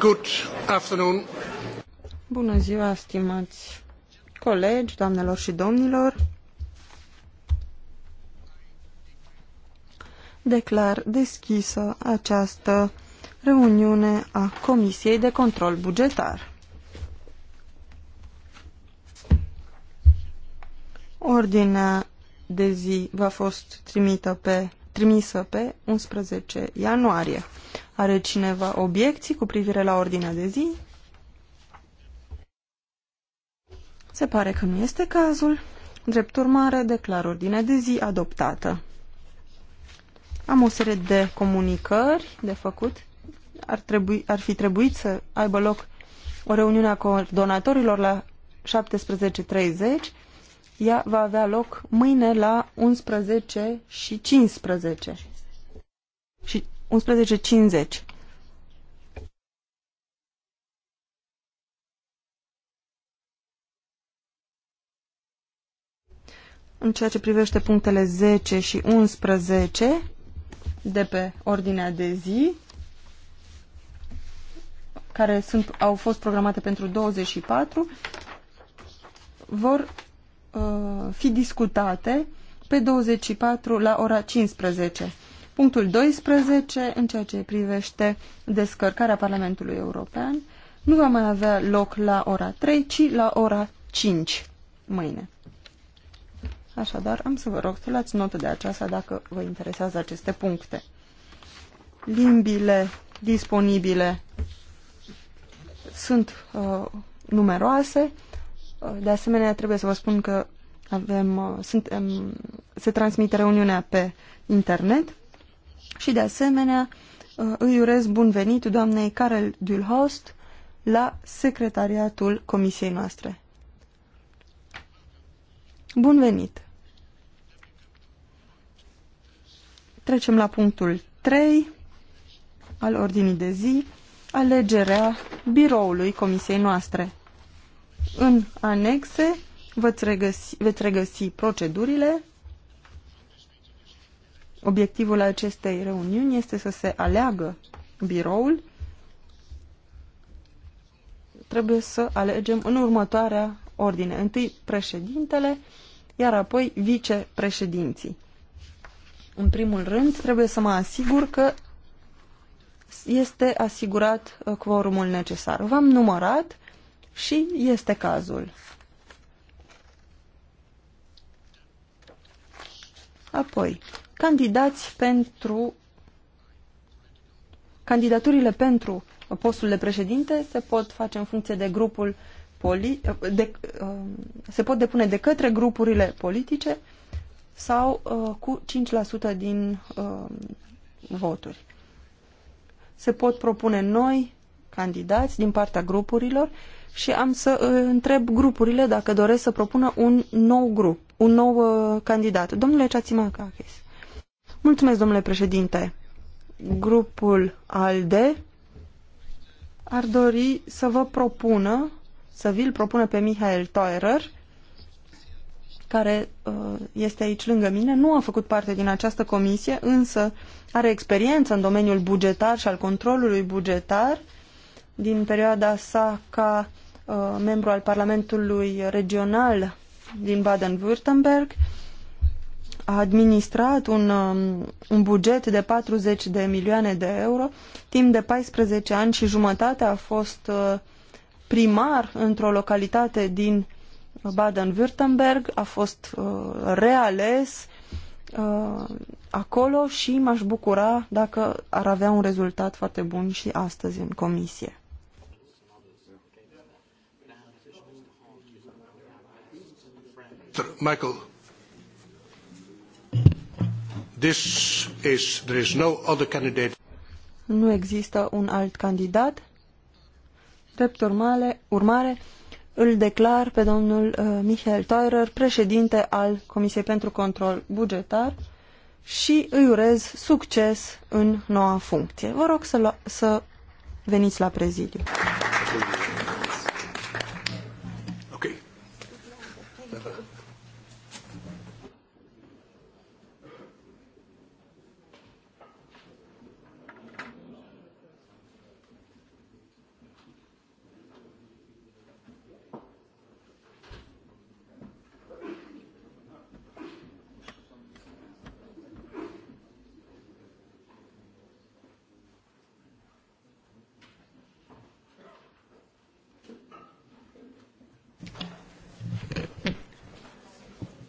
Good afternoon. Bună ziua, stimați colegi, doamnelor și domnilor. Declar deschisă această reuniune a Comisiei de Control Bugetar. Ordinea de zi va fost trimită pe, trimisă pe 11 ianuarie. Are cineva obiecții cu privire la ordinea de zi? Se pare că nu este cazul. Drept urmare, declar ordinea de zi adoptată. Am o serie de comunicări de făcut. Ar, trebui, ar fi trebuit să aibă loc o reuniune a coordonatorilor la 17.30 ea va avea loc mâine la 11 și 15 și 11 50. În ceea ce privește punctele 10 și 11 de pe ordinea de zi, care sunt, au fost programate pentru 24, vor Uh, fi discutate pe 24 la ora 15. Punctul 12, în ceea ce privește descărcarea Parlamentului European, nu va mai avea loc la ora 3, ci la ora 5 mâine. Așadar, am să vă rog să luați notă de aceasta dacă vă interesează aceste puncte. Limbile disponibile sunt uh, numeroase de asemenea, trebuie să vă spun că avem, uh, suntem, se transmite reuniunea pe internet și, de asemenea, uh, îi urez bun venit doamnei Karel Dulhost la secretariatul comisiei noastre. Bun venit! Trecem la punctul 3 al ordinii de zi, alegerea biroului comisiei noastre. În anexe veți regăsi, veți regăsi procedurile. Obiectivul acestei reuniuni este să se aleagă biroul. Trebuie să alegem în următoarea ordine. Întâi președintele, iar apoi vicepreședinții. În primul rând, trebuie să mă asigur că este asigurat uh, quorumul necesar. V-am numărat și este cazul. Apoi, candidați pentru candidaturile pentru postul de președinte se pot face în funcție de grupul poli, de, um, se pot depune de către grupurile politice sau uh, cu 5% din um, voturi. Se pot propune noi candidați din partea grupurilor și am să uh, întreb grupurile dacă doresc să propună un nou grup, un nou uh, candidat. Domnule Ceațimacachis. Mulțumesc, domnule președinte. Grupul ALDE ar dori să vă propună, să vi-l propună pe Mihail Teurer, care uh, este aici lângă mine, nu a făcut parte din această comisie, însă are experiență în domeniul bugetar și al controlului bugetar din perioada sa ca Uh, membru al Parlamentului Regional din Baden-Württemberg, a administrat un, um, un buget de 40 de milioane de euro. Timp de 14 ani și jumătate a fost uh, primar într-o localitate din Baden-Württemberg, a fost uh, reales uh, acolo și m-aș bucura dacă ar avea un rezultat foarte bun și astăzi în comisie. Michael. This is, there is no other candidate. Nu există un alt candidat. Drept urmare, urmare îl declar pe domnul uh, Michael Teurer președinte al Comisiei pentru Control Bugetar și îi urez succes în noua funcție. Vă rog să, să veniți la prezidiu. Mulțumesc.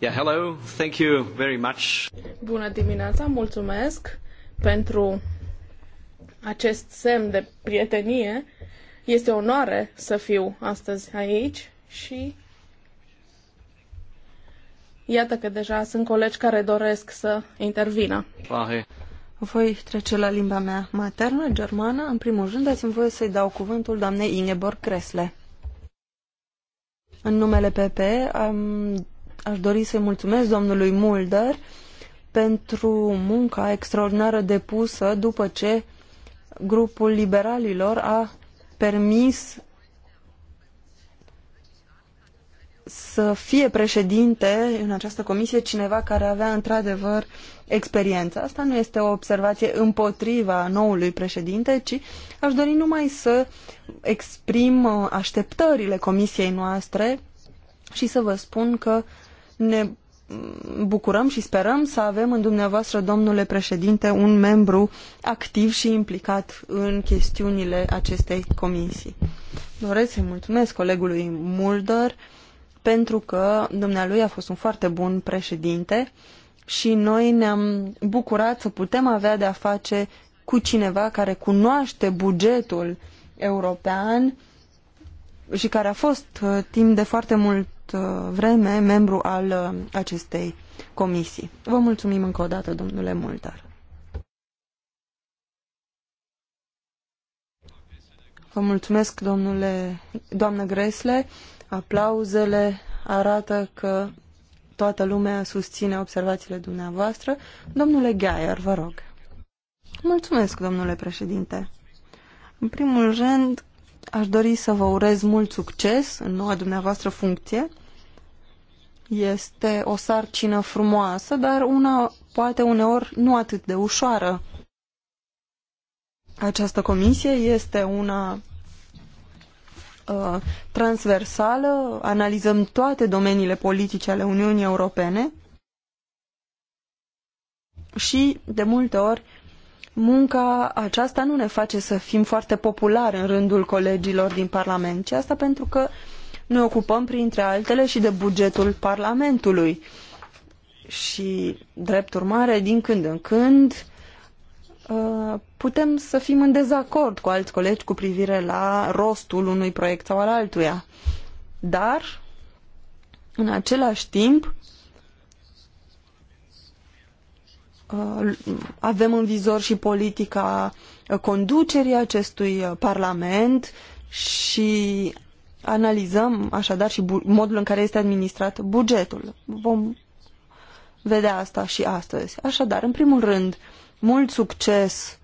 Yeah, hello. Thank you very much. Bună dimineața, mulțumesc pentru acest semn de prietenie. Este o onoare să fiu astăzi aici și iată că deja sunt colegi care doresc să intervină. Pahe. Voi trece la limba mea maternă, germană. În primul rând, dați-mi voie să-i dau cuvântul doamnei Ingeborg Cresle. În numele PP am Aș dori să-i mulțumesc domnului Mulder pentru munca extraordinară depusă după ce grupul liberalilor a permis să fie președinte în această comisie cineva care avea într-adevăr experiență. Asta nu este o observație împotriva noului președinte, ci aș dori numai să exprim uh, așteptările comisiei noastre și să vă spun că uh, ne bucurăm și sperăm să avem în dumneavoastră, domnule președinte, un membru activ și implicat în chestiunile acestei comisii. Doresc să-i mulțumesc colegului Mulder pentru că dumnealui a fost un foarte bun președinte și noi ne-am bucurat să putem avea de-a face cu cineva care cunoaște bugetul european și care a fost uh, timp de foarte mult Uh, vreme membru al uh, acestei comisii. Vă mulțumim încă o dată, domnule Multar. Vă mulțumesc, domnule, doamnă Gresle. Aplauzele arată că toată lumea susține observațiile dumneavoastră. Domnule Geier, vă rog. Mulțumesc, domnule președinte. În primul rând, Aș dori să vă urez mult succes în noua dumneavoastră funcție. Este o sarcină frumoasă, dar una poate uneori nu atât de ușoară. Această comisie este una uh, transversală, analizăm toate domeniile politice ale Uniunii Europene și, de multe ori, munca aceasta nu ne face să fim foarte populari în rândul colegilor din Parlament, ci asta pentru că ne ocupăm, printre altele, și de bugetul Parlamentului. Și, drept urmare, din când în când, ă, putem să fim în dezacord cu alți colegi cu privire la rostul unui proiect sau al altuia. Dar, în același timp, Uh, avem în vizor și politica conducerii acestui uh, Parlament și analizăm așadar și modul în care este administrat bugetul. Vom vedea asta și astăzi. Așadar, în primul rând, mult succes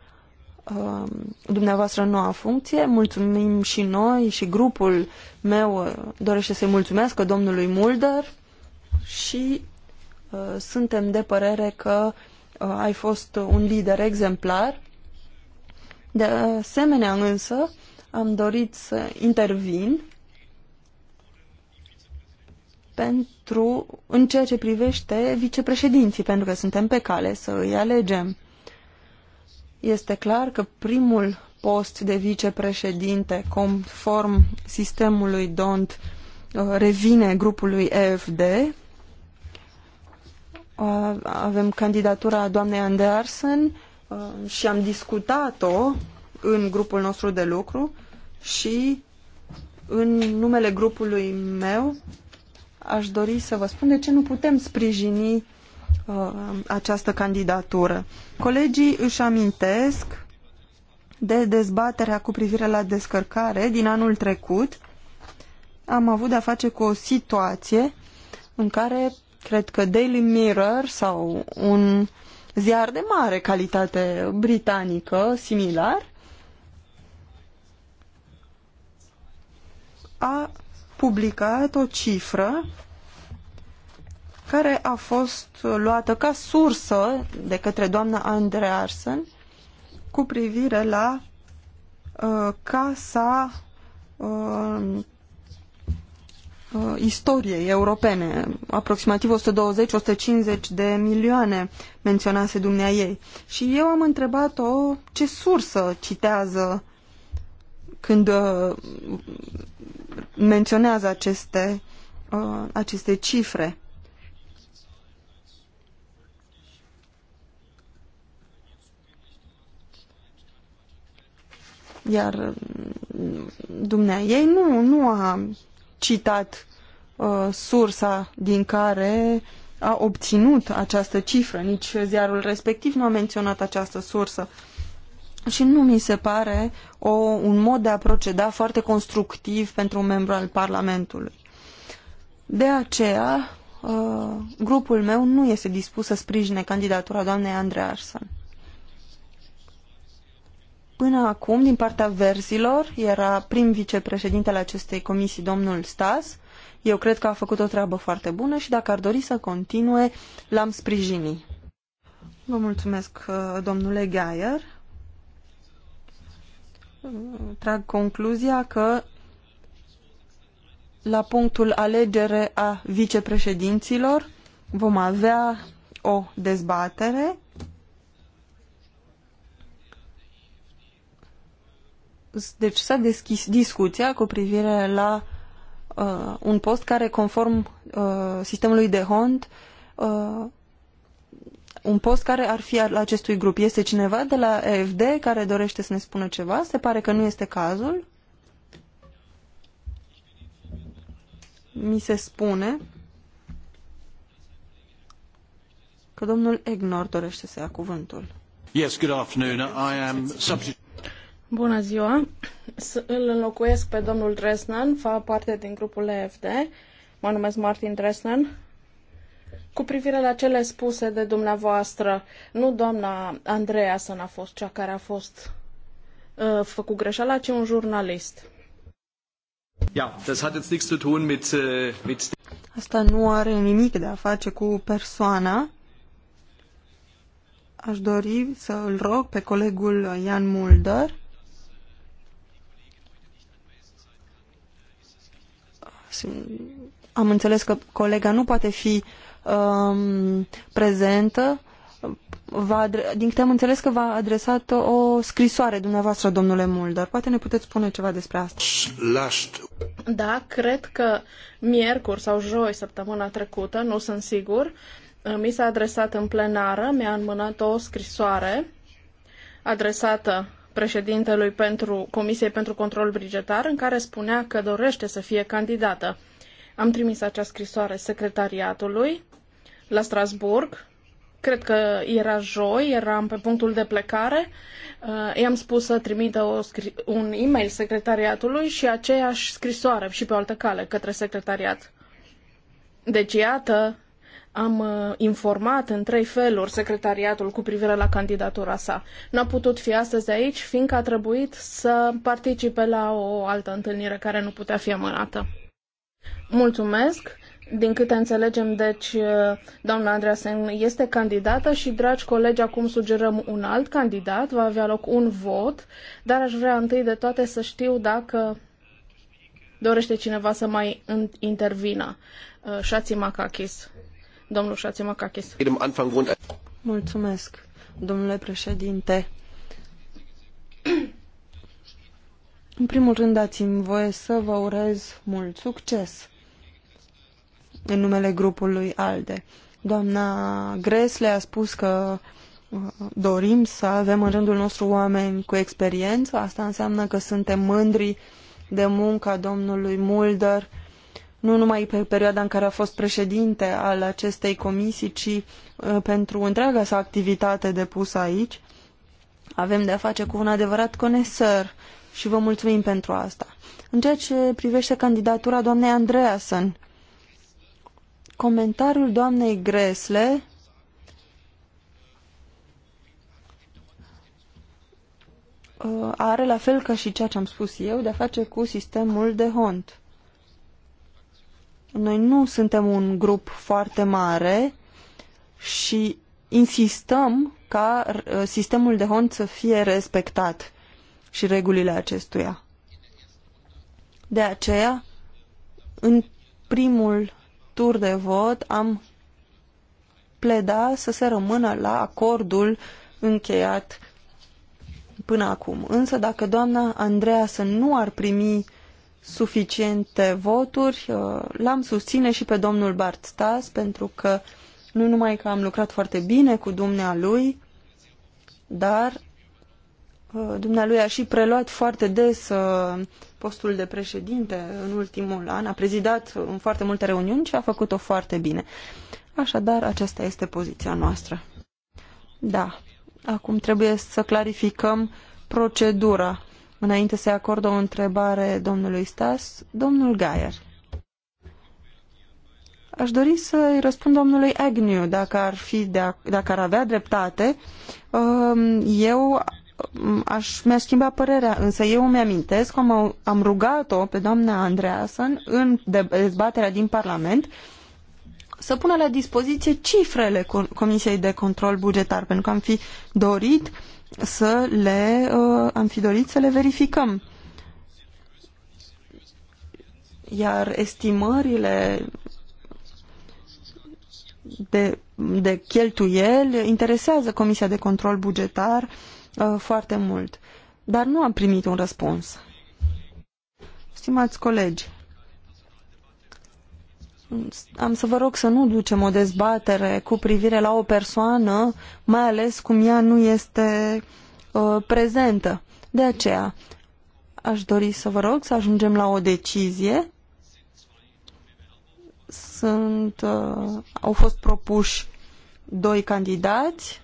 uh, dumneavoastră în noua funcție. Mulțumim și noi și grupul meu dorește să-i mulțumească domnului Mulder și uh, suntem de părere că Uh, ai fost un lider exemplar. De asemenea însă, am dorit să intervin pentru, în ceea ce privește vicepreședinții, pentru că suntem pe cale să îi alegem. Este clar că primul post de vicepreședinte conform sistemului DONT uh, revine grupului EFD, avem candidatura doamnei Andersen și am discutat-o în grupul nostru de lucru și în numele grupului meu aș dori să vă spun de ce nu putem sprijini această candidatură. Colegii își amintesc de dezbaterea cu privire la descărcare din anul trecut. Am avut de-a face cu o situație în care Cred că Daily Mirror sau un ziar de mare calitate britanică, similar, a publicat o cifră care a fost luată ca sursă de către doamna Arsen cu privire la uh, casa uh, uh, istoriei europene, aproximativ 120-150 de milioane menționase dumnea ei. Și eu am întrebat-o ce sursă citează când uh, menționează aceste, uh, aceste cifre. Iar mm, dumnea ei nu, nu a citat uh, sursa din care a obținut această cifră, nici ziarul respectiv nu a menționat această sursă. Și nu mi se pare o, un mod de a proceda foarte constructiv pentru un membru al Parlamentului. De aceea, uh, grupul meu nu este dispus să sprijine candidatura doamnei Arsan. Până acum, din partea verzilor, era prim vicepreședintele acestei comisii, domnul Stas. Eu cred că a făcut o treabă foarte bună și dacă ar dori să continue, l-am sprijini. Vă mulțumesc, uh, domnule Geier. Trag concluzia că la punctul alegere a vicepreședinților vom avea o dezbatere deci s-a deschis discuția cu privire la uh, un post care, conform uh, sistemului de HONT, uh, un post care ar fi al acestui grup. Este cineva de la EFD care dorește să ne spună ceva? Se pare că nu este cazul. Mi se spune că domnul Egnor dorește să ia cuvântul. Yes, good afternoon. I am subject... Bună ziua! Îl înlocuiesc pe domnul Dresnan, fac parte din grupul EFD. Mă numesc Martin Dresnan. Cu privire la cele spuse de dumneavoastră, nu doamna Andreasen a fost cea care a fost uh, făcut greșeala, ci un jurnalist. Ja, das hat jetzt nichts zu tun mit, uh, mit... Asta nu are nimic de a face cu persoana. Aș dori să îl rog pe colegul Ian Mulder Am înțeles că colega nu poate fi um, prezentă. Va, din câte am înțeles că v-a adresat o scrisoare dumneavoastră, domnule Mulder. Poate ne puteți spune ceva despre asta. Da, cred că miercuri sau joi, săptămâna trecută, nu sunt sigur, uh, mi s-a adresat în plenară, mi-a înmânat o scrisoare adresată președintelui pentru Comisiei pentru Control Brigetar, în care spunea că dorește să fie candidată. Am trimis acea scrisoare secretariatului la Strasburg. Cred că era joi, eram pe punctul de plecare. Uh, i-am spus să trimită o un e-mail secretariatului și aceeași scrisoare și pe o altă cale către secretariat. Deci, iată, am uh, informat în trei feluri secretariatul cu privire la candidatura sa. N-a putut fi astăzi aici, fiindcă a trebuit să participe la o altă întâlnire care nu putea fi amânată. Mulțumesc! Din câte înțelegem, deci, uh, doamna Andreasen este candidată și, dragi colegi, acum sugerăm un alt candidat. Va avea loc un vot, dar aș vrea întâi de toate să știu dacă dorește cineva să mai intervină. Șați uh, Macachis. Domnul Șațimacachis. Mulțumesc, domnule președinte. În primul rând, dați-mi voie să vă urez mult succes în numele grupului ALDE. Doamna Gresle a spus că uh, dorim să avem în rândul nostru oameni cu experiență. Asta înseamnă că suntem mândri de munca domnului Mulder nu numai pe perioada în care a fost președinte al acestei comisii, ci uh, pentru întreaga sa activitate depusă aici. Avem de a face cu un adevărat conesăr și vă mulțumim pentru asta. În ceea ce privește candidatura doamnei Andreasen, comentariul doamnei Gresle uh, are la fel ca și ceea ce am spus eu de a face cu sistemul de hont. Noi nu suntem un grup foarte mare și insistăm ca uh, sistemul de HON să fie respectat și regulile acestuia. De aceea, în primul tur de vot am pleda să se rămână la acordul încheiat până acum. Însă dacă doamna Andreea să nu ar primi suficiente voturi. Uh, L-am susține și pe domnul Bart Stas pentru că nu numai că am lucrat foarte bine cu dumnealui, dar uh, dumnealui a și preluat foarte des uh, postul de președinte în ultimul an, a prezidat în foarte multe reuniuni și a făcut-o foarte bine. Așadar, aceasta este poziția noastră. Da, acum trebuie să clarificăm procedura. Înainte să acord o întrebare domnului Stas, domnul Gaier. Aș dori să-i răspund domnului Agnew, dacă ar, fi de, dacă ar avea dreptate. Um, eu um, aș, mi a schimba părerea, însă eu îmi amintesc că am, rugat-o pe doamna Andreasen în dezbaterea din Parlament să pună la dispoziție cifrele Comisiei de Control Bugetar, pentru că am fi dorit să le, uh, am fi dorit să le verificăm. Iar estimările de, de cheltuieli interesează Comisia de Control Bugetar uh, foarte mult. Dar nu am primit un răspuns. Stimați colegi, am să vă rog să nu ducem o dezbatere cu privire la o persoană, mai ales cum ea nu este uh, prezentă. De aceea, aș dori să vă rog să ajungem la o decizie. Sunt, uh, au fost propuși doi candidați.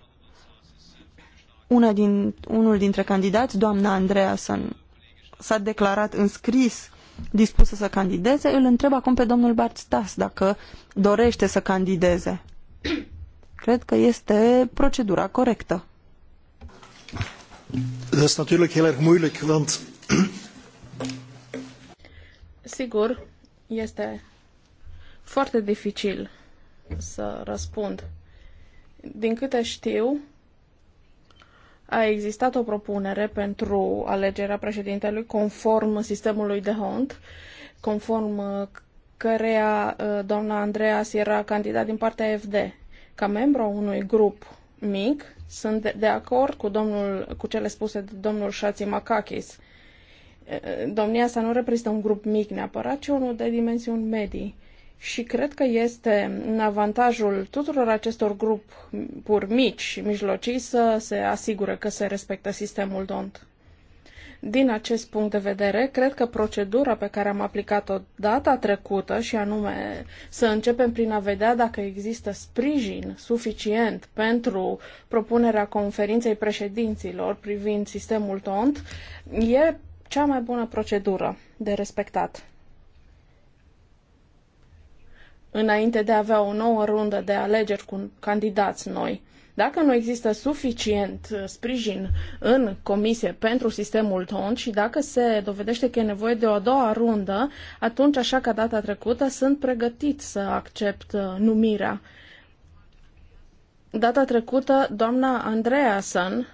Una din, unul dintre candidați, doamna Andreasen, s-a declarat înscris dispusă să candideze, îl întreb acum pe domnul Bart Stas dacă dorește să candideze. Cred că este procedura corectă. Dat is heel erg moeilijk, want... Sigur, este foarte dificil să răspund. Din câte știu, a existat o propunere pentru alegerea președintelui conform sistemului de Hont, conform uh, căreia uh, doamna Andreas era candidat din partea FD ca membru a unui grup mic. Sunt de, acord cu, domnul, cu cele spuse de domnul Șați Makakis. Uh, domnia sa nu reprezintă un grup mic neapărat, ci unul de dimensiuni medii și cred că este în avantajul tuturor acestor grupuri mici și mijlocii să se asigure că se respectă sistemul DONT. Din acest punct de vedere, cred că procedura pe care am aplicat-o data trecută, și anume să începem prin a vedea dacă există sprijin suficient pentru propunerea conferinței președinților privind sistemul TONT, e cea mai bună procedură de respectat înainte de a avea o nouă rundă de alegeri cu candidați noi. Dacă nu există suficient uh, sprijin în comisie pentru sistemul TON și dacă se dovedește că e nevoie de o a doua rundă, atunci, așa ca data trecută, sunt pregătit să accept uh, numirea. Data trecută, doamna Andreasen,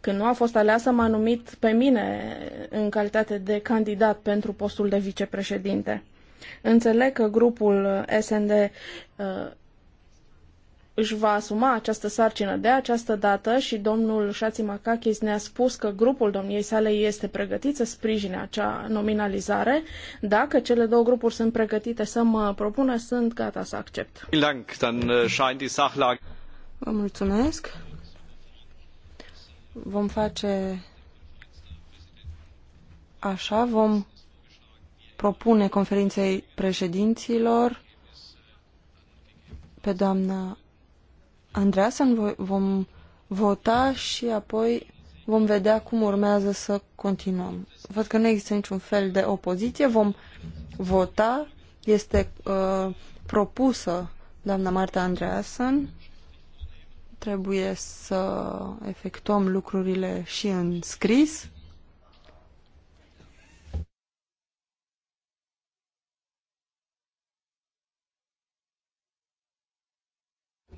când nu a fost aleasă, m-a numit pe mine în calitate de candidat pentru postul de vicepreședinte. Înțeleg că grupul SND uh, își va asuma această sarcină de această dată și domnul Șații Macachis ne-a spus că grupul domniei sale este pregătit să sprijine acea nominalizare. Dacă cele două grupuri sunt pregătite să mă propună, sunt gata să accept. Uh, Vă mulțumesc. Vom face așa, vom propune conferinței președinților pe doamna Andreasen vom vota și apoi vom vedea cum urmează să continuăm. Văd că nu există niciun fel de opoziție, vom vota, este uh, propusă doamna Marta Andreasen, trebuie să efectuăm lucrurile și în scris.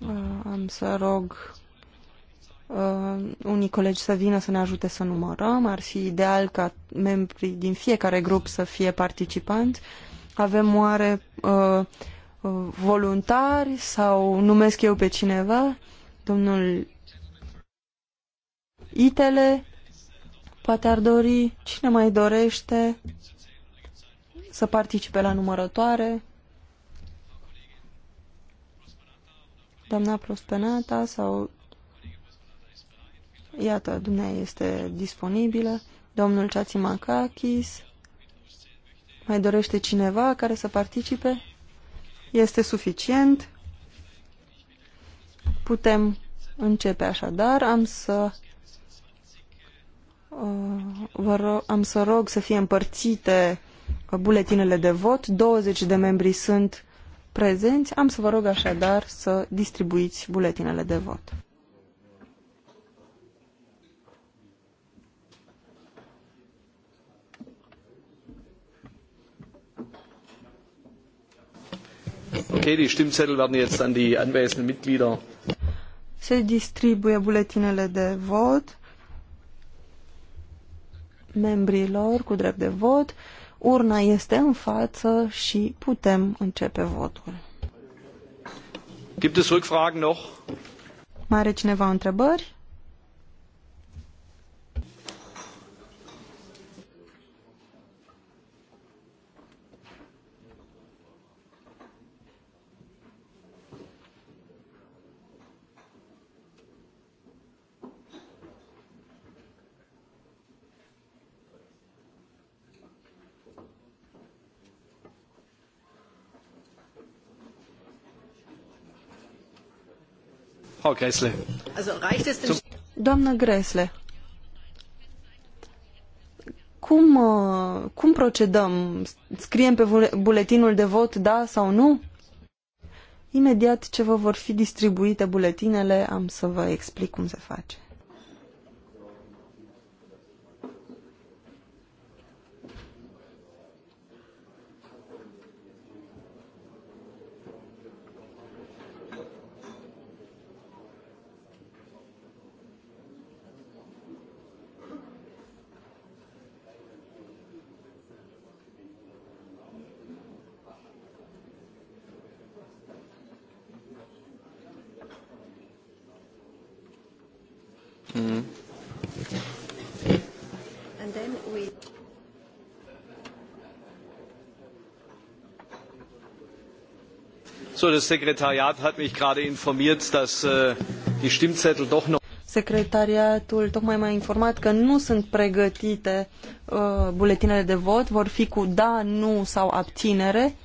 Uh, am să rog uh, unii colegi să vină să ne ajute să numărăm. Ar fi ideal ca membrii din fiecare grup să fie participanți. Avem oare uh, uh, voluntari sau numesc eu pe cineva? Domnul Itele poate ar dori, cine mai dorește să participe la numărătoare? doamna Prospenata sau iată, dumneavoastră este disponibilă, domnul Ceațimacachis, mai dorește cineva care să participe? Este suficient? Putem începe așadar, am să uh, vă rog, am să rog să fie împărțite uh, buletinele de vot, 20 de membri sunt prezenți. Am să vă rog așadar să distribuiți buletinele de vot. Ok, die Stimmzettel werden jetzt an die anwesenden Mitglieder. Se distribuie buletinele de vot membrilor cu drept de vot. Urna este în față și putem începe votul. Gibt es Rückfragen noch? Mai are cineva întrebări? Frau Gressle. Also reicht es denn... Doamnă Gresle, cum, uh, cum procedăm? Scriem pe buletinul de vot da sau nu? Imediat ce vă vor fi distribuite buletinele, am să vă explic cum se face. So, das Sekretariat hat mich gerade informiert, dass äh, die Stimmzettel doch noch Secretariatul tocmai m-a informat că nu sunt pregătite uh, buletinele de vot, vor fi cu da, nu sau abținere.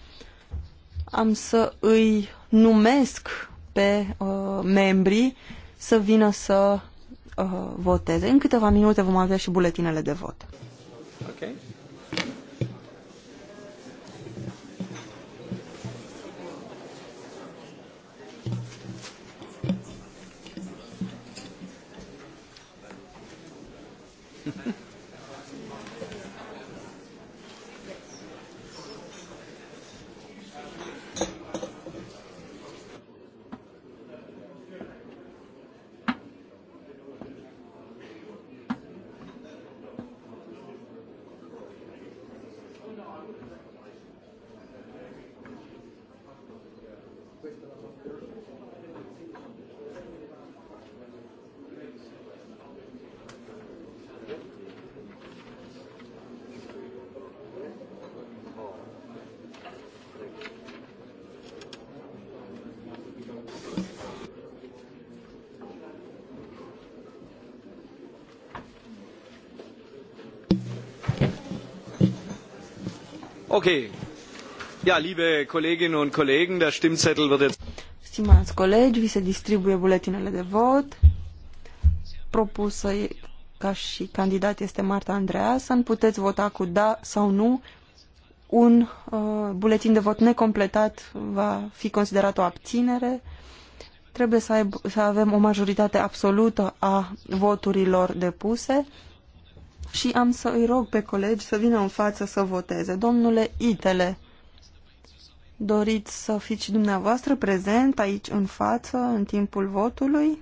Am să îi numesc pe uh, membrii să vină să uh, voteze. În câteva minute vom avea și buletinele de vot. Okay. Okay. Ja, Stimați colegi, vi se distribuie buletinele de vot. Propusă ca și candidat este Marta Andreasen. Puteți vota cu da sau nu. Un uh, buletin de vot necompletat va fi considerat o abținere. Trebuie să, aib- să avem o majoritate absolută a voturilor depuse și am să îi rog pe colegi să vină în față să voteze. Domnule Itele, doriți să fiți dumneavoastră prezent aici în față în timpul votului?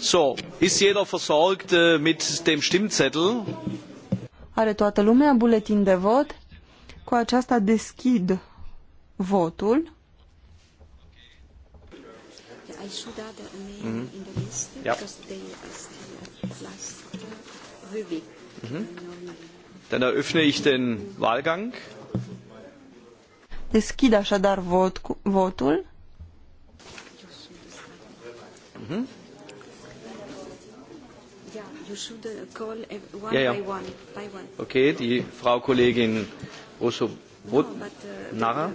So, ist jeder versorgt äh, mit dem Stimmzettel? Are toată lumea buletin de vot? Cu aceasta deschid votul. I should add a name mm -hmm. in the list yep. because they still last. Uh, Rübig. Mhm. Dann eröffne ich den Wahlgang. Deschid așadar vot, votul. Mm-hmm. Yeah, you uh, Okay, die Frau Kollegin Russo uh, Nara.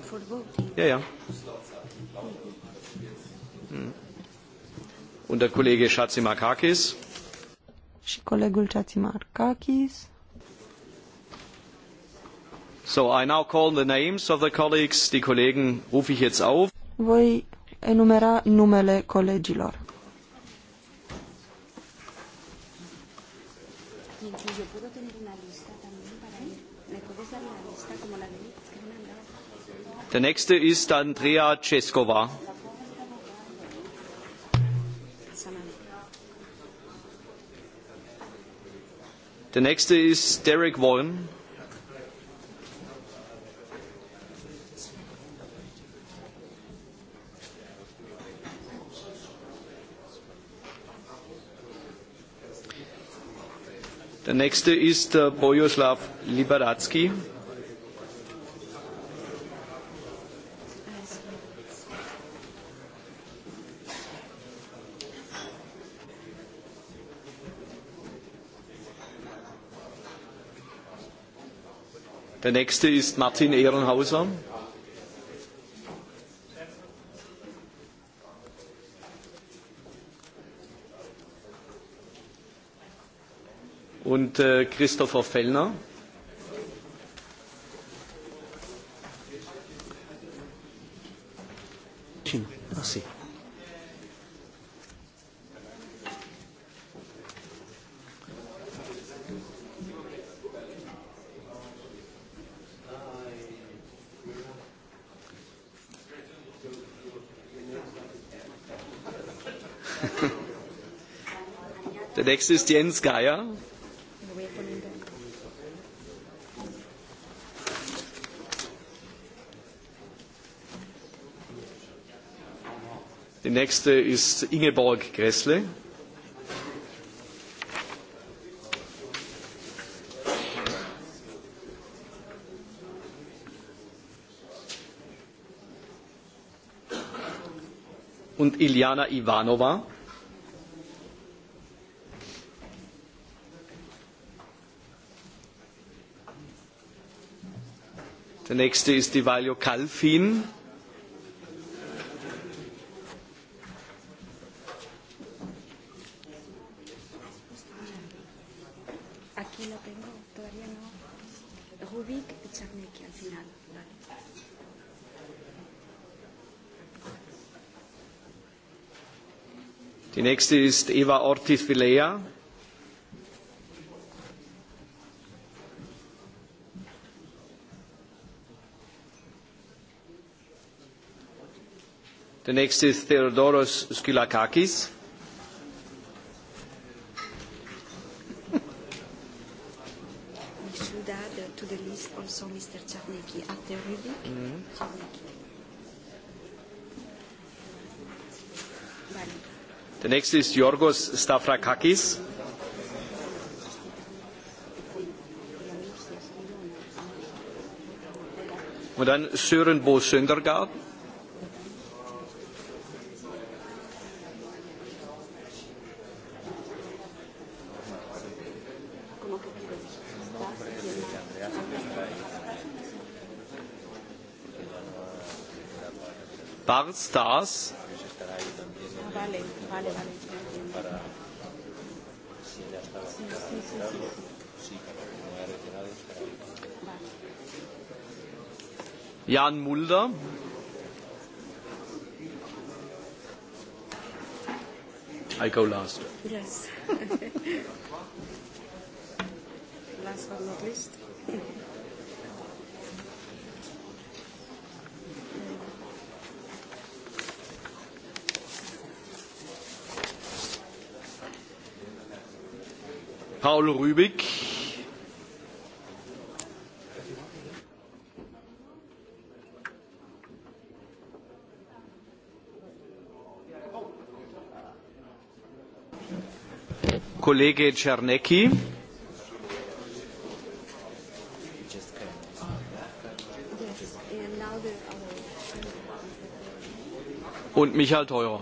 Ja, ja. Mm-hmm. Mm. Und der Kollege Schatzimarkakis. Și colegul Schatzimarkakis. So, I now call the names of the colleagues. Die Kollegen rufe ich jetzt auf. Voi enumera numele colegilor. Der nächste ist Andrea Cescova. Der nächste ist Derek Vaughan. Der nächste ist äh, Bojoslav Liberatsky. Der nächste ist Martin Ehrenhauser. Und äh, Christopher Fellner. Existenția, ja? Die nächste ist Ingeborg Gressle. Und Iliana Ivanova. Der nächste ist Divalio Kalfin. Aquí Rubik y Czarnecki al final. Vale. Die nächste ist Eva Ortiz-Vilea. The next is Theodoros Skylakakis. We should add to the list also Mr. Czarnecki after Rubik. Mm -hmm. Czarnecki. The next is Yorgos Stavrakakis. Und dann Sören Bo Söndergaard. Schwarz Jan Mulder. I go last. Yes. last but not least. Paul Rübig. Kollege Czernecki. Und Michael Theurer.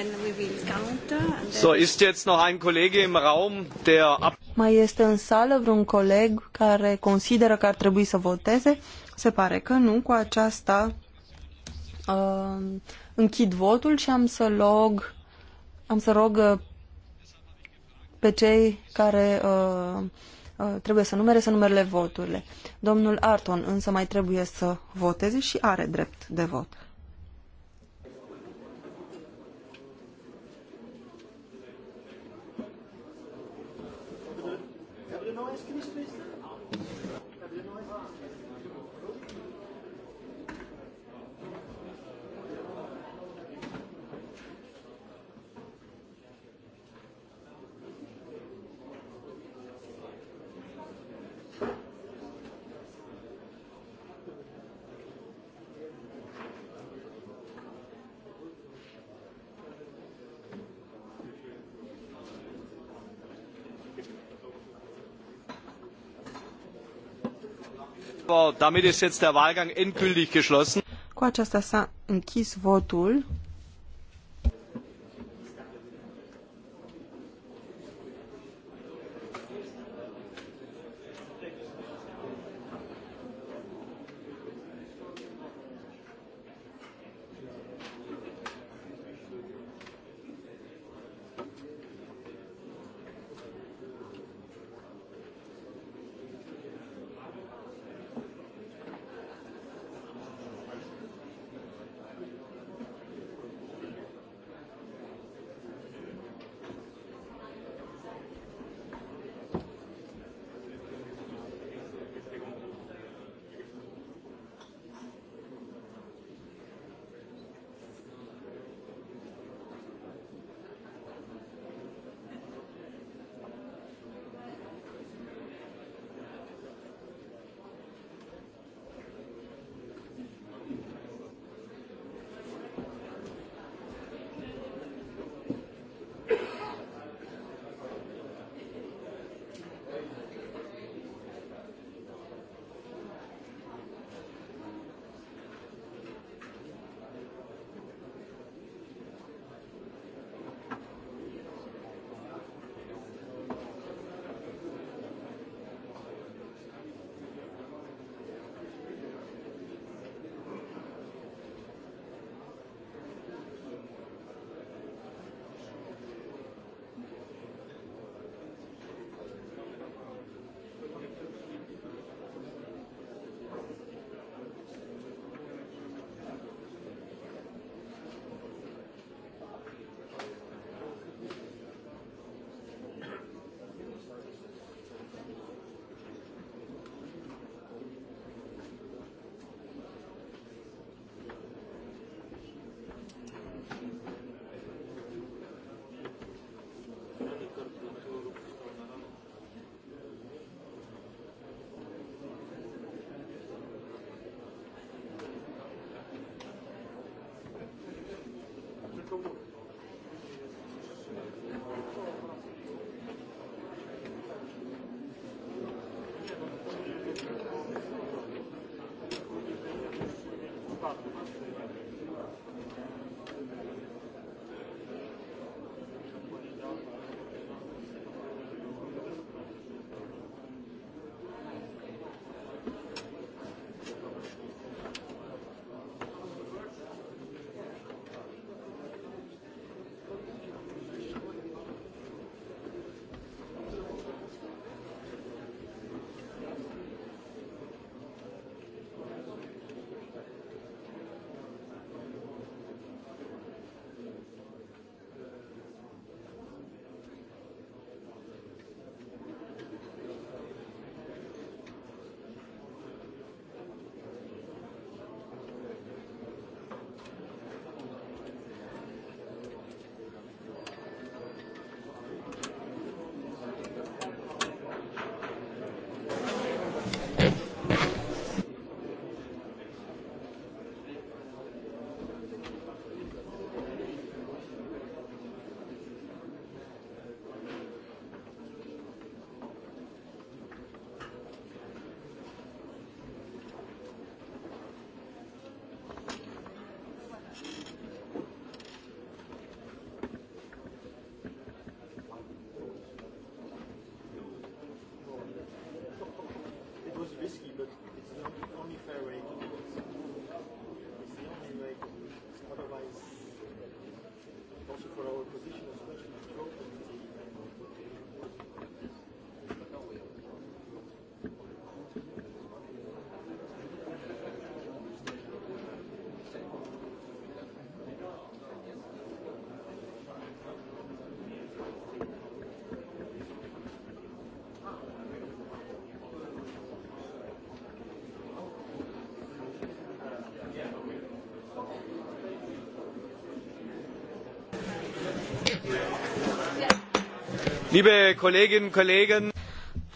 Uh, so, ist jetzt noch ein Kollege im Raum, der Mai este în sală vreun coleg care consideră că ar trebui să voteze? Se pare că nu. Cu aceasta uh, închid votul și am să log am să rog uh, pe cei care uh, uh, trebuie să numere, să numerele voturile. Domnul Arton însă mai trebuie să voteze și are drept de vot. Cu aceasta s-a închis votul.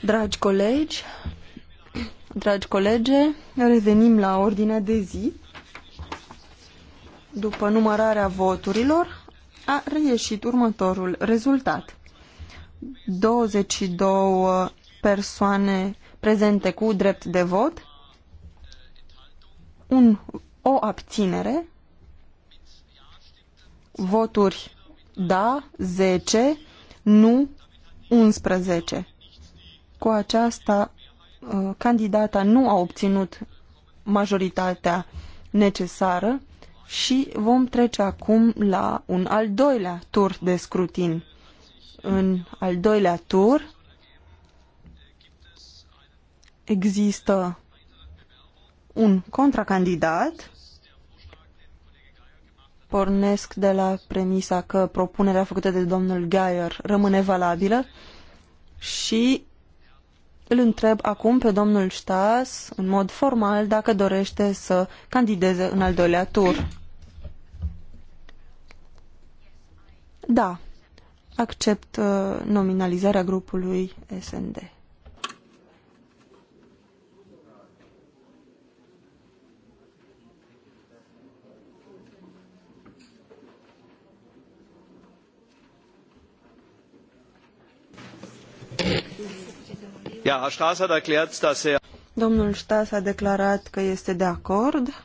dragi colegi, dragi colege, revenim la ordinea de zi. După numărarea voturilor, a reieșit următorul rezultat. 22 persoane prezente cu drept de vot, un, o abținere, voturi da 10, nu 11. Cu aceasta, uh, candidata nu a obținut majoritatea necesară și vom trece acum la un al doilea tur de scrutin. În al doilea tur există un contracandidat pornesc de la premisa că propunerea făcută de domnul Geyer rămâne valabilă și îl întreb acum pe domnul Stas, în mod formal, dacă dorește să candideze în al doilea tur. Da, accept uh, nominalizarea grupului SND. Er Domnul Stas a declarat că este de acord.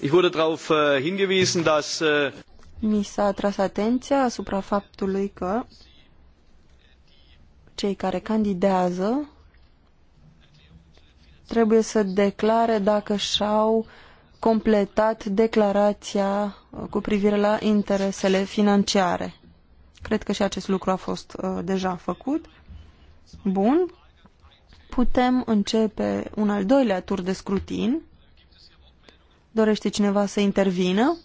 Ich wurde darauf äh, hingewiesen, dass... Äh, Mi s-a atras atenția asupra faptului că cei care candidează trebuie să declare dacă și-au completat declarația uh, cu privire la interesele financiare. Cred că și acest lucru a fost uh, deja făcut. Bun. Putem începe un al doilea tur de scrutin. Dorește cineva să intervină?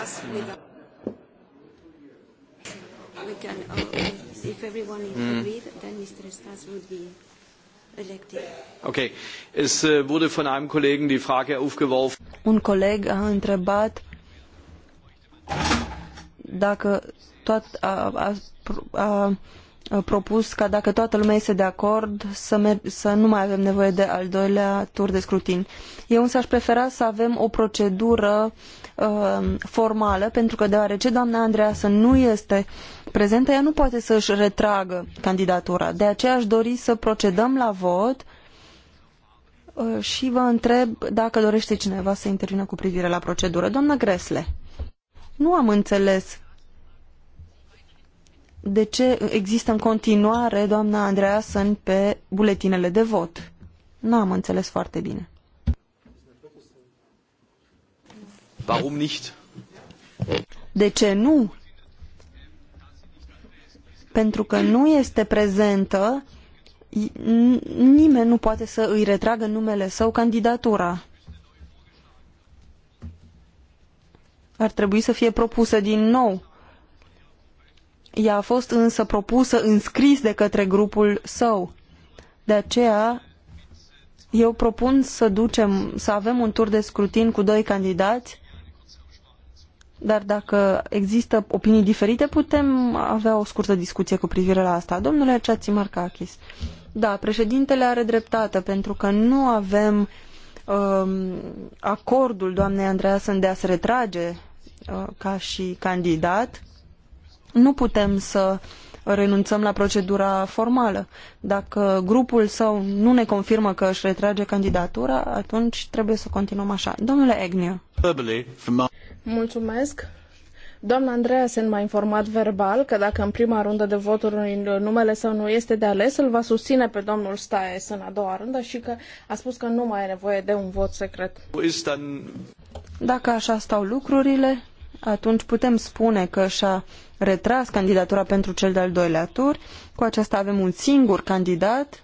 We can, uh, if everyone is mm. agreed, then Mr. Stas would be elected. Okay. Es äh, wurde von einem Kollegen die Frage aufgeworfen. Un coleg a întrebat dacă tot a, a, a Uh, propus ca dacă toată lumea este de acord să, să nu mai avem nevoie de al doilea tur de scrutin. Eu însă aș prefera să avem o procedură uh, formală, pentru că deoarece doamna Andreasă nu este prezentă, ea nu poate să și retragă candidatura. De aceea aș dori să procedăm la vot uh, și vă întreb dacă dorește cineva să intervină cu privire la procedură. Doamna Gresle, nu am înțeles de ce există în continuare doamna Andreasen pe buletinele de vot. Nu am înțeles foarte bine. Warum nicht? De ce nu? Pentru că nu este prezentă, nimeni nu poate să îi retragă numele său candidatura. Ar trebui să fie propusă din nou ea a fost însă propusă în scris de către grupul său. De aceea, eu propun să ducem, să avem un tur de scrutin cu doi candidați, dar dacă există opinii diferite, putem avea o scurtă discuție cu privire la asta. Domnule Ceați Marcachis, da, președintele are dreptate, pentru că nu avem um, acordul doamnei Andreasen de a se retrage uh, ca și candidat, nu putem să renunțăm la procedura formală. Dacă grupul său nu ne confirmă că își retrage candidatura, atunci trebuie să continuăm așa. Domnule Egnio. Mulțumesc. Doamna Andreasen m-a informat verbal că dacă în prima rundă de voturi numele său nu este de ales, îl va susține pe domnul Staes în a doua rundă și că a spus că nu mai are nevoie de un vot secret. Dacă așa stau lucrurile, atunci putem spune că și-a retras candidatura pentru cel de-al doilea tur. Cu aceasta avem un singur candidat.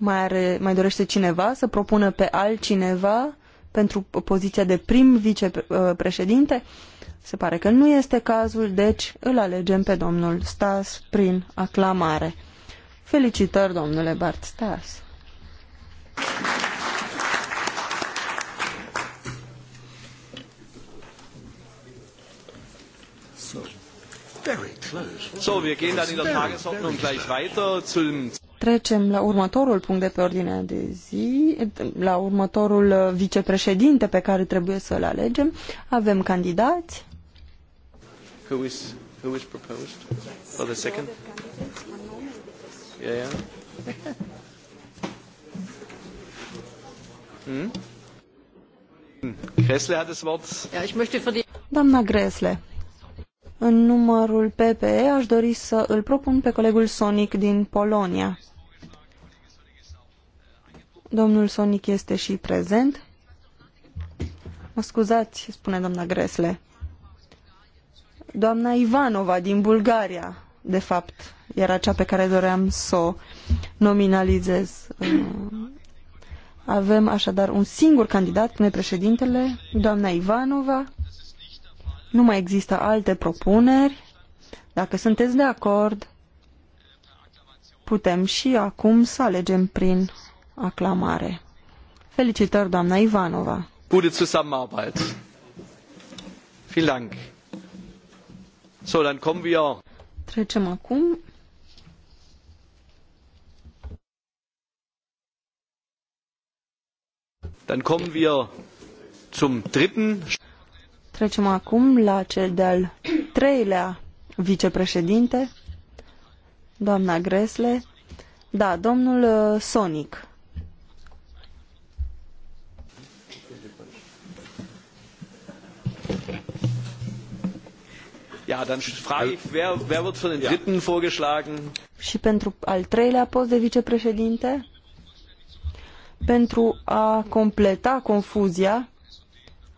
Mai, are, mai dorește cineva să propună pe altcineva pentru poziția de prim vicepreședinte? Se pare că nu este cazul, deci îl alegem pe domnul Stas prin aclamare. Felicitări, domnule Bart Stas! Thank you. So, Trecem la următorul punct de pe ordinea de zi, la următorul uh, vicepreședinte pe care trebuie să-l alegem. Avem candidați. Who is, who is proposed for the second? Yeah, yeah. Hmm? hmm. Gressle hat das Wort. Ja, ich möchte für die Doamna Gresle, în numărul PPE aș dori să îl propun pe colegul Sonic din Polonia. Domnul Sonic este și prezent. Mă scuzați, spune doamna Gresle. Doamna Ivanova din Bulgaria, de fapt, era cea pe care doream să o nominalizez. Avem așadar un singur candidat, spune președintele, doamna Ivanova, nu mai există alte propuneri. Dacă sunteți de acord, putem și acum să alegem prin aclamare. Felicitări, doamna Ivanova! Gute Zusammenarbeit! Vielen Dank! So, dann kommen wir... Trecem acum Dann kommen wir zum dritten Trecem acum la cel de-al treilea vicepreședinte, doamna Gresle. Da, domnul uh, Sonic. Ja, dann frage ich, wer, wer wird von den dritten vorgeschlagen? Și pentru al treilea post de vicepreședinte? Pentru a completa confuzia,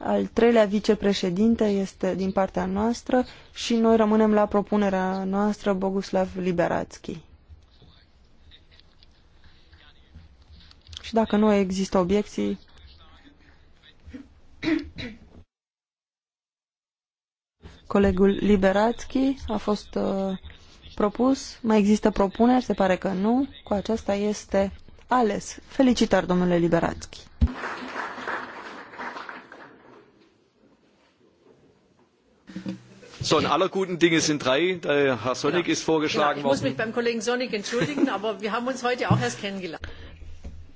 al treilea vicepreședinte este din partea noastră și noi rămânem la propunerea noastră Boguslav Liberatski. Și dacă nu există obiecții, colegul Liberatski a fost uh, propus. Mai există propuneri? Se pare că nu. Cu aceasta este ales. Felicitări, domnule Liberatski. Son, aller guten Dinge sind drei. Der Herr Sonnig genau. ist vorgeschlagen genau. Ich worden. Ich muss mich beim Kollegen Sonnig entschuldigen, aber wir haben uns heute auch erst kennengelernt.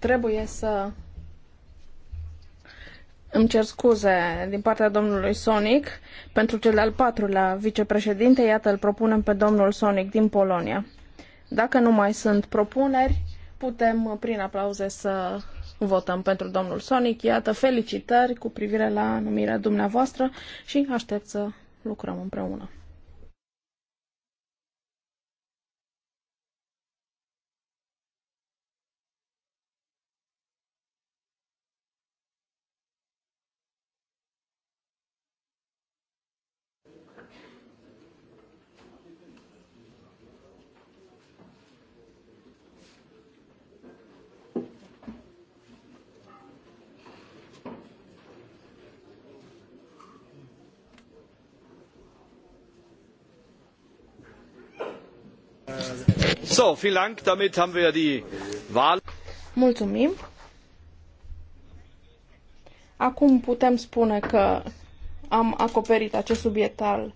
Trebuie să îmi cer scuze din partea domnului Sonic pentru cel al patrulea vicepreședinte. Iată, îl propunem pe domnul Sonic din Polonia. Dacă nu mai sunt propuneri, putem prin aplauze să votăm pentru domnul Sonic. Iată, felicitări cu privire la numirea dumneavoastră și aștept să lucrăm împreună. So, vielen Dank. Damit haben wir die Wahl. Mulțumim. Acum putem spune că am acoperit acest subiect al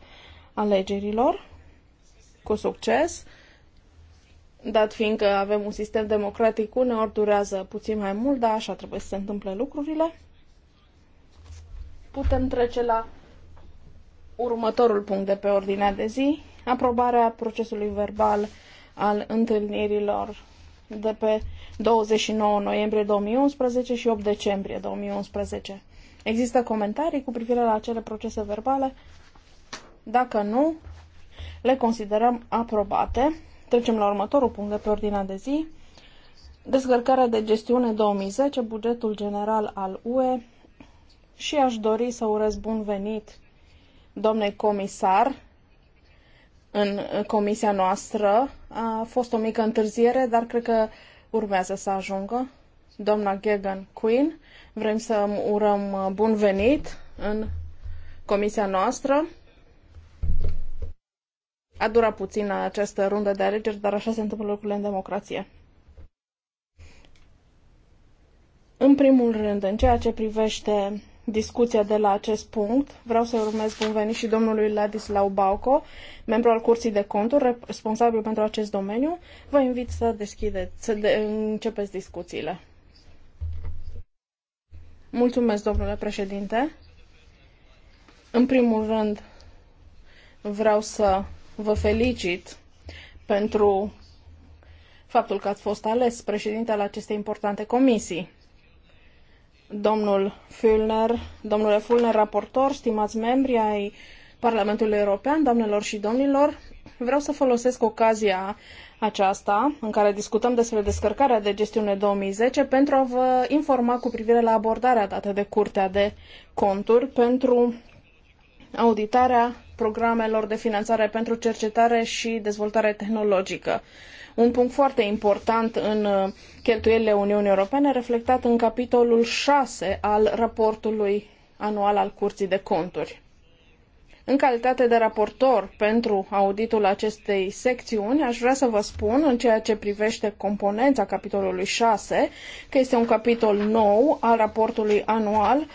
alegerilor cu succes, dat fiindcă avem un sistem democratic, uneori durează puțin mai mult, dar așa trebuie să se întâmple lucrurile. Putem trece la următorul punct de pe ordinea de zi, aprobarea procesului verbal al întâlnirilor de pe 29 noiembrie 2011 și 8 decembrie 2011. Există comentarii cu privire la acele procese verbale? Dacă nu, le considerăm aprobate. Trecem la următorul punct de pe ordinea de zi. Descărcarea de gestiune 2010, bugetul general al UE și aș dori să urez bun venit domnei comisar în comisia noastră. A fost o mică întârziere, dar cred că urmează să ajungă. Doamna Gagan Queen, vrem să urăm uh, bun venit în comisia noastră. A durat puțin această rundă de alegeri, dar așa se întâmplă lucrurile în democrație. În primul rând, în ceea ce privește discuția de la acest punct. Vreau să urmez bun venit și domnului Ladislau Bauco, membru al Curții de Conturi, responsabil pentru acest domeniu. Vă invit să deschideți, să de, începeți discuțiile. Mulțumesc, domnule președinte. În primul rând, vreau să vă felicit pentru faptul că ați fost ales președinte al acestei importante comisii domnul Fulner, domnule Fulner, raportor, stimați membri ai Parlamentului European, doamnelor și domnilor, vreau să folosesc ocazia aceasta, în care discutăm despre descărcarea de gestiune 2010, pentru a vă informa cu privire la abordarea dată de Curtea de Conturi pentru auditarea programelor de finanțare pentru cercetare și dezvoltare tehnologică. Un punct foarte important în uh, cheltuielile Uniunii Europene, reflectat în capitolul 6 al raportului anual al Curții de Conturi. În calitate de raportor pentru auditul acestei secțiuni, aș vrea să vă spun, în ceea ce privește componența capitolului 6, că este un capitol nou al raportului anual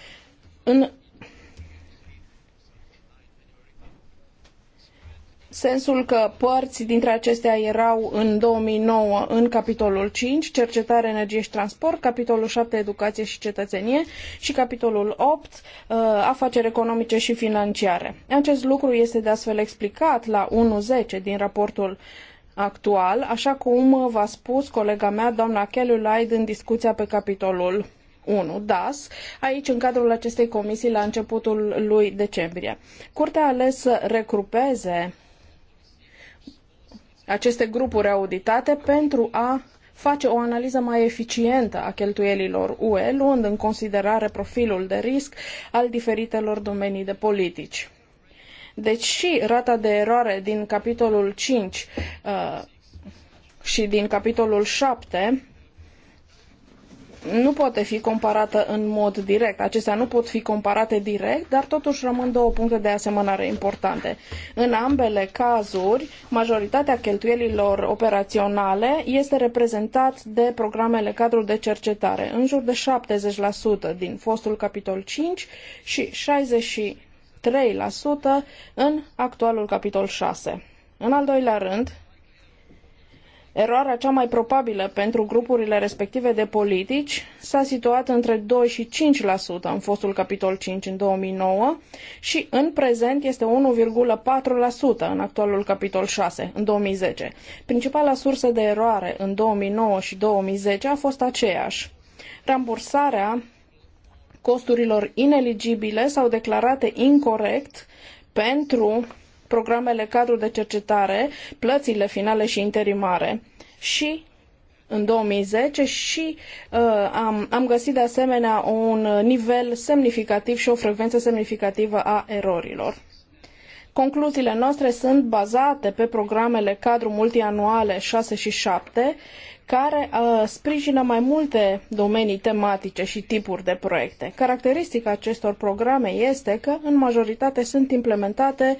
în sensul că părți dintre acestea erau în 2009 în capitolul 5, cercetare, energie și transport, capitolul 7, educație și cetățenie și capitolul 8, uh, afaceri economice și financiare. Acest lucru este de astfel explicat la 1.10 din raportul actual, așa cum v-a spus colega mea, doamna Chelulide, în discuția pe capitolul 1, DAS, aici în cadrul acestei comisii la începutul lui decembrie. Curtea a ales să recrupeze aceste grupuri auditate pentru a face o analiză mai eficientă a cheltuielilor UE, luând în considerare profilul de risc al diferitelor domenii de politici. Deci și rata de eroare din capitolul 5 uh, și din capitolul 7 nu poate fi comparată în mod direct. Acestea nu pot fi comparate direct, dar totuși rămân două puncte de asemănare importante. În ambele cazuri, majoritatea cheltuielilor operaționale este reprezentat de programele cadru de cercetare, în jur de 70% din fostul capitol 5 și 63% în actualul capitol 6. În al doilea rând, Eroarea cea mai probabilă pentru grupurile respective de politici s-a situat între 2 și 5% în fostul capitol 5 în 2009 și în prezent este 1,4% în actualul capitol 6 în 2010. Principala sursă de eroare în 2009 și 2010 a fost aceeași. Rambursarea costurilor ineligibile sau declarate incorrect pentru programele cadru de cercetare, plățile finale și interimare. Și în 2010 și uh, am, am găsit de asemenea un nivel semnificativ și o frecvență semnificativă a erorilor. Concluziile noastre sunt bazate pe programele cadru multianuale 6 și 7 care uh, sprijină mai multe domenii tematice și tipuri de proiecte. Caracteristica acestor programe este că în majoritate sunt implementate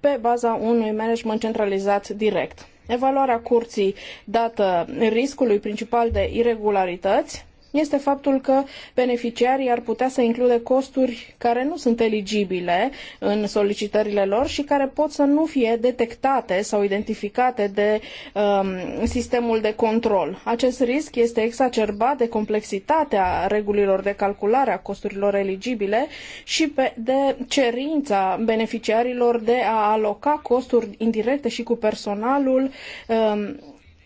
pe baza unui management centralizat direct. Evaluarea curții dată riscului principal de irregularități este faptul că beneficiarii ar putea să includă costuri care nu sunt eligibile în solicitările lor și care pot să nu fie detectate sau identificate de um, sistemul de control. Acest risc este exacerbat de complexitatea regulilor de calculare a costurilor eligibile și pe, de cerința beneficiarilor de a aloca costuri indirecte și cu personalul um,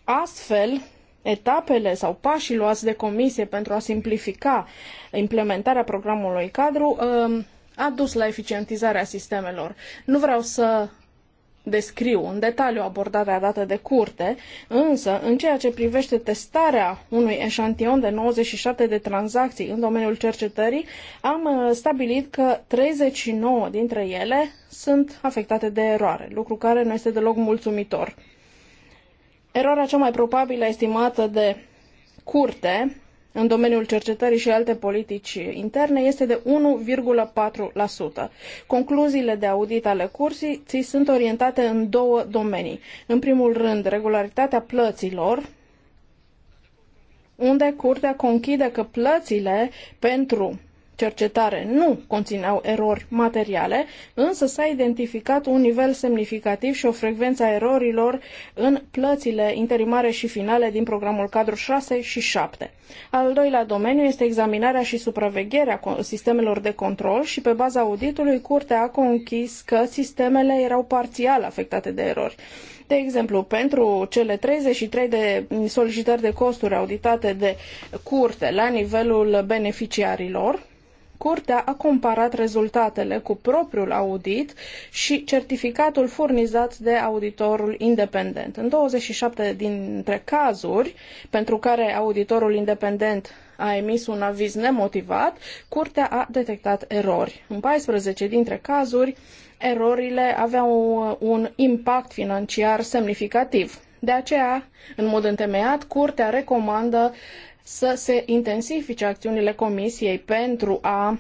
astfel etapele sau pașii luați de comisie pentru a simplifica implementarea programului cadru um, a dus la eficientizarea sistemelor. Nu vreau să descriu în detaliu abordarea dată de curte, însă în ceea ce privește testarea unui eșantion de 97 de tranzacții în domeniul cercetării, am uh, stabilit că 39 dintre ele sunt afectate de eroare, lucru care nu este deloc mulțumitor. Eroarea cea mai probabilă estimată de curte în domeniul cercetării și alte politici interne este de 1,4%. Concluziile de audit ale cursii sunt orientate în două domenii. În primul rând, regularitatea plăților, unde curtea conchide că plățile pentru cercetare nu conțineau erori materiale, însă s-a identificat un nivel semnificativ și o frecvență a erorilor în plățile interimare și finale din programul cadru 6 și 7. Al doilea domeniu este examinarea și supravegherea sistemelor de control și pe baza auditului curtea a conchis că sistemele erau parțial afectate de erori. De exemplu, pentru cele 33 de solicitări de costuri auditate de curte la nivelul beneficiarilor, Curtea a comparat rezultatele cu propriul audit și certificatul furnizat de auditorul independent. În 27 dintre cazuri pentru care auditorul independent a emis un aviz nemotivat, Curtea a detectat erori. În 14 dintre cazuri, erorile aveau un impact financiar semnificativ. De aceea, în mod întemeiat, Curtea recomandă să se intensifice acțiunile Comisiei pentru a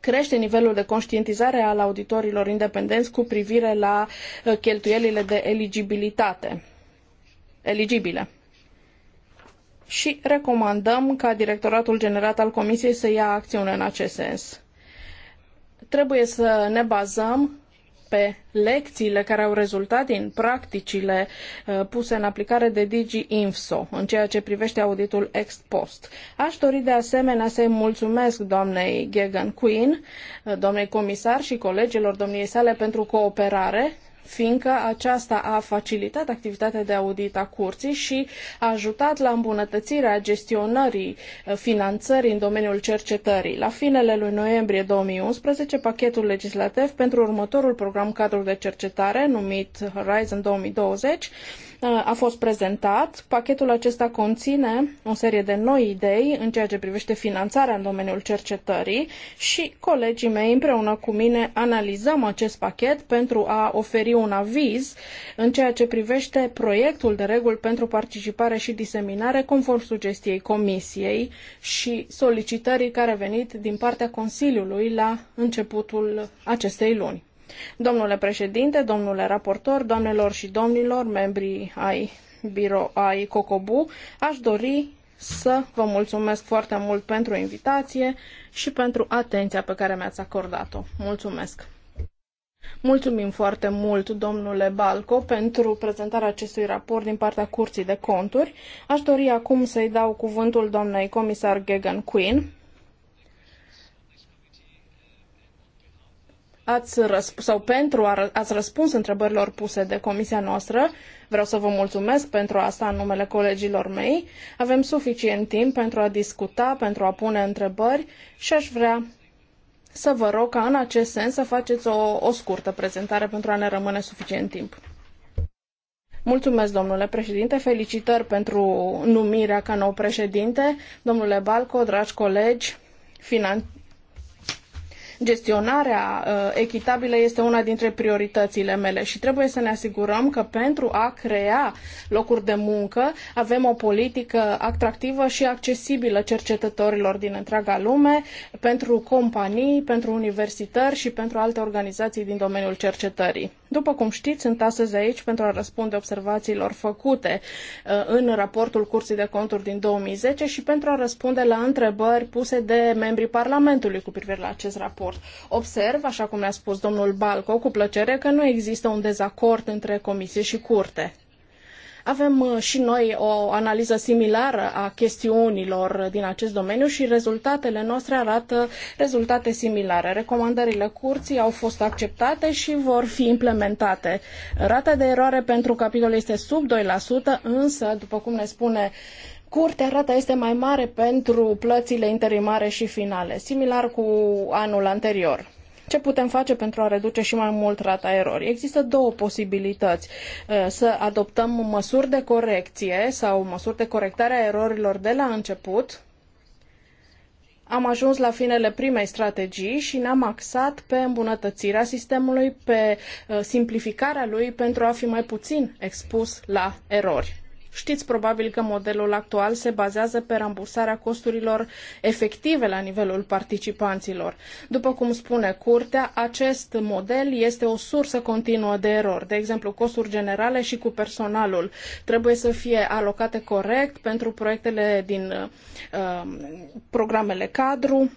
crește nivelul de conștientizare al auditorilor independenți cu privire la uh, cheltuielile de eligibilitate. Eligibile și recomandăm ca Directoratul General al Comisiei să ia acțiune în acest sens. Trebuie să ne bazăm pe lecțiile care au rezultat din practicile uh, puse în aplicare de DG Info în ceea ce privește auditul ex post. Aș dori de asemenea să-i mulțumesc doamnei Gegan Quinn, uh, doamnei comisar și colegilor domniei sale pentru cooperare fiindcă aceasta a facilitat activitatea de audit a curții și a ajutat la îmbunătățirea gestionării uh, finanțării în domeniul cercetării. La finele lui noiembrie 2011, pachetul legislativ pentru următorul program cadru de cercetare, numit Horizon 2020, a fost prezentat. Pachetul acesta conține o serie de noi idei în ceea ce privește finanțarea în domeniul cercetării și colegii mei împreună cu mine analizăm acest pachet pentru a oferi un aviz în ceea ce privește proiectul de reguli pentru participare și diseminare conform sugestiei Comisiei și solicitării care a venit din partea Consiliului la începutul acestei luni. Domnule președinte, domnule raportor, doamnelor și domnilor, membrii ai birou ai Cocobu, aș dori să vă mulțumesc foarte mult pentru invitație și pentru atenția pe care mi-ați acordat-o. Mulțumesc! Mulțumim foarte mult, domnule Balco, pentru prezentarea acestui raport din partea Curții de Conturi. Aș dori acum să-i dau cuvântul doamnei comisar Gegan Quinn ați răsp- sau pentru a, ați răspuns întrebărilor puse de comisia noastră. Vreau să vă mulțumesc pentru asta în numele colegilor mei. Avem suficient timp pentru a discuta, pentru a pune întrebări și aș vrea să vă rog ca în acest sens să faceți o, o scurtă prezentare pentru a ne rămâne suficient timp. Mulțumesc, domnule președinte, felicitări pentru numirea ca nou președinte. Domnule Balco, dragi colegi, finan- Gestionarea uh, echitabilă este una dintre prioritățile mele și trebuie să ne asigurăm că pentru a crea locuri de muncă avem o politică atractivă și accesibilă cercetătorilor din întreaga lume, pentru companii, pentru universități și pentru alte organizații din domeniul cercetării. După cum știți, sunt astăzi aici pentru a răspunde observațiilor făcute uh, în raportul Curții de Conturi din 2010 și pentru a răspunde la întrebări puse de membrii Parlamentului cu privire la acest raport. Observ, așa cum ne-a spus domnul Balco, cu plăcere că nu există un dezacord între Comisie și Curte. Avem uh, și noi o analiză similară a chestiunilor din acest domeniu și rezultatele noastre arată rezultate similare. Recomandările curții au fost acceptate și vor fi implementate. Rata de eroare pentru capitol este sub 2%, însă, după cum ne spune Curtea rata este mai mare pentru plățile interimare și finale, similar cu anul anterior. Ce putem face pentru a reduce și mai mult rata erorii? Există două posibilități. Uh, să adoptăm măsuri de corecție sau măsuri de corectare a erorilor de la început, am ajuns la finele primei strategii și ne-am axat pe îmbunătățirea sistemului, pe uh, simplificarea lui pentru a fi mai puțin expus la erori. Știți probabil că modelul actual se bazează pe rambursarea costurilor efective la nivelul participanților. După cum spune curtea, acest model este o sursă continuă de erori. De exemplu, costuri generale și cu personalul trebuie să fie alocate corect pentru proiectele din uh, programele cadru.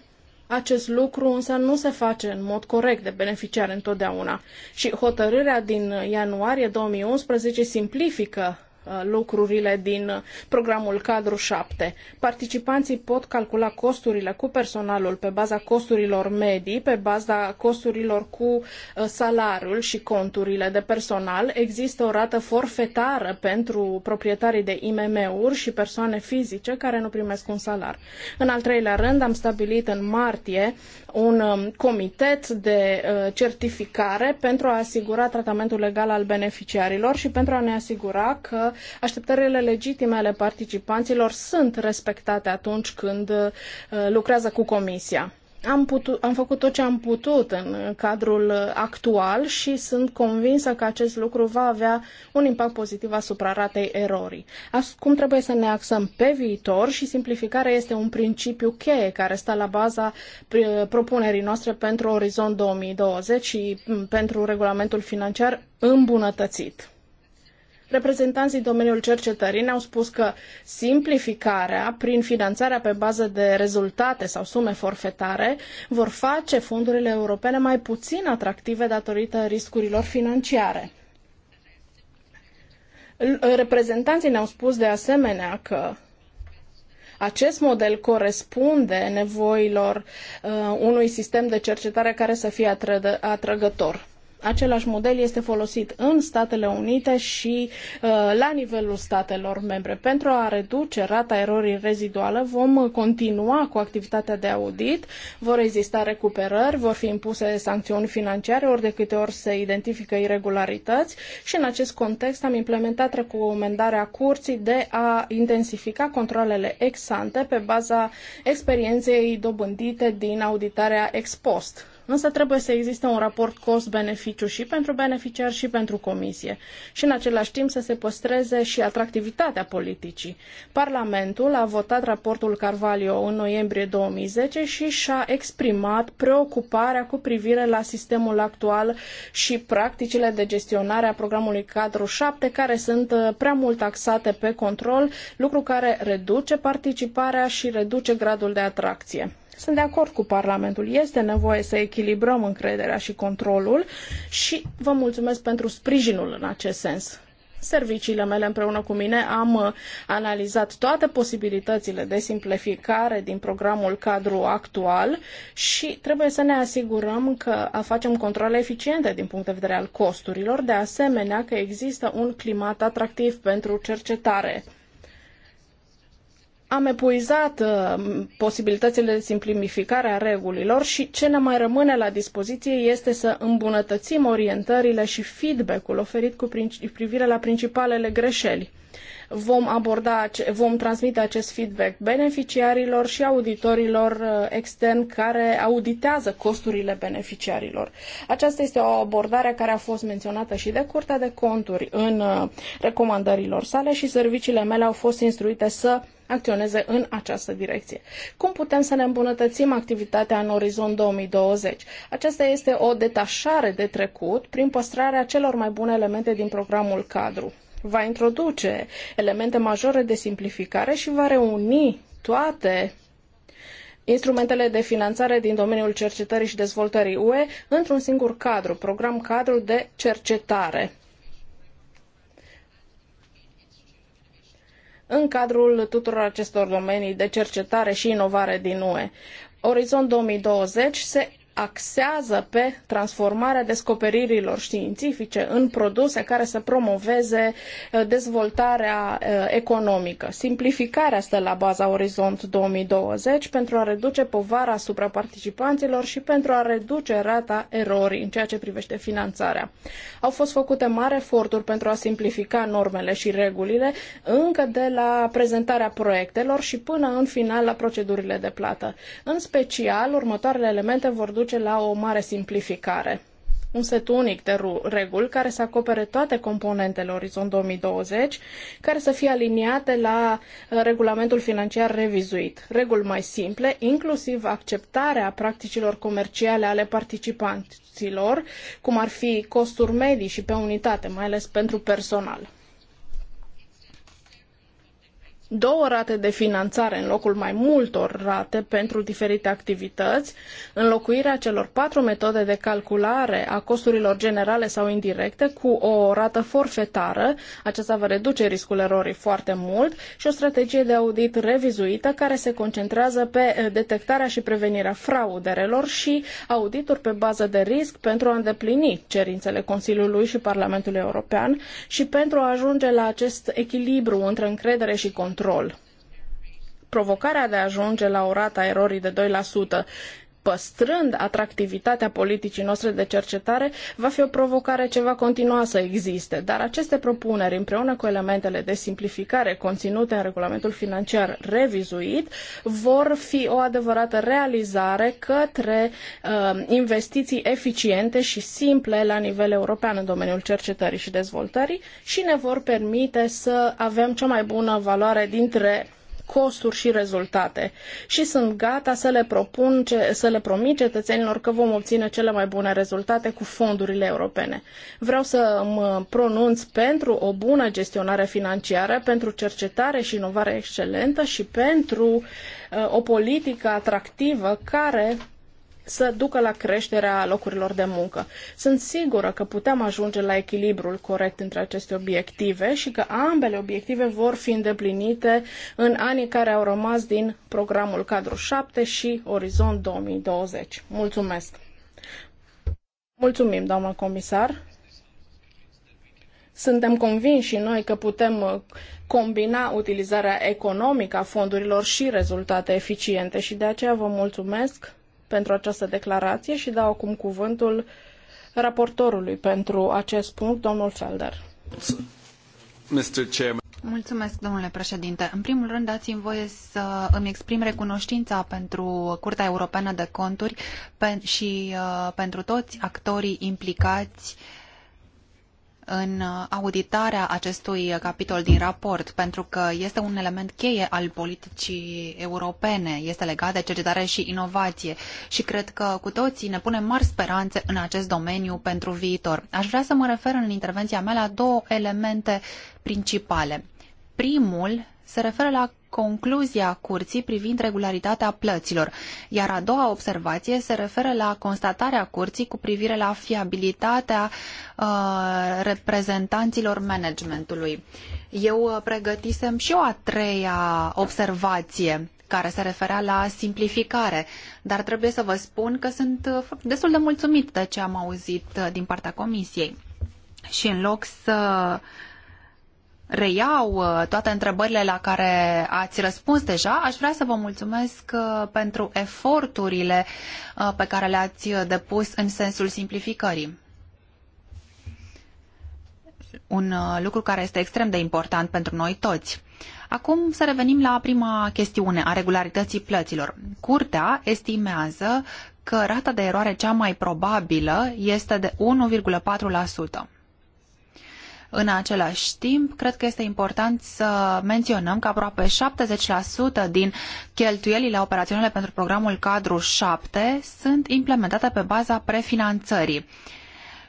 Acest lucru însă nu se face în mod corect de beneficiar întotdeauna și hotărârea din ianuarie 2011 simplifică Uh, lucrurile din programul cadru 7. Participanții pot calcula costurile cu personalul pe baza costurilor medii, pe baza costurilor cu uh, salariul și conturile de personal. Există o rată forfetară pentru proprietarii de IMM-uri și persoane fizice care nu primesc un salar. În al treilea rând, am stabilit în martie un um, comitet de uh, certificare pentru a asigura tratamentul legal al beneficiarilor și pentru a ne asigura că așteptările legitime ale participanților sunt respectate atunci când uh, lucrează cu comisia. Am, am făcut tot ce am putut în cadrul actual și sunt convinsă că acest lucru va avea un impact pozitiv asupra ratei erorii. Acum trebuie să ne axăm pe viitor și simplificarea este un principiu cheie care stă la baza propunerii noastre pentru Orizont 2020 și pentru regulamentul financiar îmbunătățit. Reprezentanții domeniului domeniul cercetării ne-au spus că simplificarea prin finanțarea pe bază de rezultate sau sume forfetare vor face fondurile europene mai puțin atractive datorită riscurilor financiare. Reprezentanții ne-au spus de asemenea că acest model corespunde nevoilor uh, unui sistem de cercetare care să fie atră atrăgător același model este folosit în Statele Unite și uh, la nivelul statelor membre. Pentru a reduce rata erorii reziduală vom continua cu activitatea de audit, vor exista recuperări, vor fi impuse sancțiuni financiare ori de câte ori se identifică irregularități și în acest context am implementat recomandarea curții de a intensifica controlele ex ante pe baza experienței dobândite din auditarea ex post Însă trebuie să existe un raport cost-beneficiu și pentru beneficiar și pentru comisie și în același timp să se păstreze și atractivitatea politicii. Parlamentul a votat raportul Carvalho în noiembrie 2010 și și-a exprimat preocuparea cu privire la sistemul actual și practicile de gestionare a programului cadru 7 care sunt uh, prea mult taxate pe control, lucru care reduce participarea și reduce gradul de atracție. Sunt de acord cu Parlamentul. Este nevoie să echilibrăm încrederea și controlul și vă mulțumesc pentru sprijinul în acest sens. Serviciile mele împreună cu mine am uh, analizat toate posibilitățile de simplificare din programul cadru actual și trebuie să ne asigurăm că facem controle eficiente din punct de vedere al costurilor, de asemenea că există un climat atractiv pentru cercetare am epuizat uh, posibilitățile de simplificare a regulilor și ce ne mai rămâne la dispoziție este să îmbunătățim orientările și feedback-ul oferit cu privire la principalele greșeli vom aborda, vom transmite acest feedback beneficiarilor și auditorilor uh, externi care auditează costurile beneficiarilor. Aceasta este o abordare care a fost menționată și de Curtea de Conturi în uh, recomandărilor sale și serviciile mele au fost instruite să acționeze în această direcție. Cum putem să ne îmbunătățim activitatea în orizont 2020? Aceasta este o detașare de trecut prin păstrarea celor mai bune elemente din programul cadru va introduce elemente majore de simplificare și va reuni toate instrumentele de finanțare din domeniul cercetării și dezvoltării UE într-un singur cadru, program cadru de cercetare. În cadrul tuturor acestor domenii de cercetare și inovare din UE, Orizont 2020 se axează pe transformarea descoperirilor științifice în produse care să promoveze uh, dezvoltarea uh, economică. Simplificarea stă la baza Orizont 2020 pentru a reduce povara asupra participanților și pentru a reduce rata erorii în ceea ce privește finanțarea. Au fost făcute mari eforturi pentru a simplifica normele și regulile încă de la prezentarea proiectelor și până în final la procedurile de plată. În special, următoarele elemente vor duce duce la o mare simplificare. Un set unic de reguli care să acopere toate componentele Orizont 2020, care să fie aliniate la uh, regulamentul financiar revizuit. Reguli mai simple, inclusiv acceptarea practicilor comerciale ale participanților, cum ar fi costuri medii și pe unitate, mai ales pentru personal două rate de finanțare în locul mai multor rate pentru diferite activități, înlocuirea celor patru metode de calculare a costurilor generale sau indirecte cu o rată forfetară, aceasta va reduce riscul erorii foarte mult, și o strategie de audit revizuită care se concentrează pe eh, detectarea și prevenirea frauderelor și audituri pe bază de risc pentru a îndeplini cerințele Consiliului și Parlamentului European și pentru a ajunge la acest echilibru între încredere și control control. Provocarea de a ajunge la o rată a erorii de 2% păstrând atractivitatea politicii noastre de cercetare, va fi o provocare ce va continua să existe. Dar aceste propuneri, împreună cu elementele de simplificare conținute în regulamentul financiar revizuit, vor fi o adevărată realizare către uh, investiții eficiente și simple la nivel european în domeniul cercetării și dezvoltării și ne vor permite să avem cea mai bună valoare dintre costuri și rezultate și sunt gata să le, propun, să le promit cetățenilor că vom obține cele mai bune rezultate cu fondurile europene. Vreau să mă pronunț pentru o bună gestionare financiară, pentru cercetare și inovare excelentă și pentru uh, o politică atractivă care să ducă la creșterea locurilor de muncă. Sunt sigură că putem ajunge la echilibrul corect între aceste obiective și că ambele obiective vor fi îndeplinite în anii care au rămas din programul cadru 7 și Orizont 2020. Mulțumesc! Mulțumim, doamnă comisar! Suntem convinși noi că putem uh, combina utilizarea economică a fondurilor și rezultate eficiente și de aceea vă mulțumesc pentru această declarație și dau acum cuvântul raportorului pentru acest punct, domnul Felder. Mr. Chairman. Mulțumesc, domnule președinte. În primul rând, dați-mi voie să îmi exprim recunoștința pentru Curtea Europeană de Conturi și uh, pentru toți actorii implicați uh, în auditarea acestui capitol din raport, pentru că este un element cheie al politicii europene, este legat de cercetare și inovație și cred că cu toții ne punem mari speranțe în acest domeniu pentru viitor. Aș vrea să mă refer în intervenția mea la două elemente principale. Primul se referă la concluzia curții privind regularitatea plăților, iar a doua observație se referă la constatarea curții cu privire la fiabilitatea uh, reprezentanților managementului. Eu uh, pregătisem și o a treia observație care se referea la simplificare, dar trebuie să vă spun că sunt uh, destul de mulțumit de ce am auzit uh, din partea comisiei. Și în loc să uh, reiau uh, toate întrebările la care ați răspuns deja, aș vrea să vă mulțumesc uh, pentru eforturile uh, pe care le-ați depus în sensul simplificării. Un lucru care este extrem de important pentru noi toți. Acum să revenim la prima chestiune a regularității plăților. Curtea estimează că rata de eroare cea mai probabilă este de 1,4%. În același timp, cred că este important să menționăm că aproape 70% din cheltuielile operaționale pentru programul cadru 7 sunt implementate pe baza prefinanțării.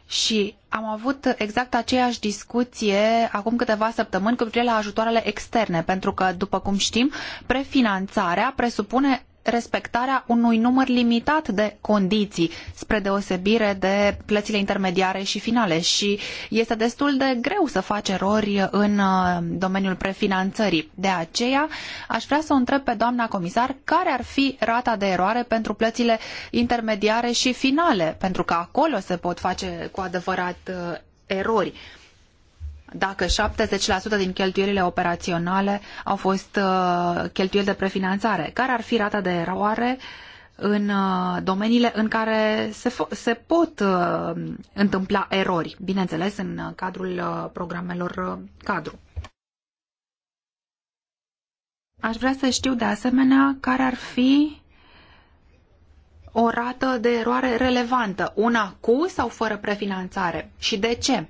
Și am avut exact aceeași discuție acum câteva săptămâni cu privire la ajutoarele externe, pentru că, după cum știm, prefinanțarea presupune respectarea unui număr limitat de condiții, spre deosebire de plățile intermediare și finale și este destul de greu să faci erori în uh, domeniul prefinanțării. De aceea aș vrea să o întreb pe doamna comisar care ar fi rata de eroare pentru plățile intermediare și finale, pentru că acolo se pot face cu adevărat uh, erori dacă 70% din cheltuielile operaționale au fost uh, cheltuieli de prefinanțare. Care ar fi rata de eroare în uh, domeniile în care se, se pot uh, întâmpla erori, bineînțeles în cadrul programelor cadru? Aș vrea să știu de asemenea care ar fi o rată de eroare relevantă, una cu sau fără prefinanțare și de ce?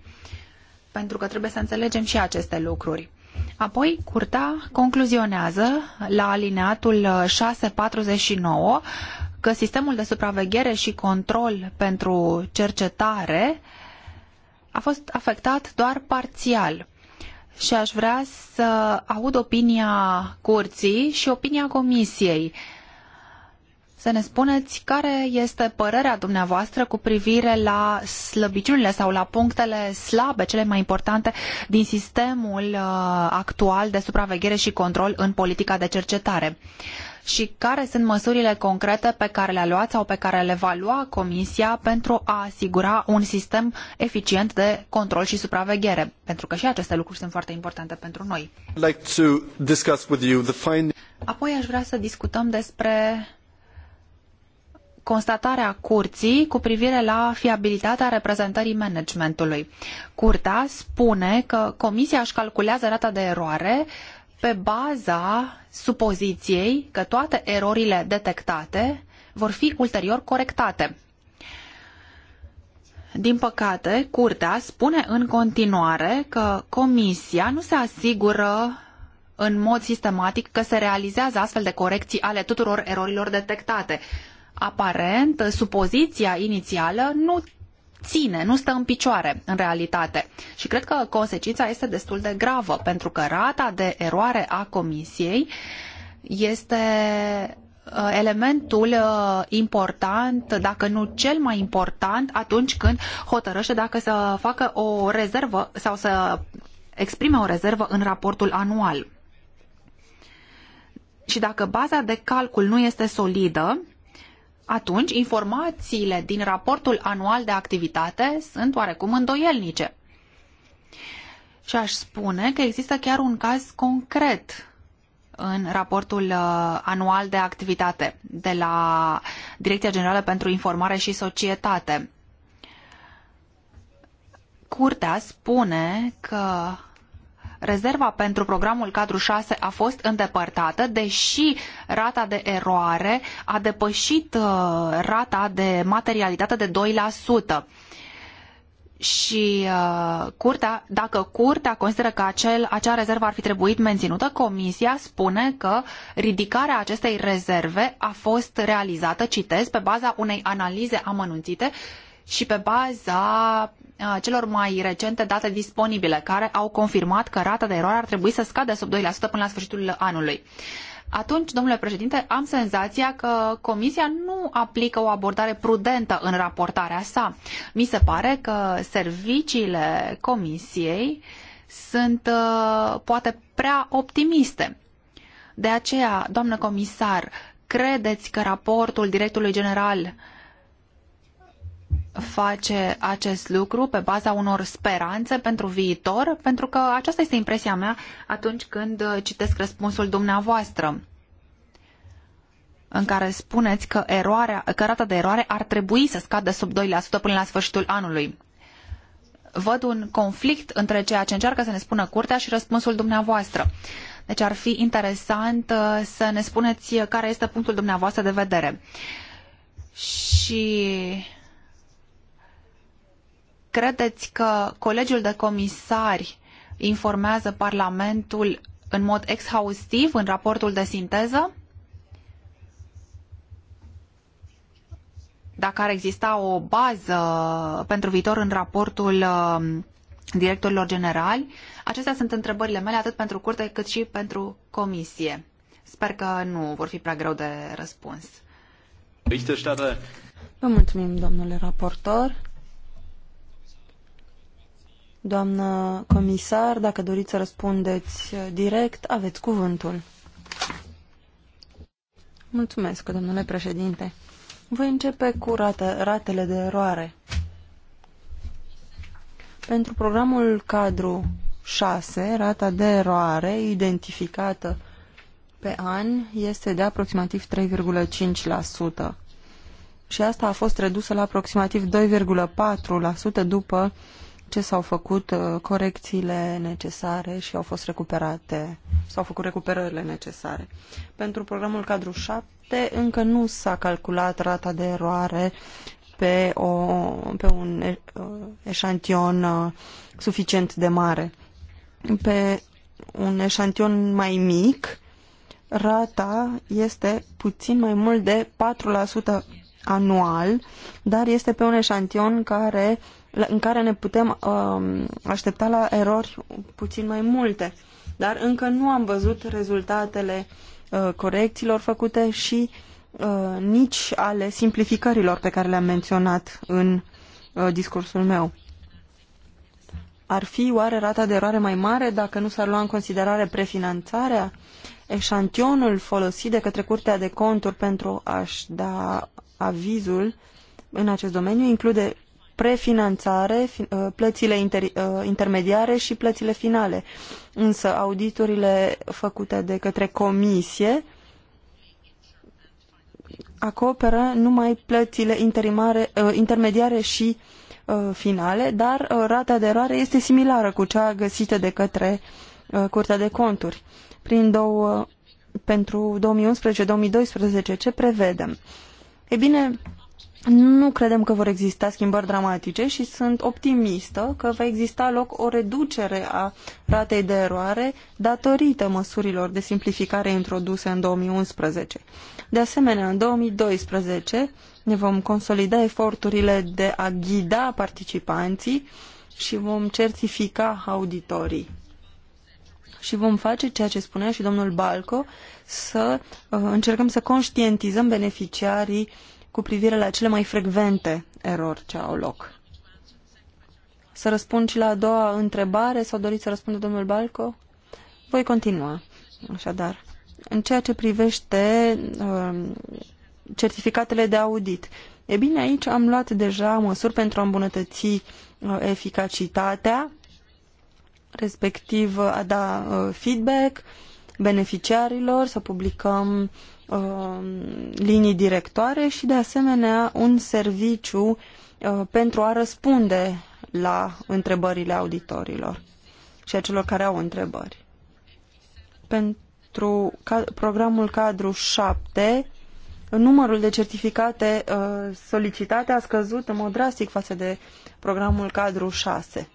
pentru că trebuie să înțelegem și aceste lucruri. Apoi, Curtea concluzionează la alineatul 649 că sistemul de supraveghere și control pentru cercetare a fost afectat doar parțial și aș vrea să aud opinia curții și opinia comisiei să ne spuneți care este părerea dumneavoastră cu privire la slăbiciunile sau la punctele slabe, cele mai importante din sistemul uh, actual de supraveghere și control în politica de cercetare și care sunt măsurile concrete pe care le-a luat sau pe care le va lua Comisia pentru a asigura un sistem eficient de control și supraveghere, pentru că și aceste lucruri sunt foarte importante pentru noi. Apoi aș vrea să discutăm despre constatarea curții cu privire la fiabilitatea reprezentării managementului. Curtea spune că comisia își calculează rata de eroare pe baza supoziției că toate erorile detectate vor fi ulterior corectate. Din păcate, curtea spune în continuare că comisia nu se asigură în mod sistematic că se realizează astfel de corecții ale tuturor erorilor detectate aparent, supoziția inițială nu ține, nu stă în picioare în realitate. Și cred că consecința este destul de gravă, pentru că rata de eroare a comisiei este uh, elementul uh, important, dacă nu cel mai important, atunci când hotărăște dacă să facă o rezervă sau să exprime o rezervă în raportul anual. Și dacă baza de calcul nu este solidă, atunci informațiile din raportul anual de activitate sunt oarecum îndoielnice. Și aș spune că există chiar un caz concret în raportul uh, anual de activitate de la Direcția Generală pentru Informare și Societate. Curtea spune că rezerva pentru programul cadru 6 a fost îndepărtată, deși rata de eroare a depășit uh, rata de materialitate de 2% și uh, curtea, dacă curtea consideră că acel, acea rezervă ar fi trebuit menținută, comisia spune că ridicarea acestei rezerve a fost realizată, citez, pe baza unei analize amănunțite și pe baza celor mai recente date disponibile, care au confirmat că rata de eroare ar trebui să scadă sub 2% până la sfârșitul anului. Atunci, domnule președinte, am senzația că Comisia nu aplică o abordare prudentă în raportarea sa. Mi se pare că serviciile Comisiei sunt poate prea optimiste. De aceea, doamnă comisar, credeți că raportul directorului general uh, face acest lucru pe baza unor speranțe pentru viitor, pentru că aceasta este impresia mea atunci când citesc răspunsul dumneavoastră în care spuneți că, eroarea, că rata de eroare ar trebui să scadă sub 2% până la sfârșitul anului. Văd un conflict între ceea ce încearcă să ne spună curtea și răspunsul dumneavoastră. Deci ar fi interesant uh, să ne spuneți care este punctul dumneavoastră de vedere. Și Credeți că Colegiul de Comisari informează Parlamentul în mod exhaustiv în raportul de sinteză? Dacă ar exista o bază pentru viitor în raportul um, directorilor generali, acestea sunt întrebările mele atât pentru curte cât și pentru comisie. Sper că nu vor fi prea greu de răspuns. Vă mulțumim, domnule raportor. Doamnă comisar, dacă doriți să răspundeți uh, direct, aveți cuvântul. Mulțumesc, domnule președinte. Voi începe cu rate, ratele de eroare. Pentru programul cadru 6, rata de eroare identificată pe an este de aproximativ 3,5% și asta a fost redusă la aproximativ 2,4% după ce s-au făcut uh, corecțiile necesare și au fost recuperate, s-au făcut recuperările necesare. Pentru programul cadru 7 încă nu s-a calculat rata de eroare pe, o, pe un uh, eșantion uh, suficient de mare. Pe un eșantion mai mic, rata este puțin mai mult de 4% anual, dar este pe un eșantion care în care ne putem um, aștepta la erori puțin mai multe. Dar încă nu am văzut rezultatele uh, corecțiilor făcute și uh, nici ale simplificărilor pe care le-am menționat în uh, discursul meu. Ar fi oare rata de eroare mai mare dacă nu s-ar lua în considerare prefinanțarea? Eșantionul folosit de către Curtea de Conturi pentru a-și da avizul în acest domeniu include prefinanțare, uh, plățile inter, uh, intermediare și plățile finale. Însă auditurile făcute de către comisie acoperă numai plățile interimare, uh, intermediare și finale, dar rata de eroare este similară cu cea găsită de către Curtea de Conturi. Prin două, pentru 2011-2012 ce prevedem? E bine, nu credem că vor exista schimbări dramatice și sunt optimistă că va exista loc o reducere a ratei de eroare datorită măsurilor de simplificare introduse în 2011. De asemenea, în 2012 ne vom consolida eforturile de a ghida participanții și vom certifica auditorii. Și vom face ceea ce spunea și domnul Balco, să uh, încercăm să conștientizăm beneficiarii uh, cu privire la cele mai frecvente erori ce au loc. Să răspund și la a doua întrebare sau doriți să răspundă domnul Balco? Voi continua. Așadar, în ceea ce privește uh, certificatele de audit, e bine, aici am luat deja măsuri pentru a îmbunătăți uh, eficacitatea, respectiv a da uh, feedback beneficiarilor, să publicăm uh, Um, linii directoare și, de asemenea, un serviciu uh, pentru a răspunde la întrebările auditorilor și a celor care au întrebări. Pentru programul cadru 7, numărul de certificate uh, solicitate a scăzut în mod drastic față de programul cadru 6.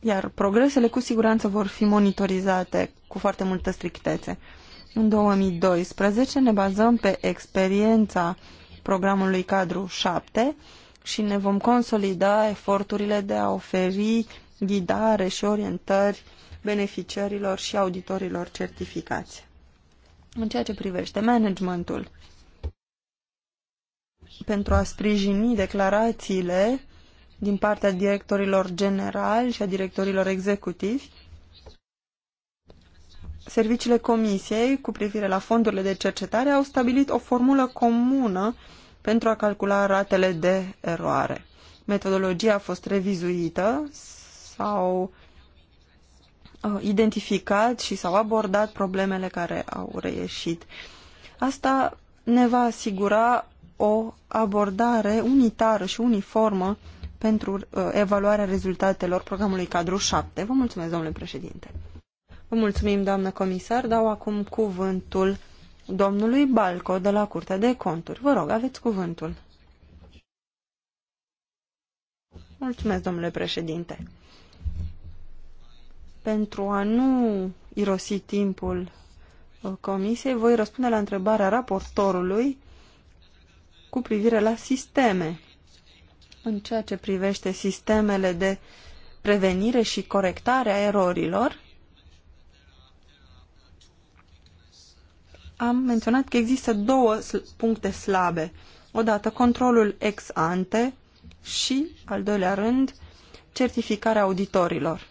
iar progresele cu siguranță vor fi monitorizate cu foarte multă strictețe. În 2012 ne bazăm pe experiența programului cadru 7 și ne vom consolida eforturile de a oferi ghidare și orientări beneficiarilor și auditorilor certificați. În ceea ce privește managementul, pentru a sprijini declarațiile din partea directorilor generali și a directorilor executivi, serviciile Comisiei cu privire la fondurile de cercetare au stabilit o formulă comună pentru a calcula ratele de eroare. Metodologia a fost revizuită, s-au uh, identificat și s-au abordat problemele care au reieșit. Asta ne va asigura o abordare unitară și uniformă pentru uh, evaluarea rezultatelor programului cadru 7. Vă mulțumesc, domnule președinte. Vă mulțumim, doamnă comisar. Dau acum cuvântul domnului Balco de la Curtea de Conturi. Vă rog, aveți cuvântul. Mulțumesc, domnule președinte. Pentru a nu irosi timpul uh, comisiei, voi răspunde la întrebarea raportorului cu privire la sisteme în ceea ce privește sistemele de prevenire și corectare a erorilor, am menționat că există două puncte slabe. Odată controlul ex ante și, al doilea rând, certificarea auditorilor.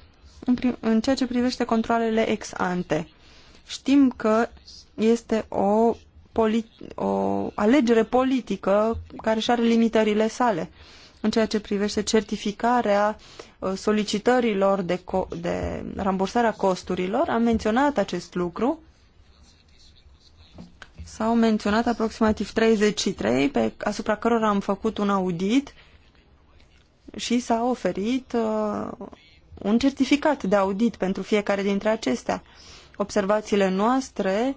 În, în ceea ce privește controlele ex ante, știm că este o, polit o alegere politică care și are limitările sale în ceea ce privește certificarea uh, solicitărilor de, co- de rambursarea costurilor. Am menționat acest lucru. S-au menționat aproximativ 33 pe, asupra cărora am făcut un audit și s-a oferit uh, un certificat de audit pentru fiecare dintre acestea. Observațiile noastre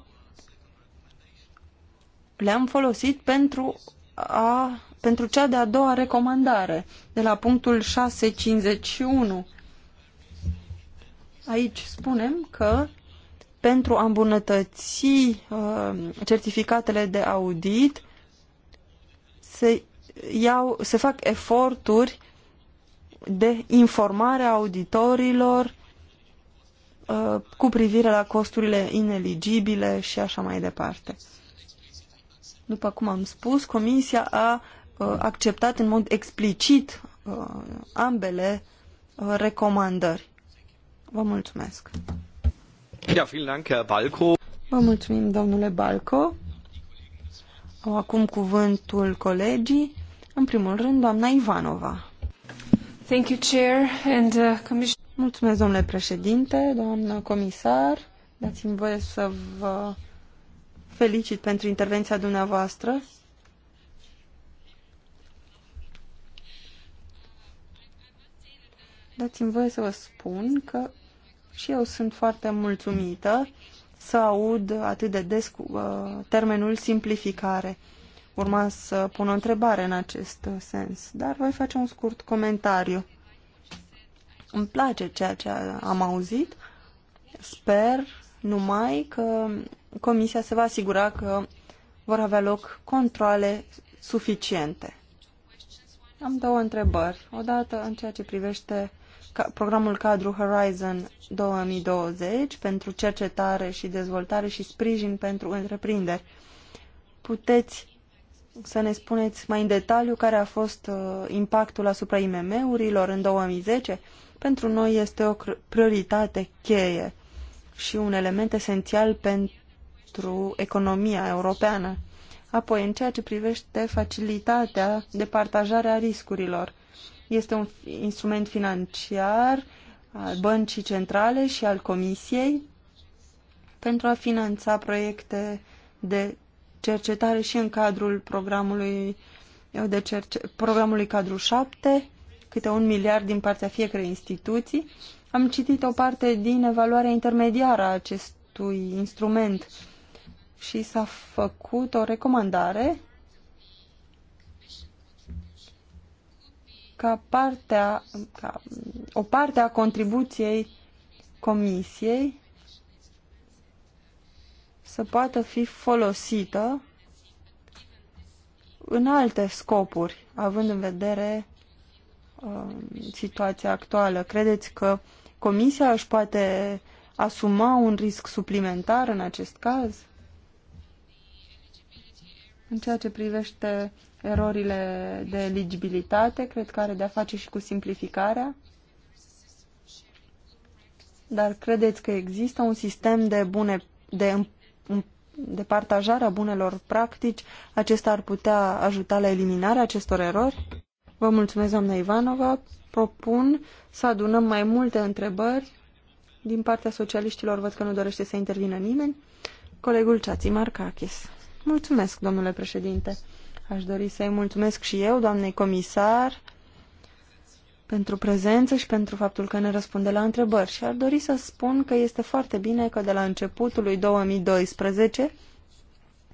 le-am folosit pentru a pentru cea de-a doua recomandare, de la punctul 651. Aici spunem că pentru a îmbunătăți uh, certificatele de audit se, iau, se fac eforturi de informare a auditorilor uh, cu privire la costurile ineligibile și așa mai departe. După cum am spus, Comisia a Uh, acceptat în mod explicit uh, ambele uh, recomandări. Vă mulțumesc. Ja, vielen Dank, Herr Balco. Vă mulțumim, domnule Balco. Au acum cuvântul colegii. În primul rând, doamna Ivanova. Thank you, Chair and uh, Mulțumesc, domnule președinte, doamnă comisar. Dați-mi voie să vă felicit pentru intervenția dumneavoastră. dați-mi voie să vă spun că și eu sunt foarte mulțumită să aud atât de des cu, uh, termenul simplificare. Urma să pun o întrebare în acest uh, sens, dar voi face un scurt comentariu. Îmi place ceea ce am auzit. Sper numai că Comisia se va asigura că vor avea loc controle suficiente. Am două întrebări. Odată în ceea ce privește programul cadru Horizon 2020 pentru cercetare și dezvoltare și sprijin pentru întreprinderi. Puteți să ne spuneți mai în detaliu care a fost uh, impactul asupra IMM-urilor în 2010? Pentru noi este o prioritate cheie și un element esențial pentru economia europeană. Apoi, în ceea ce privește facilitatea de partajare a riscurilor, este un instrument financiar al băncii centrale și al comisiei pentru a finanța proiecte de cercetare și în cadrul programului, eh, de cerce, programului cadru 7, câte un miliard din partea fiecărei instituții. Am citit o parte din evaluarea intermediară a acestui instrument și s-a făcut o recomandare ca, partea, ca o parte a contribuției comisiei să poată fi folosită în alte scopuri, având în vedere uh, situația actuală. Credeți că Comisia își poate asuma un risc suplimentar în acest caz? În ceea ce privește erorile de eligibilitate, cred că are de-a face și cu simplificarea. Dar credeți că există un sistem de, bune, de, de partajare a bunelor practici? Acesta ar putea ajuta la eliminarea acestor erori? Vă mulțumesc, doamna Ivanova. Propun să adunăm mai multe întrebări. Din partea socialiștilor văd că nu dorește să intervină nimeni. Colegul Ceații Marcachis. Mulțumesc, domnule președinte. Aș dori să-i mulțumesc și eu, doamnei comisar, pentru prezență și pentru faptul că ne răspunde la întrebări. Și ar dori să spun că este foarte bine că de la începutul lui 2012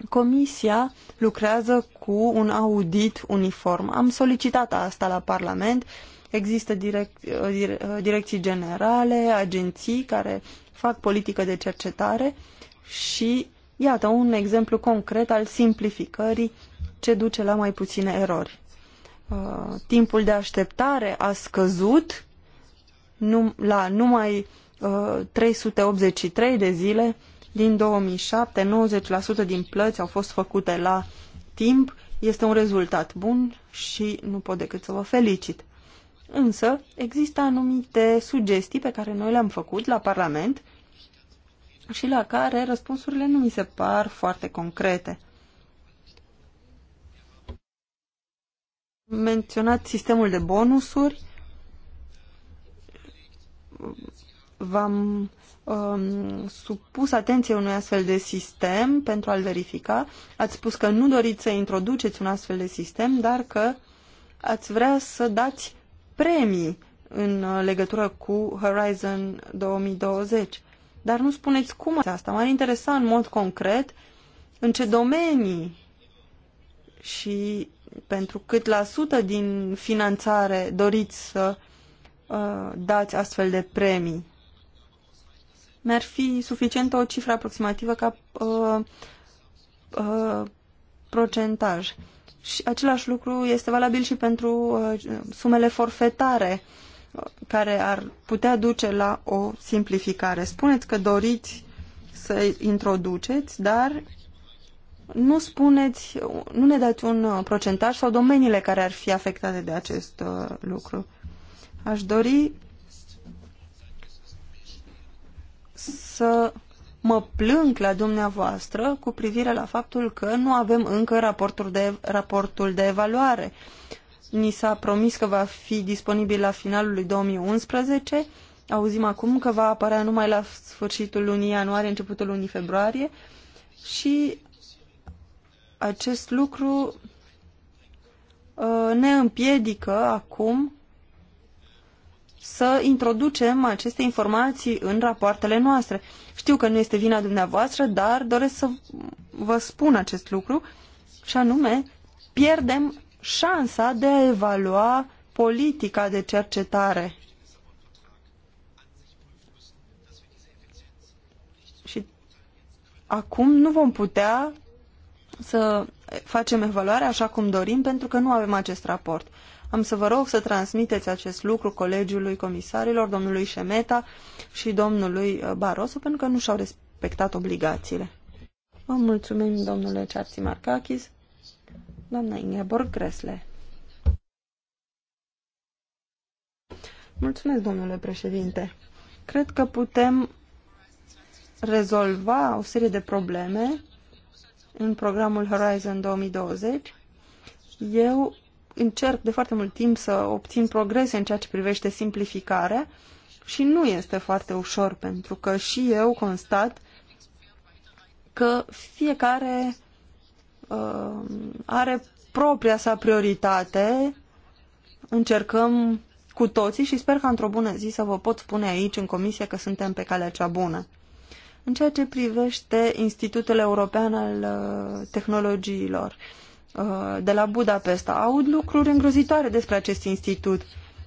Comisia lucrează cu un audit uniform. Am solicitat asta la Parlament. Există dire direcții generale, agenții care fac politică de cercetare și, iată, un exemplu concret al simplificării ce duce la mai puține erori. Uh, timpul de așteptare a scăzut la numai 383 uh, de zile din 2007, 90% din plăți au fost făcute la timp, este un rezultat bun și nu pot decât să vă felicit. Însă, există anumite sugestii pe care noi le-am făcut la Parlament și la care răspunsurile nu mi se par foarte concrete. menționat sistemul de bonusuri. V-am um, supus atenție unui astfel de sistem pentru a-l verifica. Ați spus că nu doriți să introduceți un astfel de sistem, dar că ați vrea să dați premii în uh, legătură cu Horizon 2020. Dar nu spuneți cum este asta. M-ar interesa în mod concret în ce domenii și pentru cât la sută din finanțare doriți să uh, dați astfel de premii. Mi-ar fi suficientă o cifră aproximativă ca uh, uh, procentaj. Și același lucru este valabil și pentru uh, sumele forfetare uh, care ar putea duce la o simplificare. Spuneți că doriți să introduceți, dar nu spuneți, nu ne dați un uh, procentaj sau domeniile care ar fi afectate de acest uh, lucru. Aș dori să mă plâng la dumneavoastră cu privire la faptul că nu avem încă raportul de, raportul de evaluare. Ni s-a promis că va fi disponibil la finalul lui 2011. Auzim acum că va apărea numai la sfârșitul lunii ianuarie, începutul lunii februarie și acest lucru uh, ne împiedică acum să introducem aceste informații în rapoartele noastre. Știu că nu este vina dumneavoastră, dar doresc să vă spun acest lucru și anume pierdem șansa de a evalua politica de cercetare. Și acum nu vom putea să facem evaluarea așa cum dorim, pentru că nu avem acest raport. Am să vă rog să transmiteți acest lucru colegiului comisarilor, domnului Șemeta și domnului uh, Barosu pentru că nu și-au respectat obligațiile. Vă mulțumim, domnule Cearții Marcachis, doamna Ingeborg Gresle. Mulțumesc, domnule președinte. Cred că putem rezolva o serie de probleme în programul Horizon 2020. Eu încerc de foarte mult timp să obțin progrese în ceea ce privește simplificarea și nu este foarte ușor pentru că și eu constat că fiecare uh, are propria sa prioritate. Încercăm cu toții și sper că într-o bună zi să vă pot spune aici în comisie că suntem pe calea cea bună. În ceea ce privește Institutul European al uh, Tehnologiilor uh, de la Budapesta, aud lucruri îngrozitoare despre acest institut.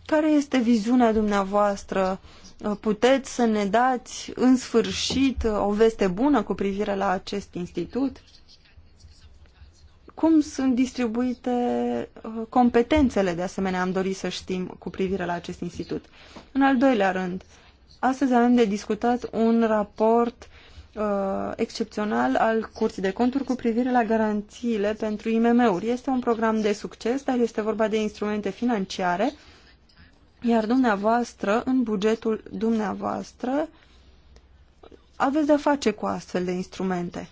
Care este viziunea dumneavoastră? Uh, puteți să ne dați în sfârșit o veste bună cu privire la acest institut? Cum sunt distribuite competențele, de asemenea, am dorit să știm cu privire la acest institut. În al doilea rând, Astăzi avem de discutat un raport uh, excepțional al Curții de Conturi cu privire la garanțiile pentru IMM-uri. Este un program de succes, dar este vorba de instrumente financiare, iar dumneavoastră, în bugetul dumneavoastră, aveți de-a face cu astfel de instrumente.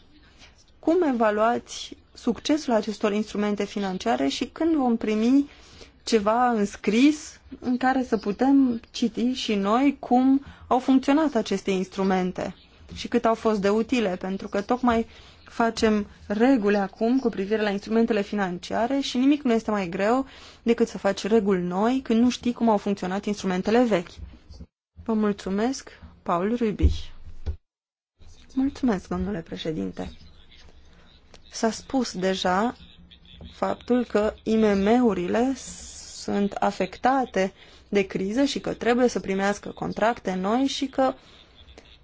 Cum evaluați succesul acestor instrumente financiare și când vom primi ceva înscris în care să putem citi și noi cum au funcționat aceste instrumente și cât au fost de utile, pentru că tocmai facem reguli acum cu privire la instrumentele financiare și nimic nu este mai greu decât să faci reguli noi când nu știi cum au funcționat instrumentele vechi. Vă mulțumesc, Paul Rubiș. Mulțumesc, domnule președinte. S-a spus deja faptul că IMM-urile sunt afectate de criză și că trebuie să primească contracte noi și că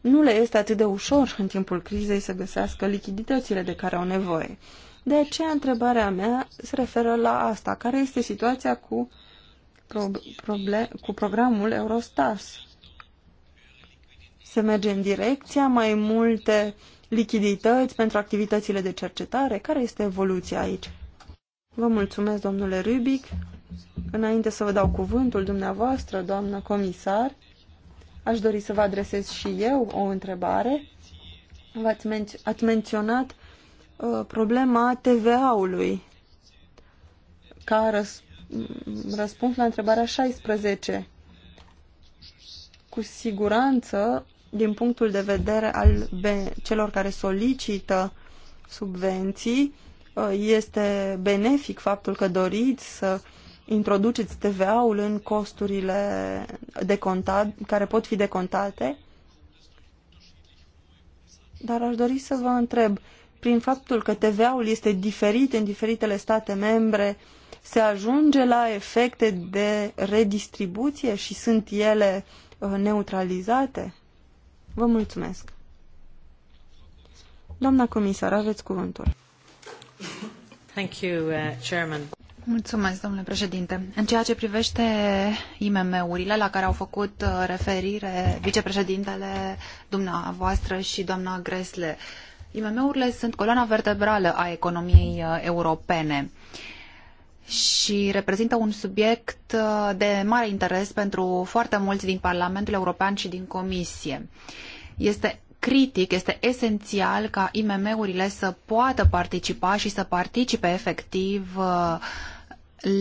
nu le este atât de ușor în timpul crizei să găsească lichiditățile de care au nevoie. De aceea, întrebarea mea se referă la asta. Care este situația cu, pro cu programul Eurostas? Se merge în direcția mai multe lichidități pentru activitățile de cercetare? Care este evoluția aici? Vă mulțumesc, domnule Rubic. Înainte să vă dau cuvântul dumneavoastră, doamnă comisar, aș dori să vă adresez și eu o întrebare. V-ați men ați menționat uh, problema TVA-ului ca răs răspuns la întrebarea 16. Cu siguranță, din punctul de vedere al celor care solicită subvenții, uh, este benefic faptul că doriți să uh, introduceți TVA-ul în costurile de contat, care pot fi decontate, dar aș dori să vă întreb, prin faptul că TVA-ul este diferit în diferitele state membre, se ajunge la efecte de redistribuție și sunt ele uh, neutralizate? Vă mulțumesc. Doamna comisar, aveți cuvântul. Thank you, uh, Chairman domnule președinte. În ceea ce privește IMM-urile la care au făcut uh, referire vicepreședintele dumneavoastră și doamna Gresle, IMM-urile sunt coloana vertebrală a economiei uh, europene și reprezintă un subiect uh, de mare interes pentru foarte mulți din Parlamentul European și din Comisie. Este critic, este esențial ca IMM-urile să poată participa și să participe efectiv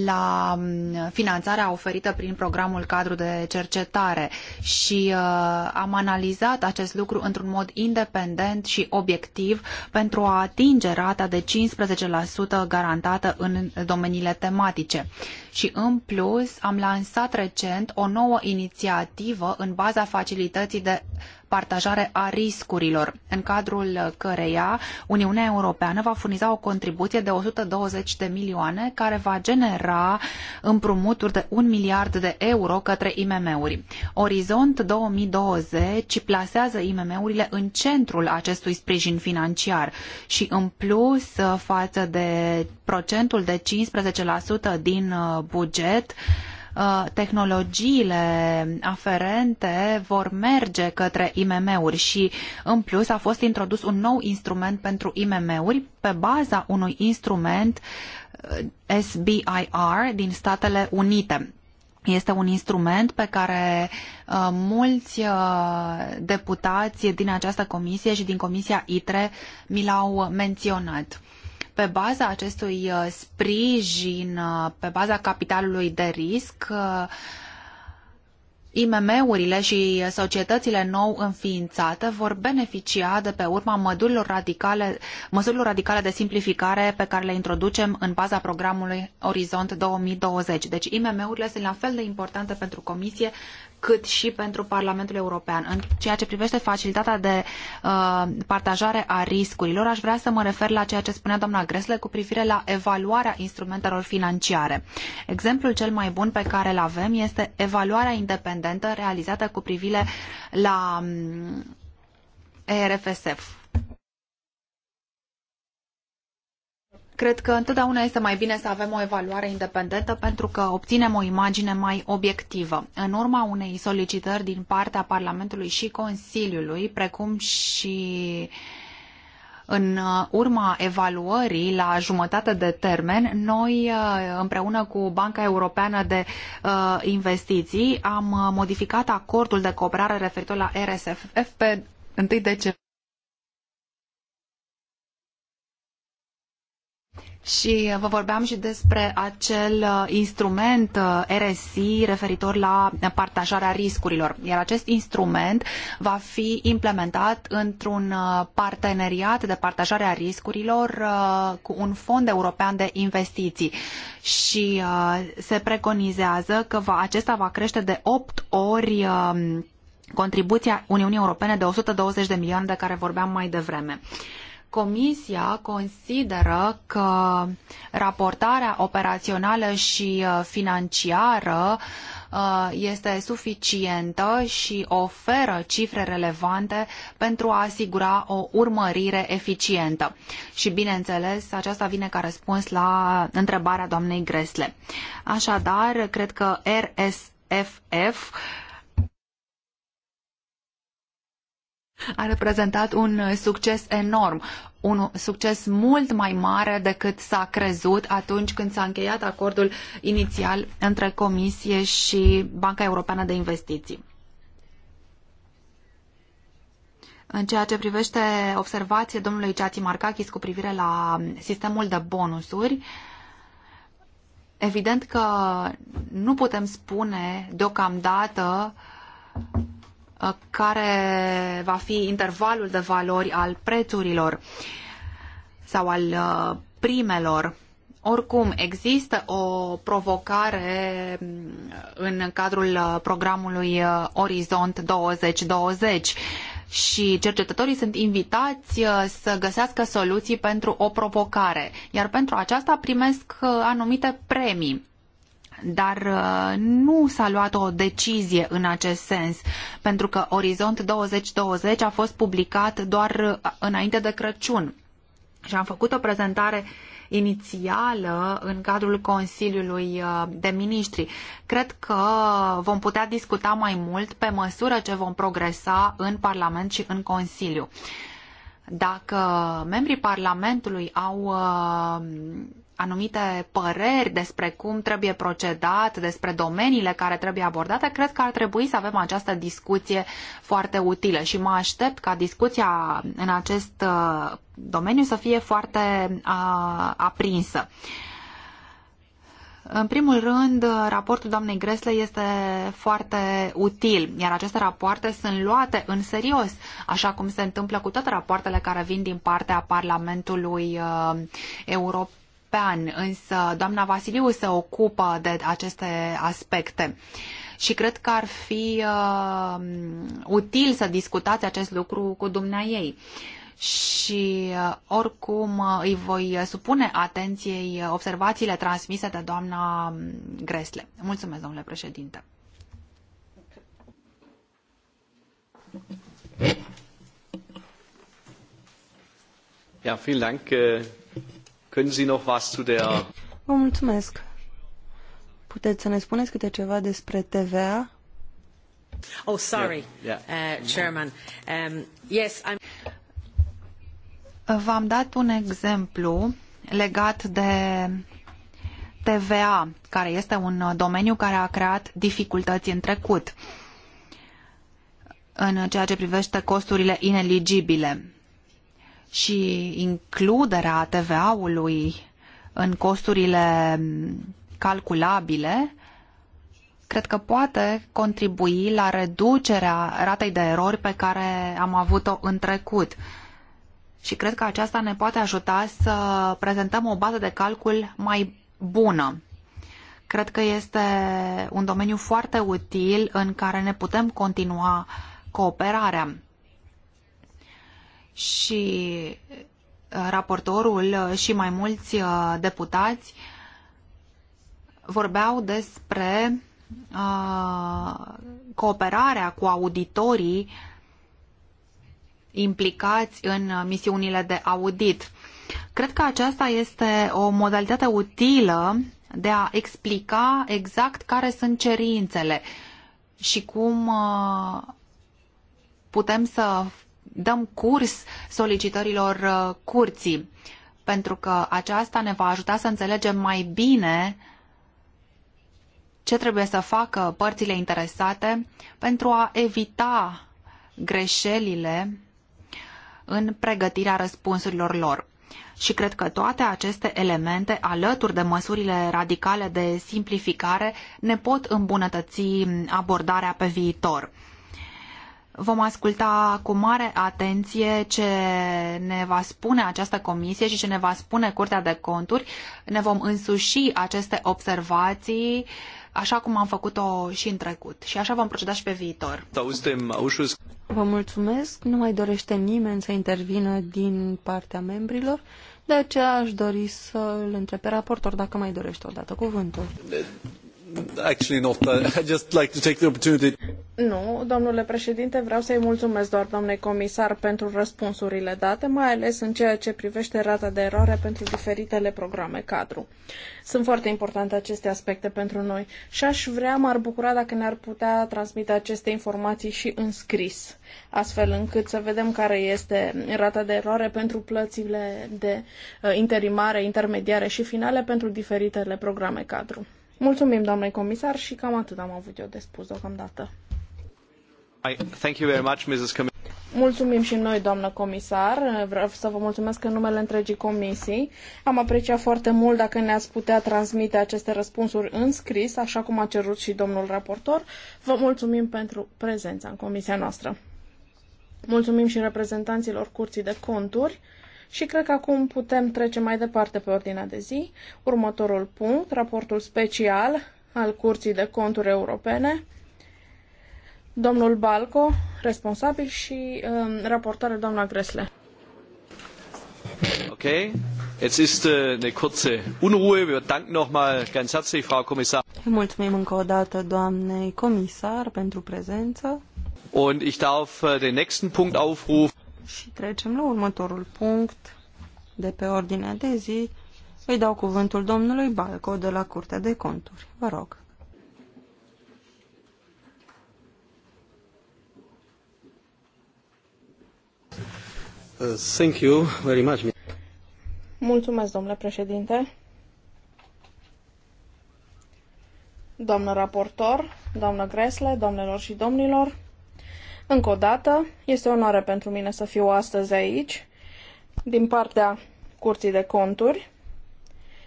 la mm, finanțarea oferită prin programul cadru de cercetare și uh, am analizat acest lucru într-un mod independent și obiectiv pentru a atinge rata de 15% garantată în domeniile tematice. Și în plus am lansat recent o nouă inițiativă în baza facilității de partajare a riscurilor, în cadrul căreia Uniunea Europeană va furniza o contribuție de 120 de milioane care va genera împrumuturi de 1 miliard de euro către IMM-uri. Orizont 2020 plasează IMM-urile în centrul acestui sprijin financiar și în plus față de procentul de 15% din uh, buget, Uh, tehnologiile aferente vor merge către IMM-uri și, în plus, a fost introdus un nou instrument pentru IMM-uri pe baza unui instrument uh, SBIR din Statele Unite. Este un instrument pe care uh, mulți uh, deputați din această comisie și din Comisia ITRE mi l-au menționat. Pe baza acestui uh, sprijin, uh, pe baza capitalului de risc, uh, IMM-urile și societățile nou înființate vor beneficia de pe urma mădurilor radicale, măsurilor radicale de simplificare pe care le introducem în baza programului Orizont 2020. Deci IMM-urile sunt la fel de importante pentru Comisie cât și pentru Parlamentul European. În ceea ce privește facilitatea de uh, partajare a riscurilor, aș vrea să mă refer la ceea ce spunea doamna Gresle cu privire la evaluarea instrumentelor financiare. Exemplul cel mai bun pe care îl avem este evaluarea independentă realizată cu privire la um, mm, ERFSF Cred că întotdeauna este mai bine să avem o evaluare independentă pentru că obținem o imagine mai obiectivă. În urma unei solicitări din partea Parlamentului și Consiliului, precum și în urma evaluării la jumătate de termen, noi uh, împreună cu Banca Europeană de uh, Investiții am uh, modificat acordul de cooperare referitor la RSFF pe 1 decembrie Și uh, vă vorbeam și despre acel uh, instrument uh, RSI referitor la partajarea riscurilor. Iar acest instrument va fi implementat într-un parteneriat de partajare a riscurilor cu un fond european de investiții. Și se preconizează că va, acesta va crește de opt ori um, contribuția Uniunii Europene de 120 de milioane de care vorbeam mai devreme. Uh, Comisia consideră că raportarea operațională și uh, financiară uh, este suficientă și oferă cifre relevante pentru a asigura o urmărire eficientă. Și bineînțeles, aceasta vine ca răspuns la întrebarea doamnei Gresle. Așadar, cred că RSFF a reprezentat un uh, succes enorm, un uh, succes mult mai mare decât s-a crezut atunci când s-a încheiat acordul inițial între Comisie și Banca Europeană de Investiții. În ceea ce privește observație domnului Ceați Marcachis cu privire la sistemul de bonusuri, evident că nu putem spune deocamdată care va fi intervalul de valori al prețurilor sau al uh, primelor. Oricum, există o provocare mm, în cadrul uh, programului uh, Orizont 2020 și cercetătorii sunt invitați să găsească soluții pentru o provocare, iar pentru aceasta primesc anumite premii dar uh, nu s-a luat o decizie în acest sens, pentru că Orizont 2020 a fost publicat doar uh, înainte de Crăciun. Și am făcut o prezentare inițială în cadrul Consiliului uh, de Ministri. Cred că vom putea discuta mai mult pe măsură ce vom progresa în Parlament și în Consiliu. Dacă membrii Parlamentului au anumite păreri despre cum trebuie procedat, despre domeniile care trebuie abordate, cred că ar trebui să avem această discuție foarte utilă și mă aștept ca discuția în acest uh, domeniu să fie foarte uh, aprinsă. În primul rând, raportul doamnei Gresle este foarte util, iar aceste rapoarte sunt luate în serios, așa cum se întâmplă cu toate rapoartele care vin din partea Parlamentului uh, European european, însă doamna Vasiliu se ocupă de aceste aspecte și cred că ar fi uh, util să discutați acest lucru cu dumneaei. Și uh, oricum uh, îi voi supune atenției observațiile transmise de doamna um, Gresle. Mulțumesc, domnule președinte. Ja, vielen Dank, äh, Können Sie noch was zu der... Vă mulțumesc. Puteți să ne spuneți câte ceva despre TVA? Oh, sorry, yeah. Yeah. Uh, Chairman. Um, yes, I'm... V-am dat un exemplu legat de TVA, care este un domeniu care a creat dificultăți în trecut în ceea ce privește costurile ineligibile și includerea TVA-ului în costurile calculabile, cred că poate contribui la reducerea ratei de erori pe care am avut-o în trecut. Și cred că aceasta ne poate ajuta să prezentăm o bază de calcul mai bună. Cred că este un domeniu foarte util în care ne putem continua cooperarea și uh, raportorul și mai mulți uh, deputați vorbeau despre uh, cooperarea cu auditorii implicați în misiunile de audit. Cred că aceasta este o modalitate utilă de a explica exact care sunt cerințele și cum putem să dăm curs solicitărilor uh, curții, pentru că aceasta ne va ajuta să înțelegem mai bine ce trebuie să facă părțile interesate pentru a evita greșelile în pregătirea răspunsurilor lor. Și cred că toate aceste elemente, alături de măsurile radicale de simplificare, ne pot îmbunătăți abordarea pe viitor. Vom asculta cu mare atenție ce ne va spune această comisie și ce ne va spune Curtea de Conturi. Ne vom însuși aceste observații așa cum am făcut-o și în trecut și așa vom proceda și pe viitor. Vă mulțumesc, nu mai dorește nimeni să intervină din partea membrilor, de aceea aș dori să îl întreb pe raportor dacă mai dorește o dată cuvântul actually not. I just like to take the opportunity. Nu, domnule președinte, vreau să-i mulțumesc doar domnului comisar pentru răspunsurile date, mai ales în ceea ce privește rata de eroare pentru diferitele programe cadru. Sunt foarte importante aceste aspecte pentru noi și aș vrea, m-ar bucura dacă ne-ar putea transmite aceste informații și în scris, astfel încât să vedem care este rata de eroare pentru plățile de uh, interimare, intermediare și finale pentru diferitele programe cadru. Mulțumim, doamne comisar, și cam atât am avut eu de spus deocamdată. Thank you very much, Mrs. Com Mulțumim și noi, doamnă comisar. Vreau să vă mulțumesc în numele întregii comisii. Am apreciat foarte mult dacă ne-ați putea transmite aceste răspunsuri în scris, așa cum a cerut și domnul raportor. Vă mulțumim pentru prezența în comisia noastră. Mulțumim și reprezentanților Curții de Conturi. Și cred că acum putem trece mai departe pe ordinea de zi. Următorul punct, raportul special al Curții de Conturi Europene, domnul Balco, responsabil, și um, raportare doamna Gresle. Ok. Jetzt ist äh, eine kurze Unruhe. Wir danken nochmal ganz herzlich, Frau Kommissar. Mulțumim încă o dată doamnei comisar pentru prezență. Und ich darf äh, den nächsten Punkt aufrufen. Și trecem la următorul punct de pe ordinea de zi. Îi dau cuvântul domnului Balco de la Curtea de Conturi. Vă rog. Thank you very much. Mulțumesc, domnule președinte. Doamnă raportor, doamnă Gresle, domnilor și domnilor, încă o dată, este o onoare pentru mine să fiu astăzi aici, din partea Curții de Conturi,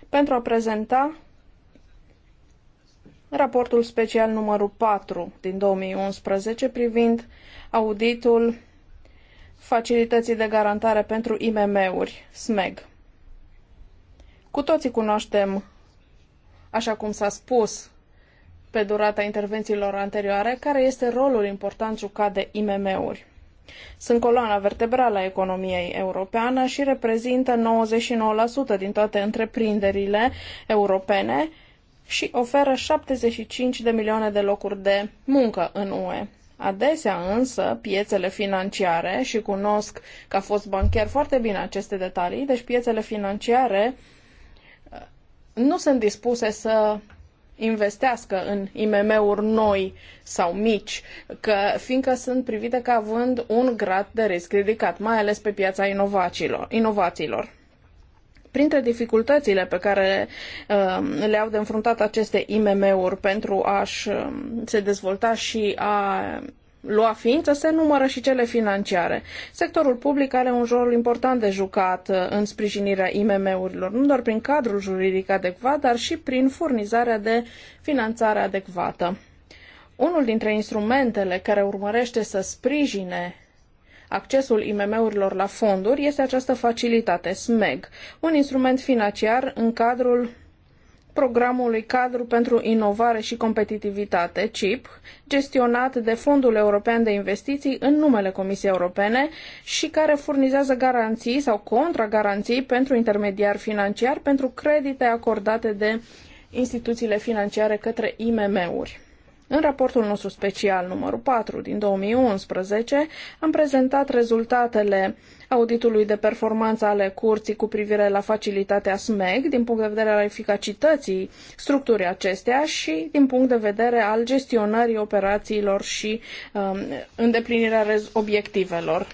pentru a prezenta raportul special numărul 4 din 2011 privind auditul Facilității de Garantare pentru IMM-uri, SMEG. Cu toții cunoaștem, așa cum s-a spus pe durata intervențiilor anterioare care este rolul important jucat de IMM-uri. Sunt coloana vertebrală a economiei europeană și reprezintă 99% din toate întreprinderile europene și oferă 75 de milioane de locuri de muncă în UE. Adesea însă piețele financiare, și cunosc că a fost banchiar foarte bine aceste detalii, deci piețele financiare uh, nu sunt dispuse să investească în IMM-uri noi sau mici, că, fiindcă sunt privite ca având un grad de risc ridicat, mai ales pe piața inovațiilor. inovațiilor. Printre dificultățile pe care uh, le-au de înfruntat aceste IMM-uri pentru a-și uh, se dezvolta și a lua ființă se numără și cele financiare. Sectorul public are un rol important de jucat uh, în sprijinirea IMM-urilor, nu doar prin cadrul juridic adecvat, dar și prin furnizarea de finanțare adecvată. Unul dintre instrumentele care urmărește să sprijine accesul IMM-urilor la fonduri este această facilitate SMEG, un instrument financiar în cadrul programului cadru pentru inovare și competitivitate, CIP, gestionat de Fondul European de Investiții în numele Comisiei Europene și care furnizează garanții sau contragaranții pentru intermediari financiari pentru credite acordate de instituțiile financiare către IMM-uri. În raportul nostru special numărul 4 din 2011 am prezentat rezultatele uh, auditului de performanță ale curții cu privire la facilitatea SMEG din punct de vedere al eficacității structurii acesteia și din punct de vedere al gestionării operațiilor și um, îndeplinirea obiectivelor.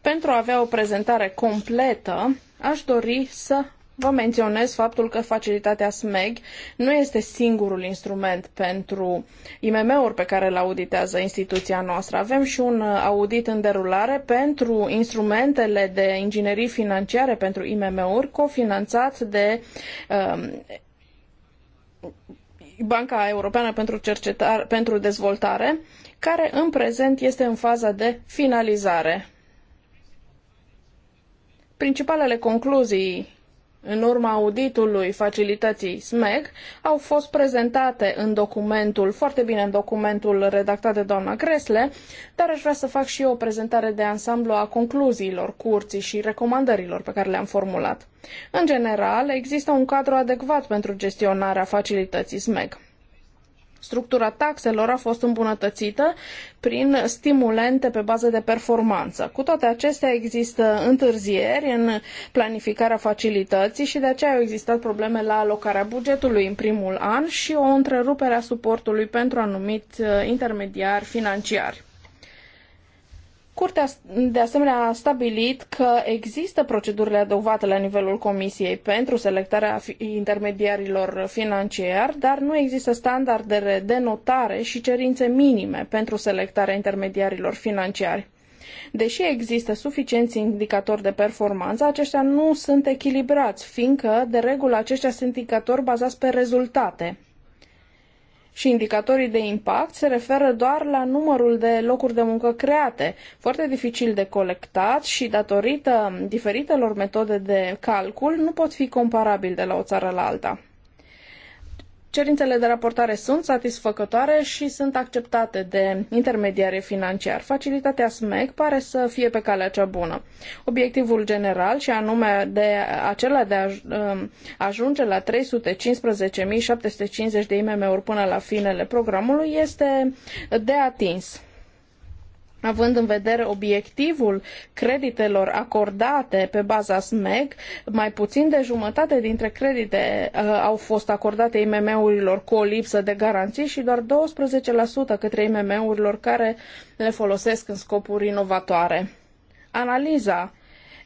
Pentru a avea o prezentare completă, aș dori să Vă menționez faptul că facilitatea SMEG nu este singurul instrument pentru IMM-uri pe care îl auditează instituția noastră. Avem și un uh, audit în derulare pentru instrumentele de inginerii financiare pentru IMM-uri, cofinanțat de um, Banca Europeană pentru, Cercetare, pentru Dezvoltare, care în prezent este în faza de finalizare. Principalele concluzii în urma auditului facilității SMEG, au fost prezentate în documentul, foarte bine în documentul redactat de doamna Cresle, dar aș vrea să fac și eu o prezentare de ansamblu a concluziilor curții și recomandărilor pe care le-am formulat. În general, există un cadru adecvat pentru gestionarea facilității SMEG. Structura taxelor a fost îmbunătățită prin stimulente pe bază de performanță. Cu toate acestea există întârzieri în planificarea facilității și de aceea au existat probleme la alocarea bugetului în primul an și o întrerupere a suportului pentru anumit uh, intermediari financiari. Curtea de asemenea a stabilit că există procedurile adăugate la nivelul Comisiei pentru selectarea intermediarilor financiari, dar nu există standardele de notare și cerințe minime pentru selectarea intermediarilor financiari. Deși există suficienți indicatori de performanță, aceștia nu sunt echilibrați, fiindcă, de regulă, aceștia sunt indicatori bazați pe rezultate și indicatorii de impact se referă doar la numărul de locuri de muncă create, foarte dificil de colectat și datorită diferitelor metode de calcul nu pot fi comparabili de la o țară la alta. Cerințele de raportare sunt satisfăcătoare și sunt acceptate de intermediare financiari. Facilitatea SMEC pare să fie pe calea cea bună. Obiectivul general și anume de acela de a um, ajunge la 315.750 de IMM-uri până la finele programului este de atins având în vedere obiectivul creditelor acordate pe baza SMEG, mai puțin de jumătate dintre credite uh, au fost acordate IMM-urilor cu o lipsă de garanții și doar 12% către IMM-urilor care le folosesc în scopuri inovatoare. Analiza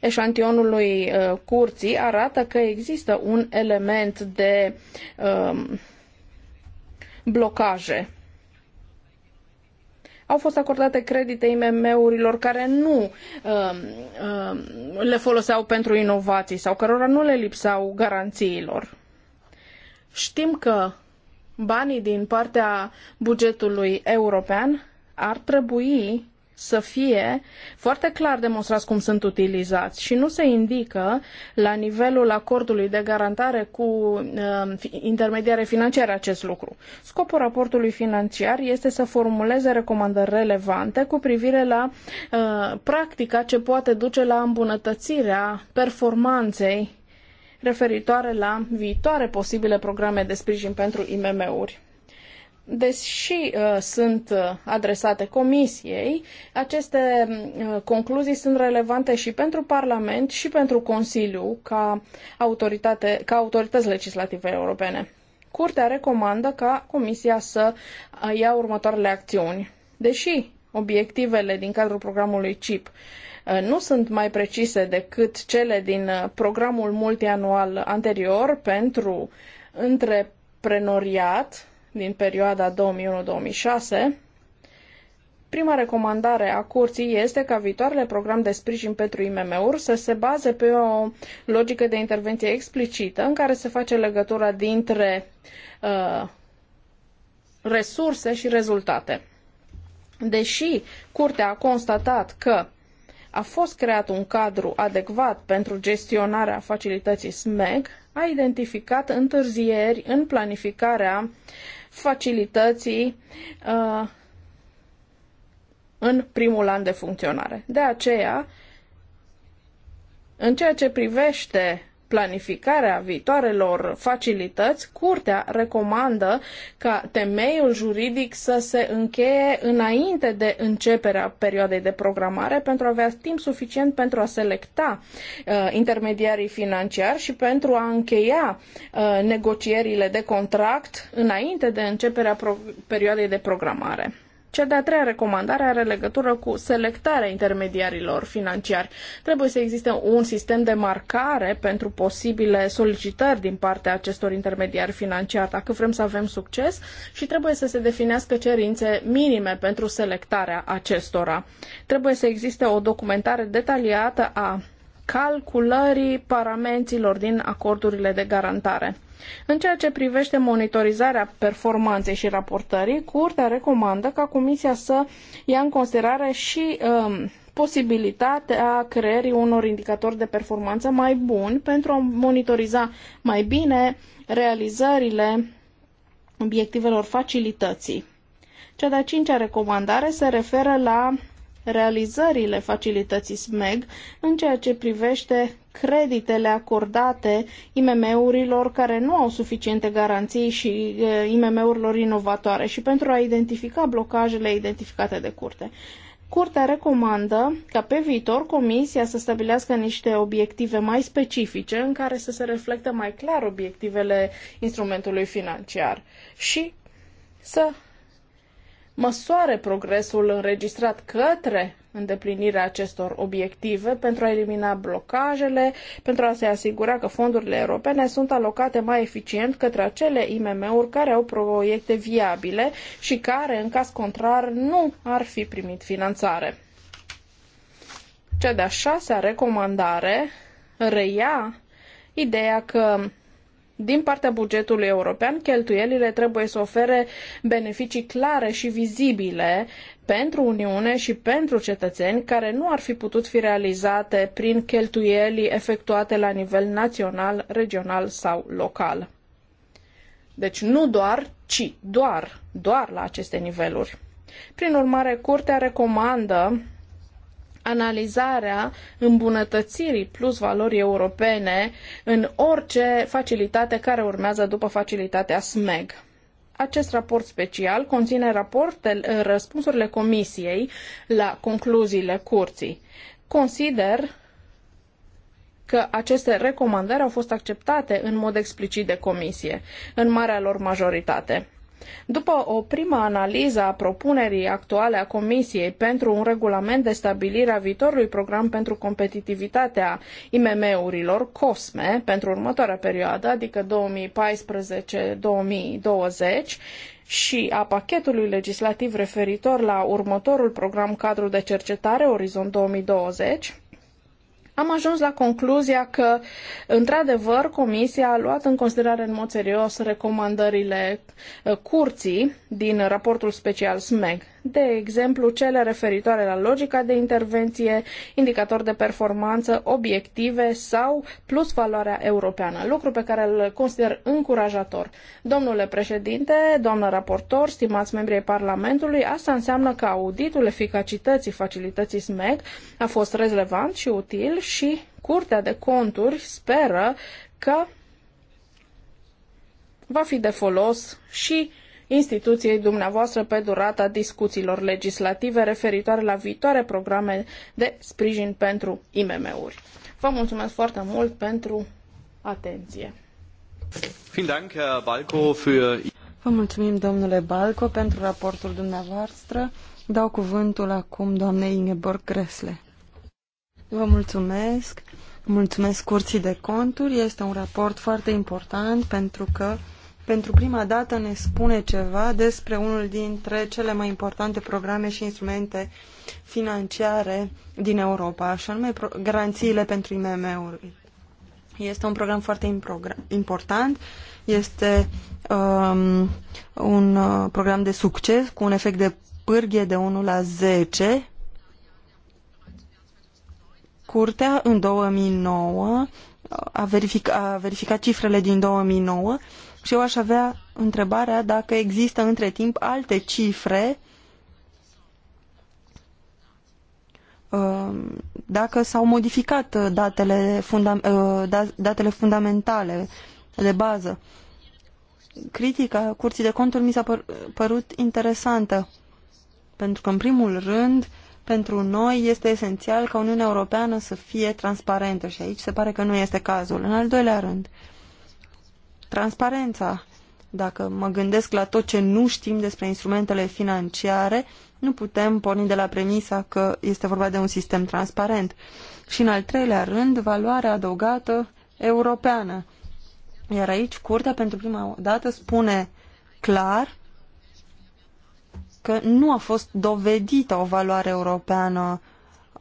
eșantionului uh, curții arată că există un element de uh, blocaje au fost acordate credite IMM-urilor care nu uh, uh, le foloseau pentru inovații sau cărora nu le lipsau garanțiilor. Știm că banii din partea bugetului european ar trebui să fie foarte clar demonstrați cum sunt utilizați și nu se indică la nivelul acordului de garantare cu uh, intermediare financiare acest lucru. Scopul raportului financiar este să formuleze recomandări relevante cu privire la uh, practica ce poate duce la îmbunătățirea performanței referitoare la viitoare posibile programe de sprijin pentru IMM-uri. Deși uh, sunt uh, adresate Comisiei, aceste uh, concluzii sunt relevante și pentru Parlament și pentru Consiliu ca, autoritate, ca autorități legislative europene. Curtea recomandă ca Comisia să uh, ia următoarele acțiuni. Deși obiectivele din cadrul programului CIP uh, nu sunt mai precise decât cele din programul multianual anterior pentru întreprenoriat, din perioada 2001-2006, prima recomandare a curții este ca viitoarele program de sprijin pentru IMM-uri să se baze pe o logică de intervenție explicită în care se face legătura dintre uh, resurse și rezultate. Deși curtea a constatat că a fost creat un cadru adecvat pentru gestionarea facilității SMEG, a identificat întârzieri în planificarea facilității uh, în primul an de funcționare. De aceea, în ceea ce privește planificarea viitoarelor facilități, Curtea recomandă ca temeiul juridic să se încheie înainte de începerea perioadei de programare pentru a avea timp suficient pentru a selecta uh, intermediarii financiari și pentru a încheia uh, negocierile de contract înainte de începerea perioadei de programare. Cea de-a treia recomandare are legătură cu selectarea intermediarilor financiari. Trebuie să existe un sistem de marcare pentru posibile solicitări din partea acestor intermediari financiari dacă vrem să avem succes și trebuie să se definească cerințe minime pentru selectarea acestora. Trebuie să existe o documentare detaliată a calculării paramenților din acordurile de garantare. În ceea ce privește monitorizarea performanței și raportării, Curtea recomandă ca Comisia să ia în considerare și um, posibilitatea creării unor indicatori de performanță mai buni pentru a monitoriza mai bine realizările obiectivelor facilității. Cea de-a cincea recomandare se referă la realizările facilității SMEG în ceea ce privește creditele acordate IMM-urilor care nu au suficiente garanții și IMM-urilor inovatoare și pentru a identifica blocajele identificate de curte. Curtea recomandă ca pe viitor Comisia să stabilească niște obiective mai specifice în care să se reflecte mai clar obiectivele instrumentului financiar și să măsoare progresul înregistrat către îndeplinirea acestor obiective pentru a elimina blocajele, pentru a se asigura că fondurile europene sunt alocate mai eficient către acele IMM-uri care au proiecte viabile și care, în caz contrar, nu ar fi primit finanțare. Cea de-a șasea recomandare reia ideea că din partea bugetului european, cheltuielile trebuie să ofere beneficii clare și vizibile pentru Uniune și pentru cetățeni care nu ar fi putut fi realizate prin cheltuieli efectuate la nivel național, regional sau local. Deci nu doar, ci doar, doar la aceste niveluri. Prin urmare, Curtea recomandă analizarea îmbunătățirii plus valori europene în orice facilitate care urmează după facilitatea SMEG. Acest raport special conține raportele, răspunsurile Comisiei la concluziile curții. Consider că aceste recomandări au fost acceptate în mod explicit de comisie, în marea lor majoritate. După o primă analiză a propunerii actuale a Comisiei pentru un regulament de stabilire a viitorului program pentru competitivitatea IMM-urilor, COSME, pentru următoarea perioadă, adică 2014-2020, și a pachetului legislativ referitor la următorul program cadru de cercetare, Orizont 2020, am ajuns la concluzia că, într-adevăr, Comisia a luat în considerare în mod serios recomandările uh, curții din raportul special SMEG de exemplu cele referitoare la logica de intervenție, indicatori de performanță, obiective sau plus valoarea europeană, lucru pe care îl consider încurajator. Domnule președinte, doamnă raportor, stimați membri ai Parlamentului, asta înseamnă că auditul eficacității facilității SMEC a fost relevant și util și Curtea de Conturi speră că va fi de folos și instituției dumneavoastră pe durata discuțiilor legislative referitoare la viitoare programe de sprijin pentru IMM-uri. Vă mulțumesc foarte mult pentru atenție. Vă mulțumim, domnule Balco, pentru raportul dumneavoastră. Dau cuvântul acum doamnei Ingeborg Gresle. Vă mulțumesc. Mulțumesc Curții de Conturi. Este un raport foarte important pentru că pentru prima dată ne spune ceva despre unul dintre cele mai importante programe și instrumente financiare din Europa, și anume garanțiile pentru IMM-uri. Este un program foarte important, este um, un uh, program de succes cu un efect de pârghie de 1 la 10. Curtea în 2009 a, verific, a verificat cifrele din 2009 și eu aș avea întrebarea dacă există între timp alte cifre um, dacă s-au modificat datele, funda uh, da, datele fundamentale de bază. Critica Curții de Conturi mi s-a păr părut interesantă, pentru că, în primul rând, pentru noi este esențial ca Uniunea Europeană să fie transparentă și aici se pare că nu este cazul. În al doilea rând, uh, transparența. Dacă mă gândesc la tot ce nu știm despre instrumentele financiare, nu putem porni de la premisa că este vorba de un sistem transparent. Și în al treilea rând, valoarea adăugată europeană. Iar aici, Curtea pentru prima dată spune clar că nu a fost dovedită o valoare europeană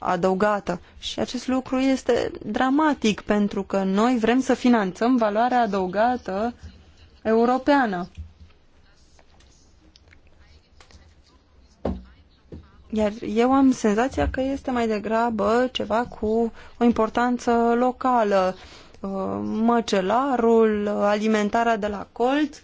adăugată. Și acest lucru este dramatic pentru că noi vrem să finanțăm valoarea adăugată europeană. Iar eu am senzația că este mai degrabă ceva cu o importanță locală. Uh, măcelarul, alimentarea de la colț,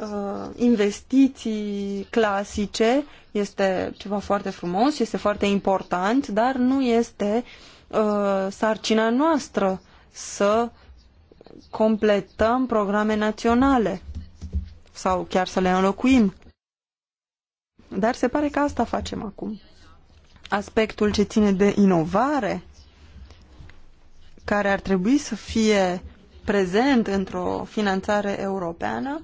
uh, investiții clasice este ceva foarte frumos, este foarte important, dar nu este uh, sarcina noastră să completăm programe naționale sau chiar să le înlocuim. Dar se pare că asta facem acum. Aspectul ce ține de inovare, care ar trebui să fie prezent într-o finanțare europeană,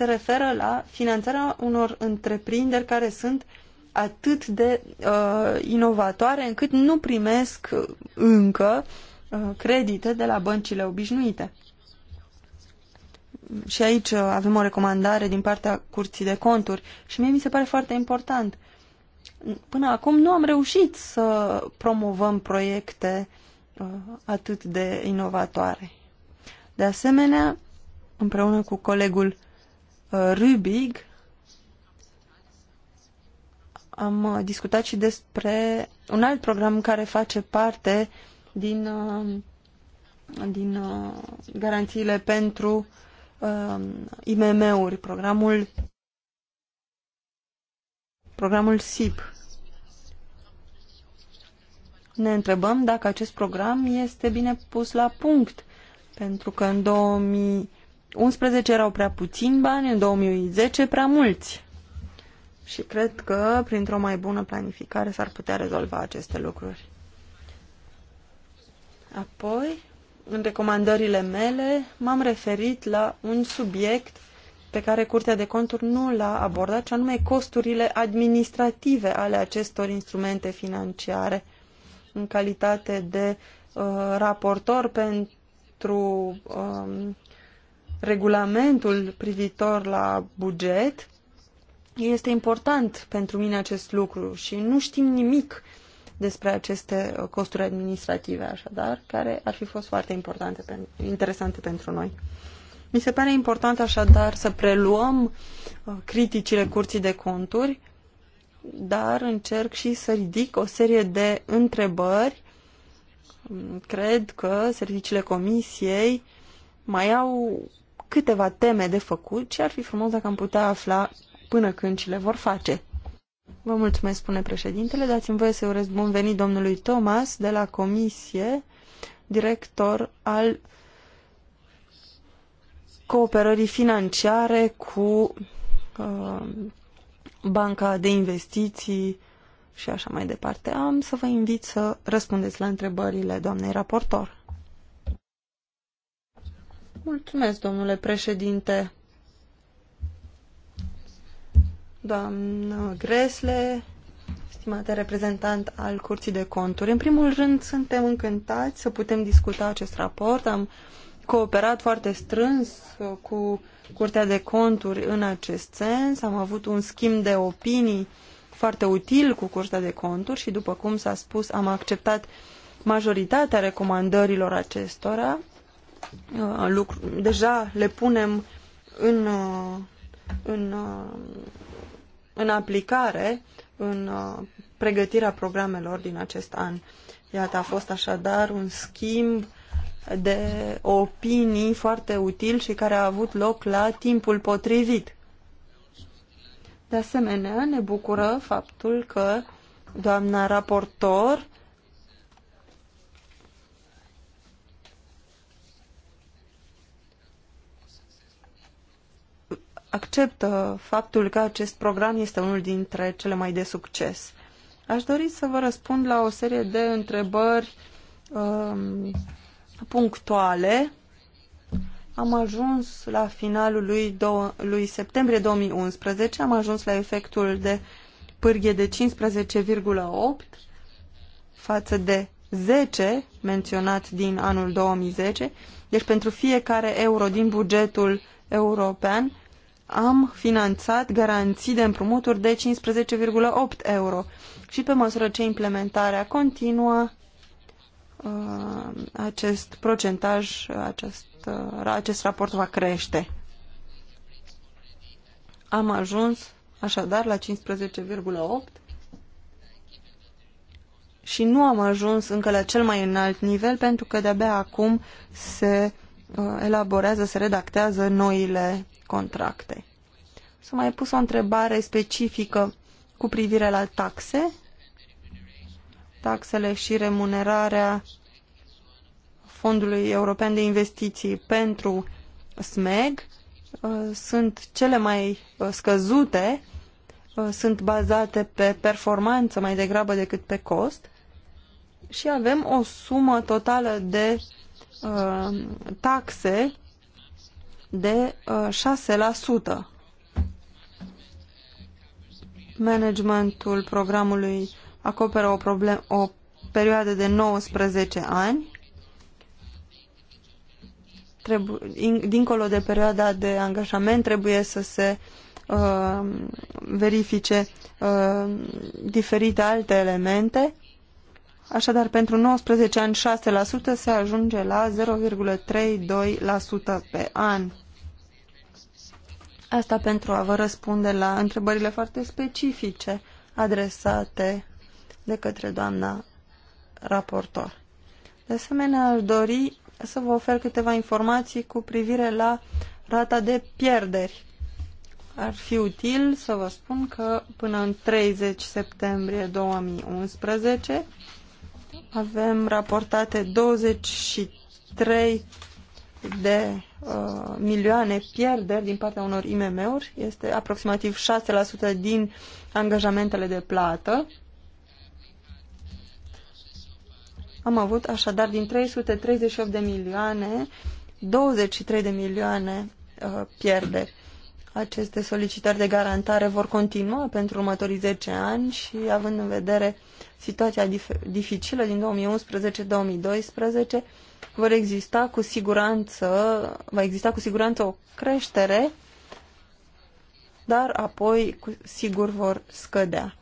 se referă la finanțarea unor întreprinderi care sunt atât de uh, inovatoare încât nu primesc uh, încă uh, credite de la băncile obișnuite. Și aici uh, avem o recomandare din partea Curții de Conturi și mie mi se pare foarte important. Până acum nu am reușit să promovăm proiecte uh, atât de inovatoare. De asemenea, împreună cu colegul Rubig am uh, discutat și despre un alt program care face parte din, uh, din uh, garanțiile pentru um, IMM-uri, programul programul SIP. Ne întrebăm dacă acest program este bine pus la punct, pentru că în 2000 2011 erau prea puțini bani, în 2010 prea mulți. Și cred că printr-o mai bună planificare s-ar putea rezolva aceste lucruri. Apoi, în recomandările mele, m-am referit la un subiect pe care Curtea de Conturi nu l-a abordat, și anume costurile administrative ale acestor instrumente financiare. În calitate de uh, raportor pentru uh, regulamentul privitor la buget, este important pentru mine acest lucru și nu știm nimic despre aceste uh, costuri administrative, așadar, care ar fi fost foarte importante, interesante pentru noi. Mi se pare important așadar să preluăm uh, criticile curții de conturi, dar încerc și să ridic o serie de întrebări. Mm, cred că serviciile comisiei mai au câteva teme de făcut și ar fi frumos dacă am putea afla până când și le vor face. Vă mulțumesc, spune președintele. Dați-mi voie să urez bun venit domnului Thomas de la Comisie, director al cooperării financiare cu uh, Banca de Investiții și așa mai departe. Am să vă invit să răspundeți la întrebările doamnei raportor. Mulțumesc, domnule președinte. Doamnă Gresle, stimate reprezentant al Curții de Conturi, în primul rând suntem încântați să putem discuta acest raport. Am cooperat foarte strâns cu Curtea de Conturi în acest sens. Am avut un schimb de opinii foarte util cu Curtea de Conturi și, după cum s-a spus, am acceptat majoritatea recomandărilor acestora Uh, lucru, deja le punem în, uh, în, uh, în aplicare în pregătirea programelor din acest an. Iată, a fost așadar un schimb de opinii foarte util și care a avut loc la timpul potrivit. De asemenea, ne bucură faptul că doamna raportor acceptă faptul că acest program este unul dintre cele mai de succes. Aș dori să vă răspund la o serie de întrebări um, punctuale. Am ajuns la finalul lui, lui septembrie 2011, am ajuns la efectul de pârghie de 15,8 față de 10 menționat din anul 2010. Deci pentru fiecare euro din bugetul european am finanțat garanții de împrumuturi de 15,8 euro și pe măsură ce implementarea continuă, uh, acest procentaj, acest, uh, acest raport va crește. Am ajuns așadar la 15,8 și nu am ajuns încă la cel mai înalt nivel pentru că de-abia acum se Uh, elaborează, se redactează noile contracte. S-a mai pus o întrebare specifică cu privire la taxe, taxele și remunerarea Fondului European de Investiții pentru SMEG uh, sunt cele mai uh, scăzute, sunt bazate pe performanță mai degrabă decât pe cost și avem o sumă totală de uh, taxe de uh, 6%. Managementul programului acoperă o, problem o perioadă de 19 ani, trebu dincolo de perioada de angajament trebuie să se uh, verifice uh, diferite alte elemente Așadar, pentru 19 ani, 6% se ajunge la 0,32% pe an. Asta pentru a vă răspunde la întrebările foarte specifice adresate de către doamna raportor. De asemenea, aș dori să vă ofer câteva informații cu privire la rata de pierderi. Ar fi util să vă spun că până în 30 septembrie 2011 avem raportate 23 de uh, milioane pierderi din partea unor IMM-uri. Este aproximativ 6% din angajamentele de plată. Am avut așadar din 338 de milioane, 23 de milioane uh, pierderi. Aceste solicitări de garantare vor continua pentru următorii 10 ani și având în vedere situația dif- dificilă din 2011-2012, vor exista cu siguranță, va exista cu siguranță o creștere, dar apoi cu sigur vor scădea.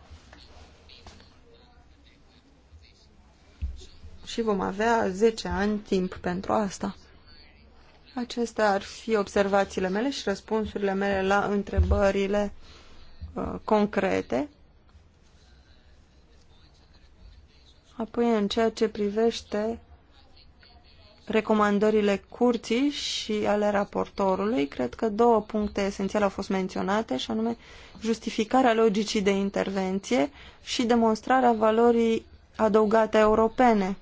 Și vom avea 10 ani timp pentru asta. Acestea ar fi observațiile mele și răspunsurile mele la întrebările uh, concrete. Apoi, în ceea ce privește recomandările curții și ale raportorului, cred că două puncte esențiale au fost menționate, și anume justificarea logicii de intervenție și demonstrarea valorii adăugate europene.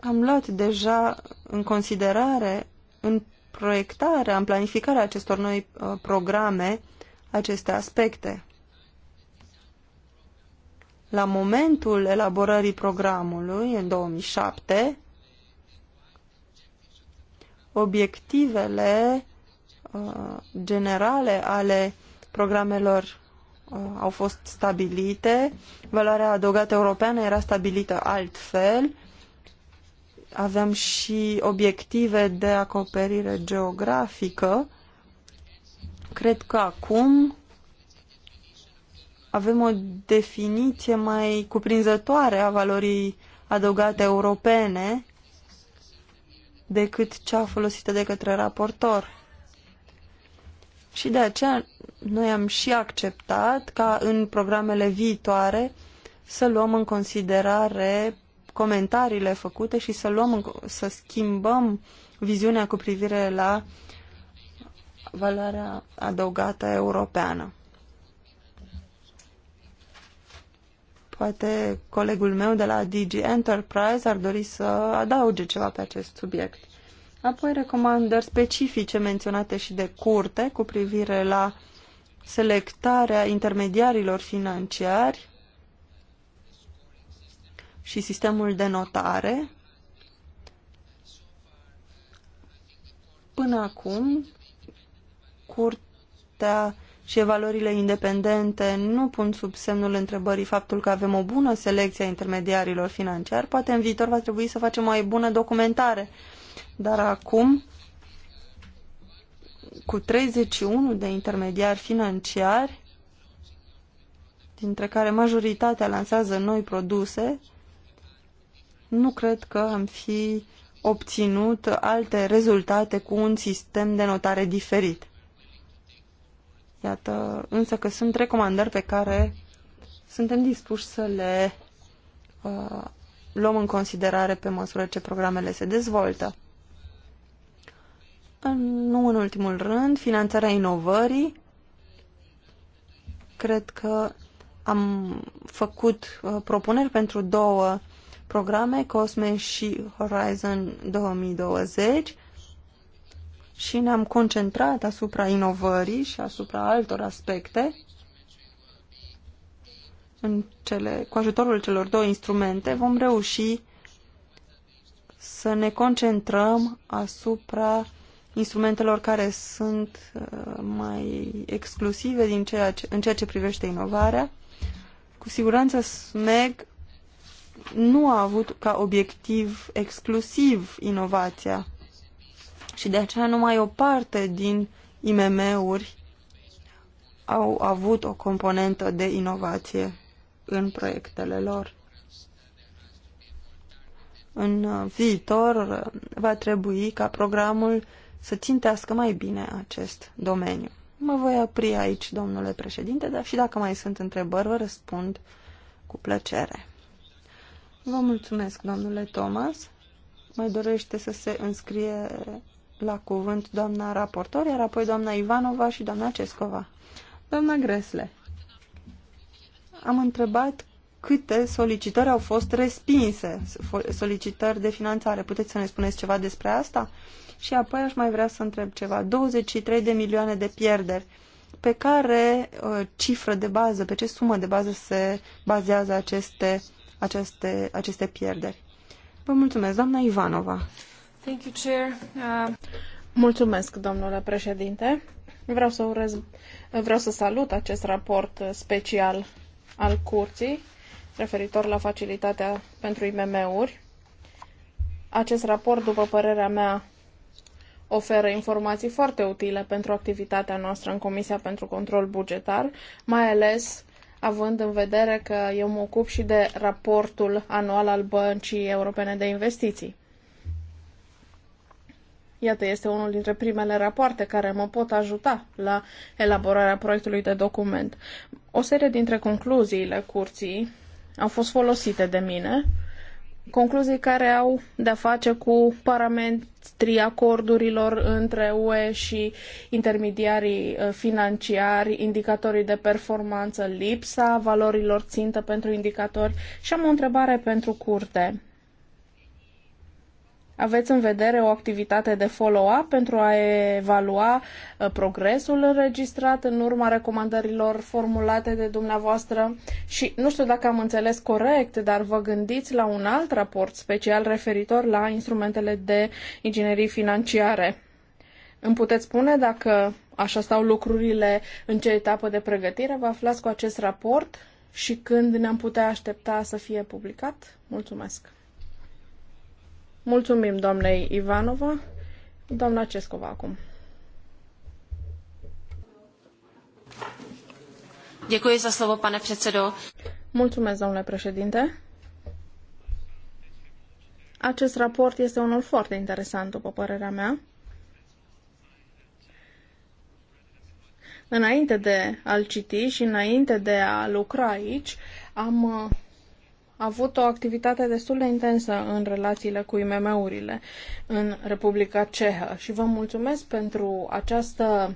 Am luat deja în considerare, în proiectarea, în planificarea acestor noi uh, programe, aceste aspecte. La momentul elaborării programului, în 2007, obiectivele uh, generale ale programelor uh, au fost stabilite, valoarea adăugată europeană era stabilită altfel, Avem și obiective de acoperire geografică. Cred că acum avem o definiție mai cuprinzătoare a valorii adăugate europene decât cea folosită de către raportor. Și de aceea noi am și acceptat ca în programele viitoare să luăm în considerare comentariile făcute și să luăm să schimbăm viziunea cu privire la valoarea adăugată europeană. Poate colegul meu de la DG Enterprise ar dori să adauge ceva pe acest subiect. Apoi recomandări specifice menționate și de curte cu privire la selectarea intermediarilor financiari și sistemul de notare. Până acum, curtea și evaluările independente nu pun sub semnul întrebării faptul că avem o bună selecție a intermediarilor financiari. Poate în viitor va trebui să facem o mai bună documentare. Dar acum, cu 31 de intermediari financiari, dintre care majoritatea lansează noi produse, nu cred că am fi obținut alte rezultate cu un sistem de notare diferit. Iată însă că sunt recomandări pe care suntem dispuși să le uh, luăm în considerare pe măsură ce programele se dezvoltă. În, nu în ultimul rând, finanțarea inovării. Cred că am făcut uh, propuneri pentru două programe, COSME și Horizon 2020 și ne-am concentrat asupra inovării și asupra altor aspecte în cele, cu ajutorul celor două instrumente vom reuși să ne concentrăm asupra instrumentelor care sunt uh, mai exclusive din ceea ce, în ceea ce privește inovarea. Cu siguranță SMEG nu a avut ca obiectiv exclusiv inovația și de aceea numai o parte din IMM-uri au avut o componentă de inovație în proiectele lor. În uh, viitor uh, va trebui ca programul să țintească mai bine acest domeniu. Mă voi opri aici, domnule președinte, dar și dacă mai sunt întrebări, vă răspund cu plăcere. Vă mulțumesc, domnule Thomas. Mai dorește să se înscrie la cuvânt doamna raportor, iar apoi doamna Ivanova și doamna Cescova. Doamna Gresle, am întrebat câte solicitări au fost respinse, solicitări de finanțare. Puteți să ne spuneți ceva despre asta? Și apoi aș mai vrea să întreb ceva. 23 de milioane de pierderi. Pe care uh, cifră de bază, pe ce sumă de bază se bazează aceste, aceste, aceste pierderi? Vă mulțumesc, doamna Ivanova. Uh, Mulțumesc, domnule președinte. Vreau să, urez, vreau să salut acest raport special al curții referitor la facilitatea pentru IMM-uri. Acest raport, după părerea mea, oferă informații foarte utile pentru activitatea noastră în Comisia pentru Control Bugetar, mai ales având în vedere că eu mă ocup și de raportul anual al Băncii Europene de Investiții. Iată, este unul dintre primele rapoarte care mă pot ajuta la elaborarea proiectului de document. O serie dintre concluziile curții au fost folosite de mine, concluzii care au de-a face cu parametrii acordurilor între UE și intermediarii uh, financiari, indicatorii de performanță, lipsa valorilor țintă pentru indicatori și am o întrebare pentru curte. Aveți în vedere o activitate de follow-up pentru a evalua uh, progresul înregistrat în urma recomandărilor formulate de dumneavoastră? Și nu știu dacă am înțeles corect, dar vă gândiți la un alt raport special referitor la instrumentele de inginerii financiare. Îmi puteți spune dacă așa stau lucrurile, în ce etapă de pregătire vă aflați cu acest raport și când ne-am putea aștepta să fie publicat? Mulțumesc! Mulțumim doamnei Ivanova. Doamna Cescova acum. Děkuji za slovo, pane předsedo. Mulțumesc, domnule președinte. Acest raport este unul foarte interesant, după părerea mea. Înainte de a-l citi și înainte de a lucra aici, am uh, avut o activitate destul de intensă în relațiile cu IMM-urile în Republica Cehă și vă mulțumesc pentru această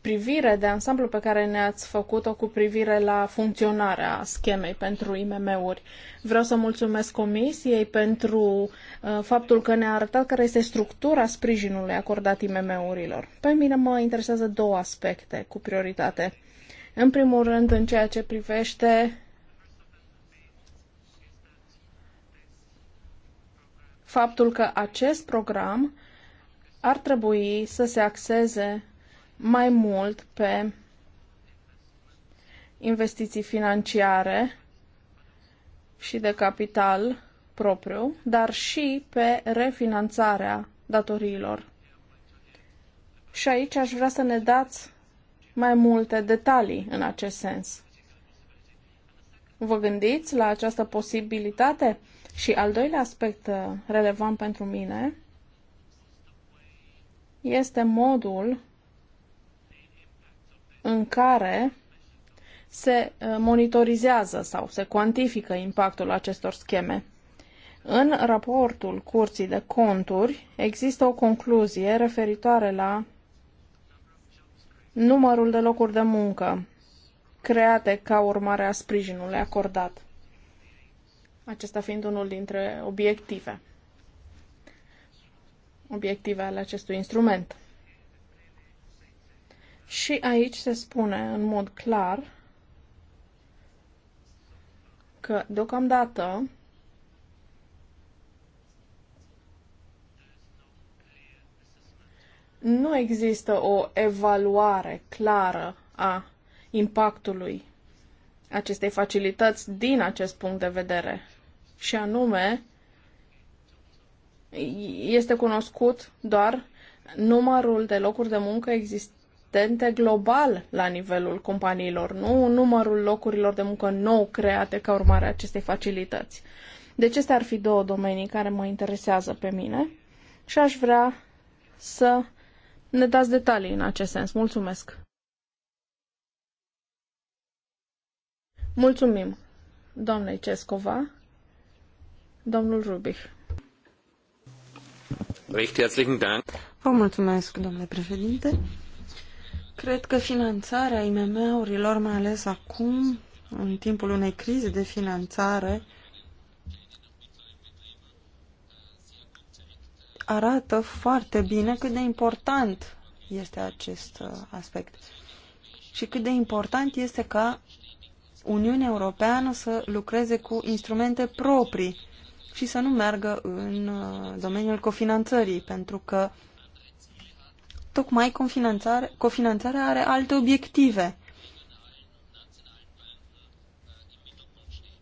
privire de ansamblu pe care ne-ați făcut-o cu privire la funcționarea schemei pentru IMM-uri. Vreau să mulțumesc Comisiei pentru uh, faptul că ne-a arătat care este structura sprijinului acordat IMM-urilor. Pe mine mă interesează două aspecte cu prioritate. În primul rând, în ceea ce privește faptul că acest program ar trebui să se axeze mai mult pe investiții financiare și de capital propriu, dar și pe refinanțarea datoriilor. Și aici aș vrea să ne dați mai multe detalii în acest sens. Vă gândiți la această posibilitate? Și al doilea aspect uh, relevant pentru mine este modul în care se uh, monitorizează sau se cuantifică impactul acestor scheme. În raportul Curții de Conturi există o concluzie referitoare la numărul de locuri de muncă create ca urmare a sprijinului acordat acesta fiind unul dintre obiective, obiective ale acestui instrument. Și aici se spune în mod clar că deocamdată nu există o evaluare clară a impactului acestei facilități din acest punct de vedere și anume este cunoscut doar numărul de locuri de muncă existente global la nivelul companiilor, nu numărul locurilor de muncă nou create ca urmare a acestei facilități. Deci acestea ar fi două domenii care mă interesează pe mine și aș vrea să ne dați detalii în acest sens. Mulțumesc! Mulțumim, doamnei Cescova. Domnul Rubic. Vă mulțumesc, domnule președinte. Cred că finanțarea IMM-urilor, mai ales acum, în timpul unei crize de finanțare, arată foarte bine cât de important este acest uh, aspect și cât de important este ca Uniunea Europeană să lucreze cu instrumente proprii și să nu meargă în uh, domeniul cofinanțării, pentru că tocmai cofinanțare, cofinanțarea are alte obiective.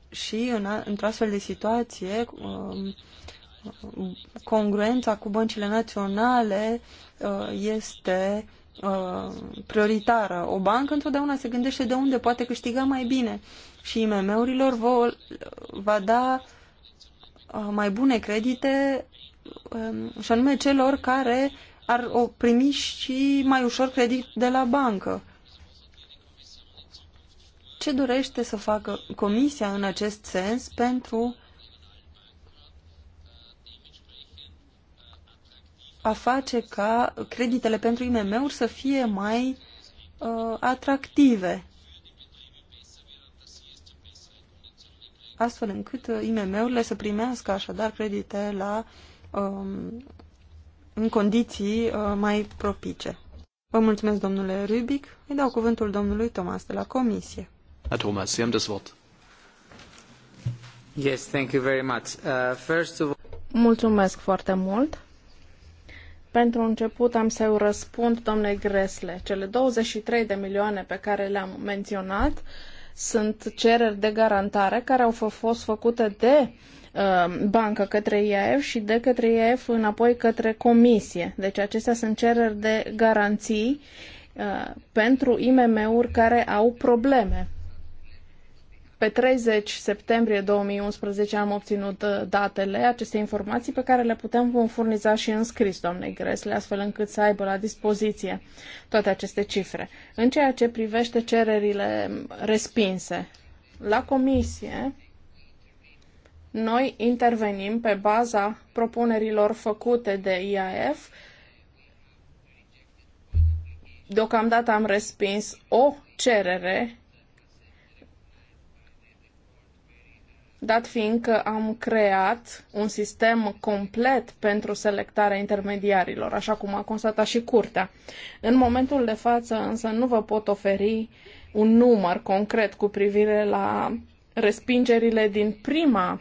Și în, într-o astfel de situație, um, congruența cu băncile naționale uh, este uh, prioritară. O bancă întotdeauna se gândește de unde poate câștiga mai bine și IMM-urilor va da Uh, mai bune credite um, și anume celor care ar o primi și mai ușor credit de la bancă. Ce dorește să facă Comisia în acest sens pentru a face ca creditele pentru IMM-uri să fie mai uh, atractive? astfel încât uh, IMM-urile să primească așadar credite la, um, în condiții uh, mai propice. Vă mulțumesc, domnule Rubic. Îi dau cuvântul domnului Thomas de la Comisie. Herr Thomas, Sie haben das Wort. Yes, thank you very much. Uh, first of... Mulțumesc foarte mult. Pentru început am să răspund, domnule Gresle, cele 23 de milioane pe care le-am menționat uh, sunt cereri de garantare care au fost făcute de uh, bancă către IAF și de către IAF înapoi către comisie. Deci acestea sunt cereri de garanții uh, pentru IMM-uri care au probleme pe 30 septembrie 2011 am obținut uh, datele, aceste informații pe care le putem vom furniza și în scris doamnei Gresle, astfel încât să aibă la dispoziție toate aceste cifre. În ceea ce privește cererile respinse, la comisie noi intervenim pe baza propunerilor făcute de IAF. Deocamdată am respins o cerere dat fiind că am creat un sistem complet pentru selectarea intermediarilor, așa cum a constatat și curtea. În momentul de față, însă, nu vă pot oferi un număr concret cu privire la respingerile din prima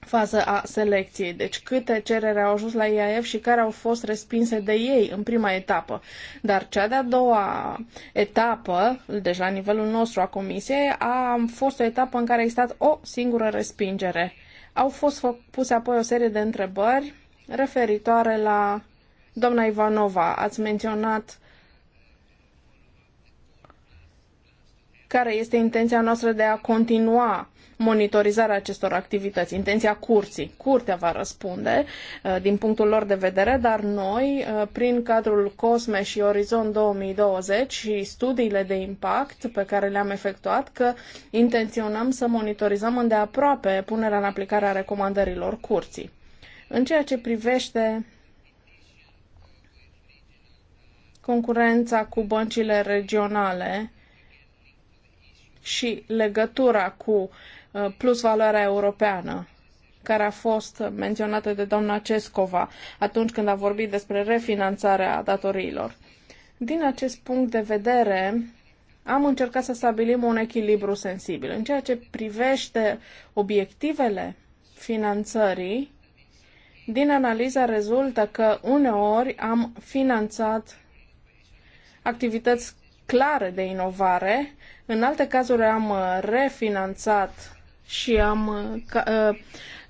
fază a selecției. Deci câte cerere au ajuns la IAF și care au fost respinse de ei în prima etapă. Dar cea de-a doua etapă, deci la nivelul nostru a comisiei, a fost o etapă în care a existat o singură respingere. Au fost puse apoi o serie de întrebări referitoare la doamna Ivanova. Ați menționat care este intenția noastră de a continua monitorizarea acestor activități, intenția curții. Curtea va răspunde uh, din punctul lor de vedere, dar noi, uh, prin cadrul COSME și Orizont 2020 și studiile de impact pe care le-am efectuat, că intenționăm să monitorizăm îndeaproape punerea în aplicare a recomandărilor curții. În ceea ce privește concurența cu băncile regionale și legătura cu Uh, plus valoarea europeană care a fost menționată de doamna Cescova atunci când a vorbit despre refinanțarea datoriilor. Din acest punct de vedere, am încercat să stabilim un echilibru sensibil. În ceea ce privește obiectivele finanțării, din analiza rezultă că uneori am finanțat activități clare de inovare, în alte cazuri am refinanțat și am uh, uh,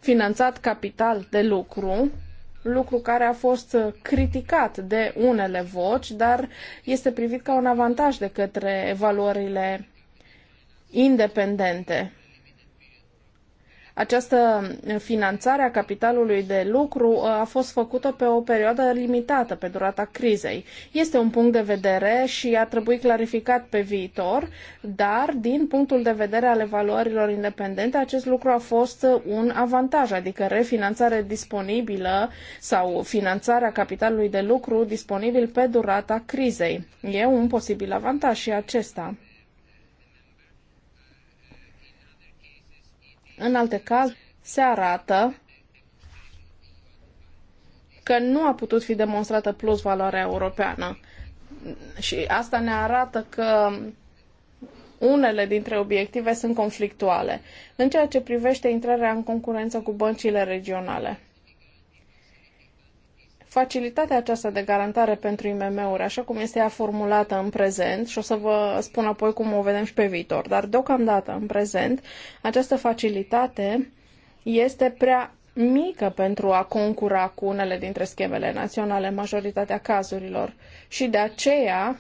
finanțat capital de lucru, lucru care a fost uh, criticat de unele voci, dar este privit ca un avantaj de către evaluările independente această finanțare a capitalului de lucru uh, a fost făcută pe o perioadă limitată, pe durata crizei. Este un punct de vedere și ar trebui clarificat pe viitor, dar din punctul de vedere al evaluărilor independente, acest lucru a fost uh, un avantaj, adică refinanțare disponibilă sau finanțarea capitalului de lucru disponibil pe durata crizei. E un posibil avantaj și acesta. În alte cazuri, se arată că nu a putut fi demonstrată plus valoarea europeană. Și asta ne arată că unele dintre obiective sunt conflictuale, în ceea ce privește intrarea în concurență cu băncile regionale. Facilitatea aceasta de garantare pentru IMM-uri, așa cum este ea formulată în prezent, și o să vă spun apoi cum o vedem și pe viitor, dar deocamdată, în prezent, această facilitate este prea mică pentru a concura cu unele dintre schemele naționale în majoritatea cazurilor și de aceea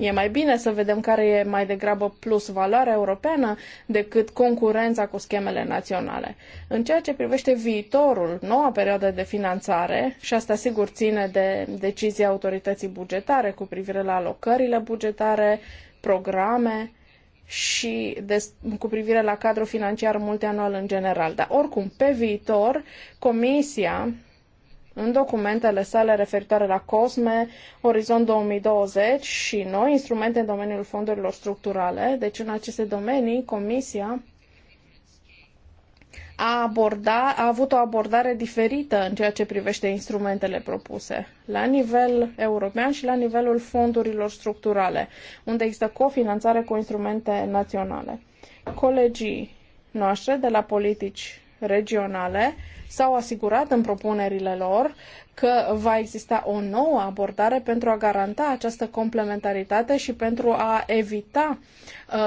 E mai bine să vedem care e mai degrabă plus valoarea europeană decât concurența cu schemele naționale. În ceea ce privește viitorul, noua perioadă de finanțare, și asta sigur ține de decizia autorității bugetare cu privire la alocările bugetare, programe, și de, cu privire la cadrul financiar multianual în general. Dar oricum, pe viitor, Comisia în documentele sale referitoare la COSME, Orizont 2020 și noi instrumente în domeniul fondurilor structurale. Deci în aceste domenii Comisia a, aborda, a avut o abordare diferită în ceea ce privește instrumentele propuse, la nivel european și la nivelul fondurilor structurale, unde există cofinanțare cu instrumente naționale. Colegii noștri de la politici regionale s-au asigurat în propunerile lor că va exista o nouă abordare pentru a garanta această complementaritate și pentru a evita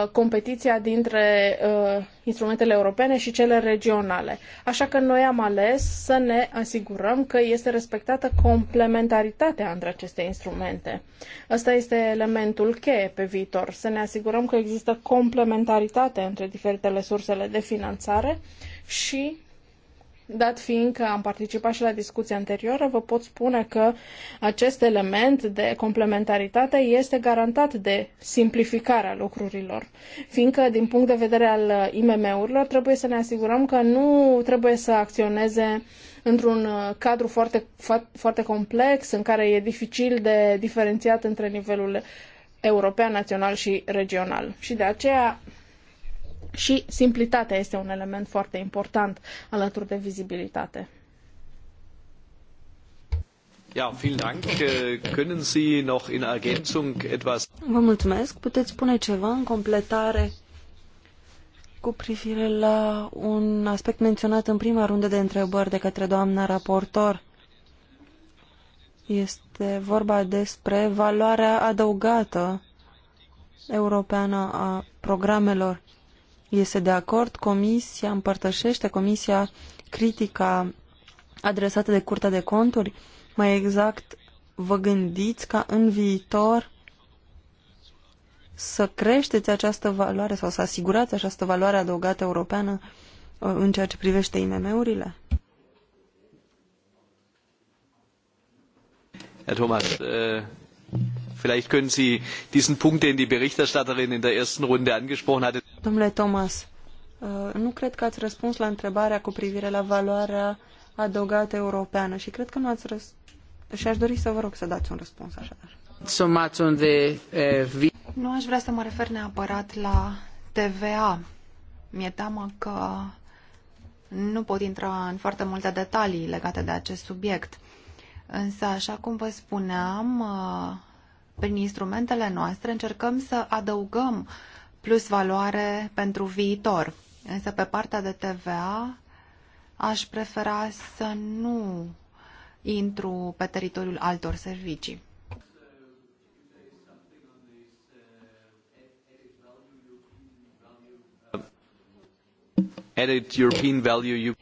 uh, competiția dintre uh, instrumentele europene și cele regionale. Așa că noi am ales să ne asigurăm că este respectată complementaritatea între aceste instrumente. Ăsta este elementul cheie pe viitor, să ne asigurăm că există complementaritate între diferitele sursele de finanțare și Dat fiind că am participat și la discuția anterioară, vă pot spune că acest element de complementaritate este garantat de simplificarea lucrurilor. Fiindcă, din punct de vedere al IMM-urilor, trebuie să ne asigurăm că nu trebuie să acționeze într-un cadru foarte, foarte complex, în care e dificil de diferențiat între nivelul european, național și regional. Și de aceea și simplitatea este un element foarte important alături de vizibilitate. Ja, vielen Dank. Äh, können Sie noch in Ergänzung etwas? Vă mulțumesc. Puteți spune ceva în completare cu privire la un aspect menționat în prima rundă de întrebări de către doamna raportor. Este vorba despre valoarea adăugată europeană a programelor este de acord, Comisia împărtășește, Comisia critica adresată de Curtea de Conturi? Mai exact, vă gândiți ca în viitor să creșteți această valoare sau să asigurați această valoare adăugată europeană uh, în ceea ce privește IMM-urile? Thomas, Vielleicht können Sie diesen Punkt, den die Berichterstatterin in der ersten Runde angesprochen hatte. Domnule Thomas, uh, nu cred că ați răspuns la întrebarea cu privire la valoarea adăugată europeană și cred că nu ați răspuns. Și aș dori să vă rog să dați un răspuns așadar. Uh, nu aș vrea să mă refer neapărat la TVA. Mi-e teamă că nu pot intra în foarte multe detalii legate de acest subiect. Însă, așa cum vă spuneam, uh, prin instrumentele noastre încercăm să adăugăm plus valoare pentru viitor. Însă pe partea de TVA aș prefera să nu intru pe teritoriul altor servicii. Added European value you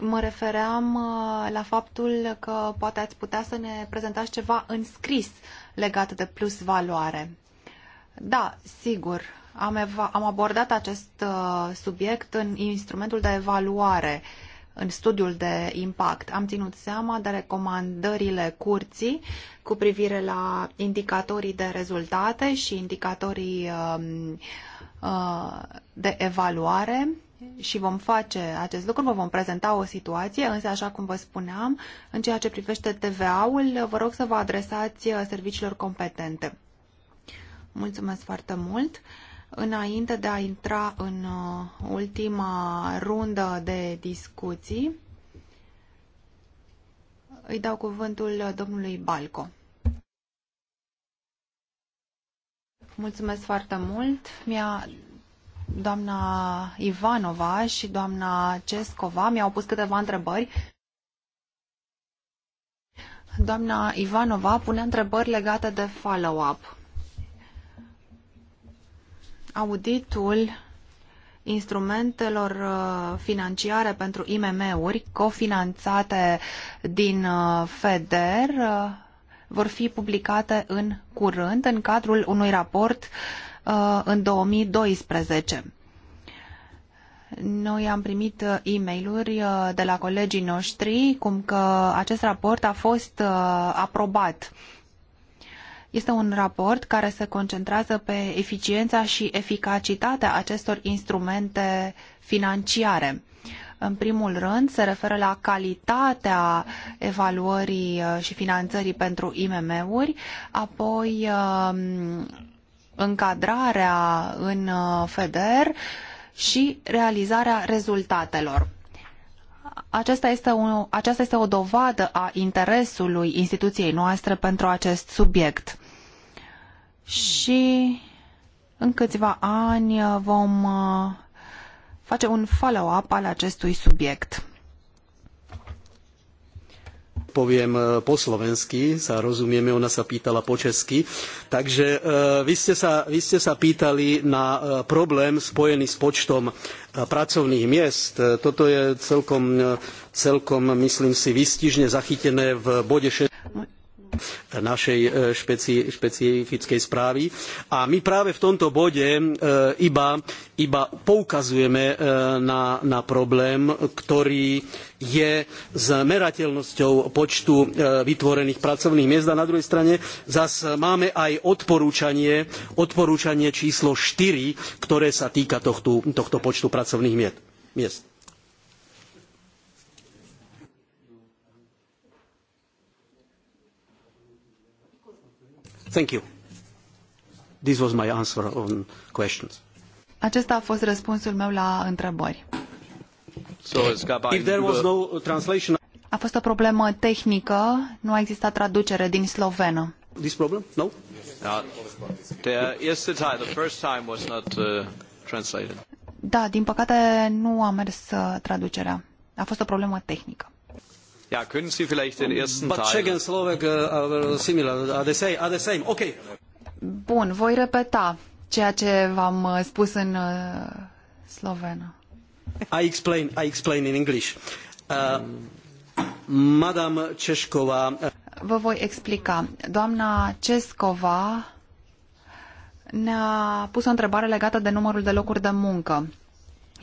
mă refeream uh, la faptul că poate ați putea să ne prezentați ceva în scris legată de plus valoare. Da, sigur, am, am abordat acest uh, subiect în instrumentul de evaluare, în studiul de impact. Am ținut seama de recomandările curții cu privire la indicatorii de rezultate și indicatorii um, uh, de evaluare și vom face acest lucru, vă vom prezenta o situație, însă, așa cum vă spuneam, în ceea ce privește TVA-ul, vă rog să vă adresați uh, serviciilor competente. Mulțumesc foarte mult! Înainte de a intra în uh, ultima rundă de discuții, îi dau cuvântul domnului Balco. Mulțumesc foarte mult. Mi-a doamna Ivanova și doamna Cescova mi-au pus câteva întrebări. Doamna Ivanova pune întrebări legate de follow-up. Auditul instrumentelor uh, financiare pentru IMM-uri cofinanțate din uh, FEDER uh, vor fi publicate în curând în cadrul unui raport uh, Uh, în 2012. Noi am primit uh, e mail uh, de la colegii noștri cum că acest raport a fost aprobat. Este un raport care se concentrează pe eficiența și eficacitatea acestor instrumente financiare. În primul rând, se referă la calitatea evaluării și finanțării pentru IMM-uri, apoi încadrarea în uh, FEDER și realizarea rezultatelor. Aceasta este, un, aceasta este o dovadă a interesului instituției noastre pentru acest subiect. Și în câțiva ani uh, vom uh, face un follow-up al acestui subiect odpoviem po slovensky, sa rozumieme, ona sa pýtala po česky. Takže vy ste sa, vy ste sa pýtali na problém spojený s počtom pracovných miest. Toto je celkom, celkom myslím si, výstižne zachytené v bode 6 našej špecifickej správy. A my práve v tomto bode iba, poukazujeme na, problém, ktorý je s merateľnosťou počtu vytvorených pracovných miest a na druhej strane zas máme aj odporúčanie, odporúčanie číslo 4, ktoré sa týka tohto počtu pracovných miest. Thank you. This was my answer on questions. Acesta a fost răspunsul meu la întrebări. So, If there was no translation... A fost o problemă tehnică, nu a existat traducere din slovenă. This problem? No? Uh, yes. Uh, da, din păcate nu a mers uh, traducerea. A fost o problemă tehnică. Ja, können Sie vielleicht den ersten But Teil... Slovak uh, are similar, are the same, are the same. Okay. Bun, voi repeta ceea ce v-am uh, spus în uh, slovenă. I explain, I explain in English. Uh, Madame Ceșcova... Vă voi explica. Doamna Cescova ne-a pus o întrebare legată de numărul de locuri de muncă.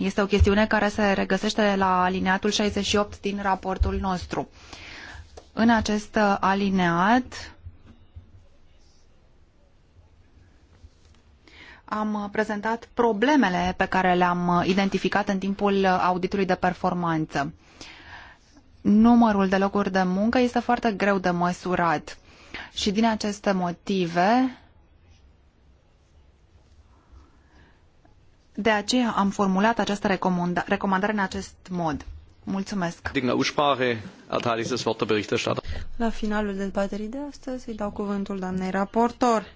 Este o chestiune care se regăsește la alineatul 68 din raportul nostru. În acest alineat am prezentat problemele pe care le-am identificat în timpul auditului de performanță. Numărul de locuri de muncă este foarte greu de măsurat și din aceste motive De aceea am formulat această recomanda recomandare în acest mod. Mulțumesc. La finalul dezbaterii de astăzi îi dau cuvântul doamnei raportor.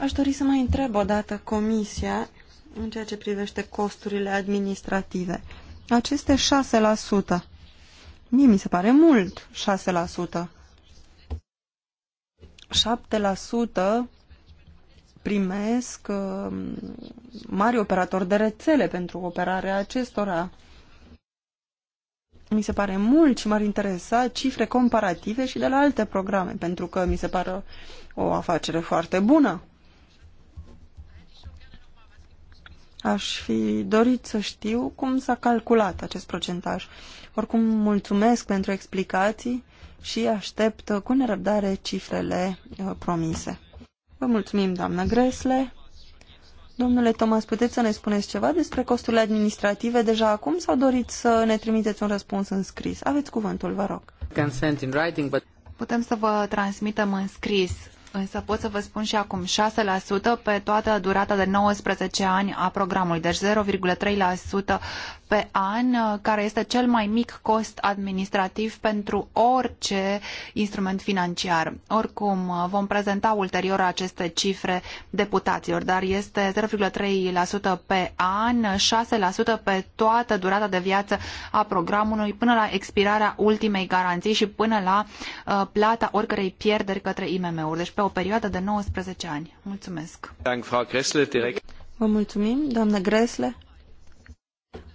Aș dori să mai întreb o dată Comisia în ceea ce privește costurile administrative. Aceste 6%. Mie mi se pare mult 6%. 7% primesc uh, mari operatori de rețele pentru operarea acestora. Mi se pare mult și m-ar interesa cifre comparative și de la alte programe, pentru că mi se pare o afacere foarte bună. Aș fi dorit să știu cum s-a calculat acest procentaj. Oricum, mulțumesc pentru explicații și aștept cu nerăbdare cifrele uh, promise. Vă mulțumim, doamna Gresle. Domnule Thomas, puteți să ne spuneți ceva despre costurile administrative deja acum sau doriți să ne trimiteți un răspuns în scris? Aveți cuvântul, vă rog. Putem să vă transmitem în scris, însă pot să vă spun și acum 6% pe toată durata de 19 ani a programului, deci 0,3% pe an, uh, care este cel mai mic cost administrativ pentru orice instrument financiar. Oricum, uh, vom prezenta ulterior aceste cifre deputaților, dar este 0,3% pe an, 6% pe toată durata de viață a programului până la expirarea ultimei garanții și până la uh, plata oricărei pierderi către IMM-uri, deci pe o perioadă de 19 ani. Mulțumesc! Vă mulțumim, doamnă Gresle.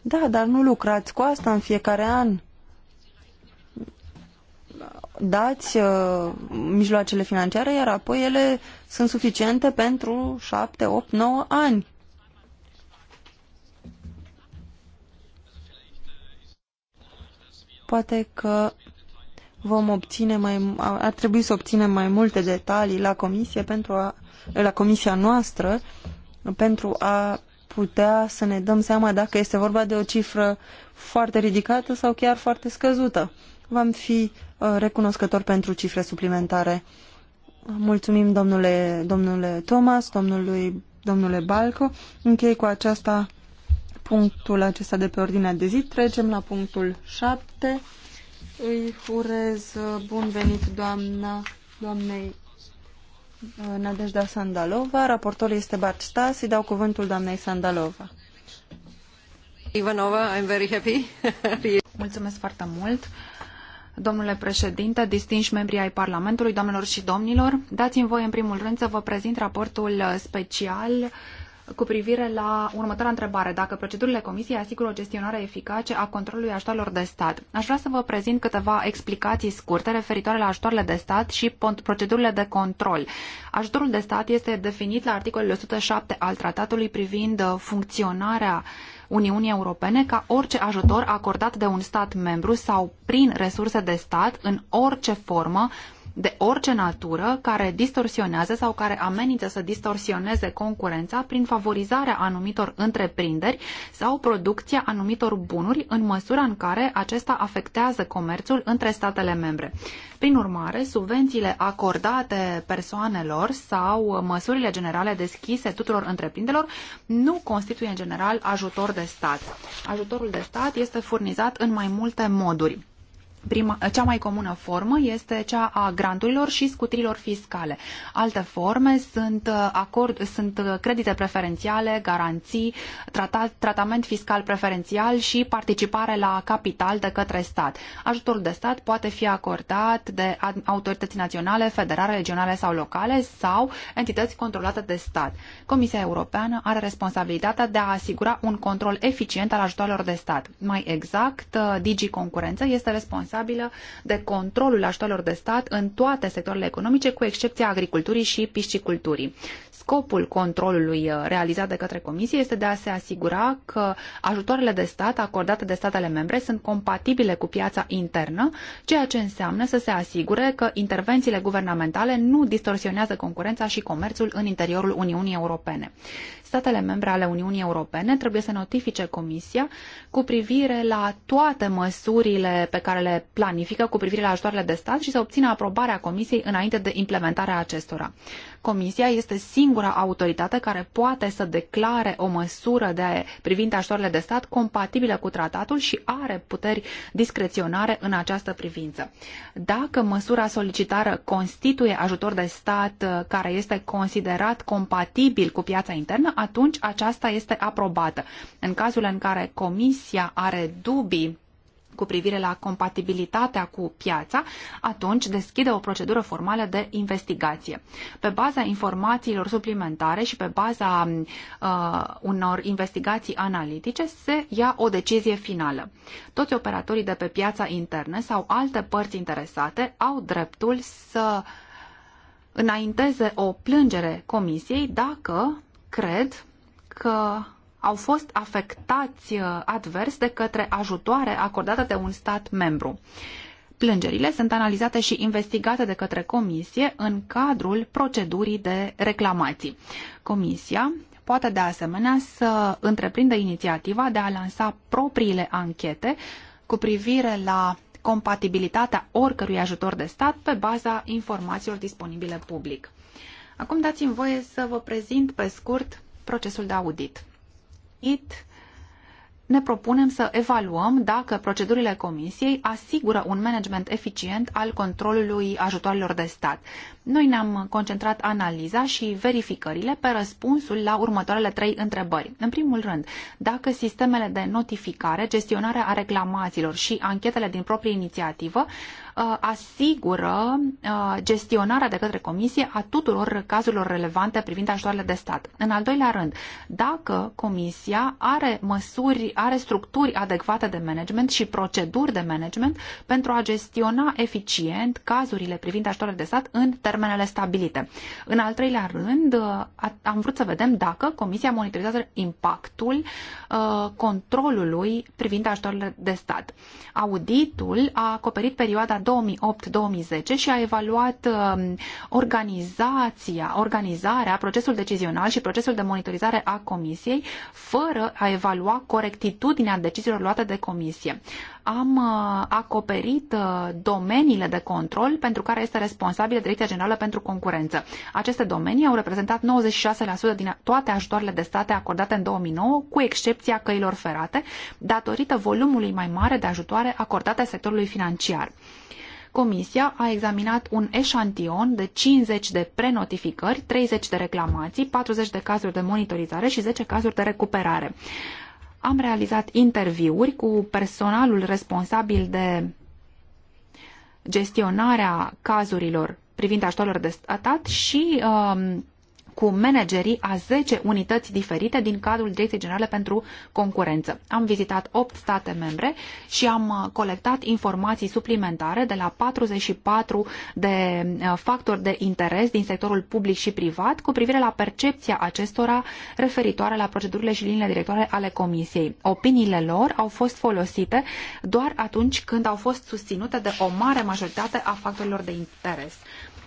Da, dar nu lucrați cu asta în fiecare an. Dați uh, mijloacele financiare, iar apoi ele sunt suficiente pentru 7, 8, 9 ani. Poate că vom obține mai, ar trebui să obținem mai multe detalii la comisie pentru a, la comisia noastră pentru a putea să ne dăm seama dacă este vorba de o cifră foarte ridicată sau chiar foarte scăzută. V-am fi uh, recunoscător pentru cifre suplimentare. Mulțumim domnule, domnule Thomas, domnului, domnule Balco. Închei cu aceasta punctul acesta de pe ordinea de zi. Trecem la punctul 7. Îi urez uh, bun venit doamna, doamnei Uh, Nadejda Sandalova. Raportor este Bart Stas. Îi dau cuvântul doamnei Sandalova. Ivanova, I'm very happy. Mulțumesc foarte mult. Domnule președinte, distinși membri ai Parlamentului, doamnelor și domnilor, dați-mi voie în primul rând să vă prezint raportul special uh, cu privire la următoarea întrebare. Dacă procedurile Comisiei asigură o gestionare eficace a controlului ajutoarelor de stat, aș vrea să vă prezint câteva explicații scurte referitoare la ajutoarele de stat și procedurile de control. Ajutorul de stat este definit la articolul 107 al tratatului privind uh, funcționarea Uniunii Europene ca orice ajutor acordat de un stat membru sau prin resurse de stat în orice formă de orice natură care distorsionează sau care amenință să distorsioneze concurența prin favorizarea anumitor întreprinderi sau producția anumitor bunuri în măsura în care acesta afectează comerțul între statele membre. Prin urmare, subvențiile acordate persoanelor sau măsurile generale deschise tuturor întreprinderilor nu constituie în general ajutor de stat. Ajutorul de stat este furnizat în mai multe moduri Prima, cea mai comună formă este cea a granturilor și scutirilor fiscale. Alte forme sunt, uh, acord, sunt uh, credite preferențiale, garanții, tratat, tratament fiscal preferențial și participare la capital de către stat. Ajutorul de stat poate fi acordat de autorități naționale, federale, regionale sau locale sau entități controlate de stat. Comisia Europeană are responsabilitatea de a asigura un control eficient al ajutoarelor de stat. Mai exact, uh, Digi Concurență este responsabil responsabilă de controlul ajutoarelor de stat în toate sectoarele economice, cu excepția agriculturii și pisciculturii. Scopul controlului uh, realizat de către Comisie este de a se asigura că ajutoarele de stat acordate de statele membre sunt compatibile cu piața internă, ceea ce înseamnă să se asigure că intervențiile guvernamentale nu distorsionează concurența și comerțul în interiorul Uniunii Europene. Statele membre ale Uniunii Europene trebuie să notifice Comisia cu privire la toate măsurile pe care le planifică cu privire la ajutoarele de stat și să obțină aprobarea Comisiei înainte de implementarea acestora. Comisia este singura autoritate care poate să declare o măsură de privind ajutoarele de stat compatibilă cu tratatul și are puteri discreționare în această privință. Dacă măsura solicitară constituie ajutor de stat uh, care este considerat compatibil cu piața internă, atunci aceasta este aprobată. În cazul în care Comisia are dubii cu privire la compatibilitatea cu piața, atunci deschide o procedură formală de investigație. Pe baza informațiilor suplimentare și pe baza uh, unor investigații analitice se ia o decizie finală. Toți operatorii de pe piața internă sau alte părți interesate au dreptul să înainteze o plângere comisiei dacă cred că au fost afectați uh, advers de către ajutoare acordată de un stat membru. Plângerile sunt analizate și investigate de către comisie în cadrul procedurii de reclamații. Comisia poate de asemenea să întreprindă inițiativa de a lansa propriile anchete cu privire la compatibilitatea oricărui ajutor de stat pe baza informațiilor disponibile public. Acum dați-mi voie să vă prezint pe scurt procesul de audit. IT ne propunem să evaluăm dacă procedurile comisiei asigură un management eficient al controlului ajutoarelor de stat. Noi ne-am concentrat analiza și verificările pe răspunsul la următoarele trei întrebări. În primul rând, dacă sistemele de notificare, gestionarea a reclamațiilor și anchetele din proprie inițiativă Uh, asigură uh, gestionarea de către Comisie a tuturor cazurilor relevante privind ajutoarele de stat. În al doilea rând, dacă Comisia are măsuri, are structuri adecvate de management și proceduri de management pentru a gestiona eficient cazurile privind ajutoarele de stat în termenele stabilite. În al treilea rând, uh, am vrut să vedem dacă Comisia monitorizează impactul controlului privind ajutoarele de stat. Auditul a acoperit perioada 2008-2010 și a evaluat um, organizația, organizarea, procesul decizional și procesul de monitorizare a Comisiei, fără a evalua corectitudinea deciziilor luate de Comisie am uh, acoperit uh, domeniile de control pentru care este responsabilă Direcția Generală pentru Concurență. Aceste domenii au reprezentat 96% din toate ajutoarele de state acordate în 2009, cu excepția căilor ferate, datorită volumului mai mare de ajutoare acordate sectorului financiar. Comisia a examinat un eșantion de 50 de prenotificări, 30 de reclamații, 40 de cazuri de monitorizare și 10 cazuri de recuperare am realizat interviuri cu personalul responsabil de gestionarea cazurilor privind ajutoarelor de stat și uh, cu managerii a 10 unități diferite din cadrul Direcției Generale pentru Concurență. Am vizitat 8 state membre și am uh, colectat informații suplimentare de la 44 de uh, factori de interes din sectorul public și privat cu privire la percepția acestora referitoare la procedurile și liniile directoare ale Comisiei. Opiniile lor au fost folosite doar atunci când au fost susținute de o mare majoritate a factorilor de interes.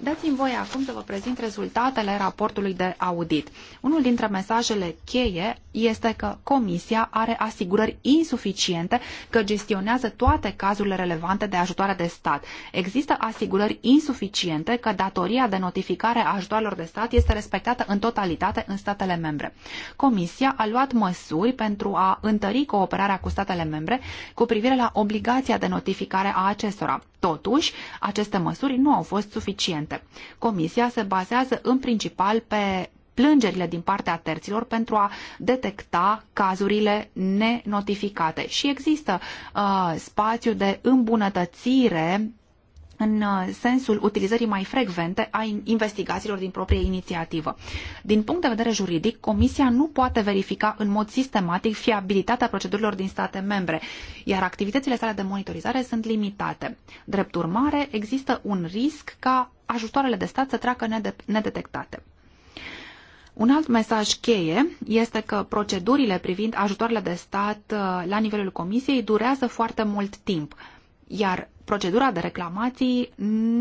Dați-mi voie acum să vă prezint rezultatele raportului de audit. Unul dintre mesajele cheie este că Comisia are asigurări insuficiente că gestionează toate cazurile relevante de ajutoare de stat. Există asigurări insuficiente că datoria de notificare a ajutoarelor de stat este respectată în totalitate în statele membre. Comisia a luat măsuri pentru a întări cooperarea cu statele membre cu privire la obligația de notificare a acestora. Totuși, aceste măsuri nu au fost suficiente existente. Comisia se bazează în principal pe plângerile din partea terților pentru a detecta cazurile nenotificate. Și există uh, spațiu de îmbunătățire în uh, sensul utilizării mai frecvente a investigațiilor din proprie inițiativă. Din punct de vedere juridic, Comisia nu poate verifica în mod sistematic fiabilitatea procedurilor din state membre, iar activitățile sale de monitorizare sunt limitate. Drept urmare, există un risc ca ajutoarele de stat să treacă nedetectate. Un alt mesaj cheie este că procedurile privind ajutoarele de stat uh, la nivelul Comisiei durează foarte mult timp, iar procedura de reclamații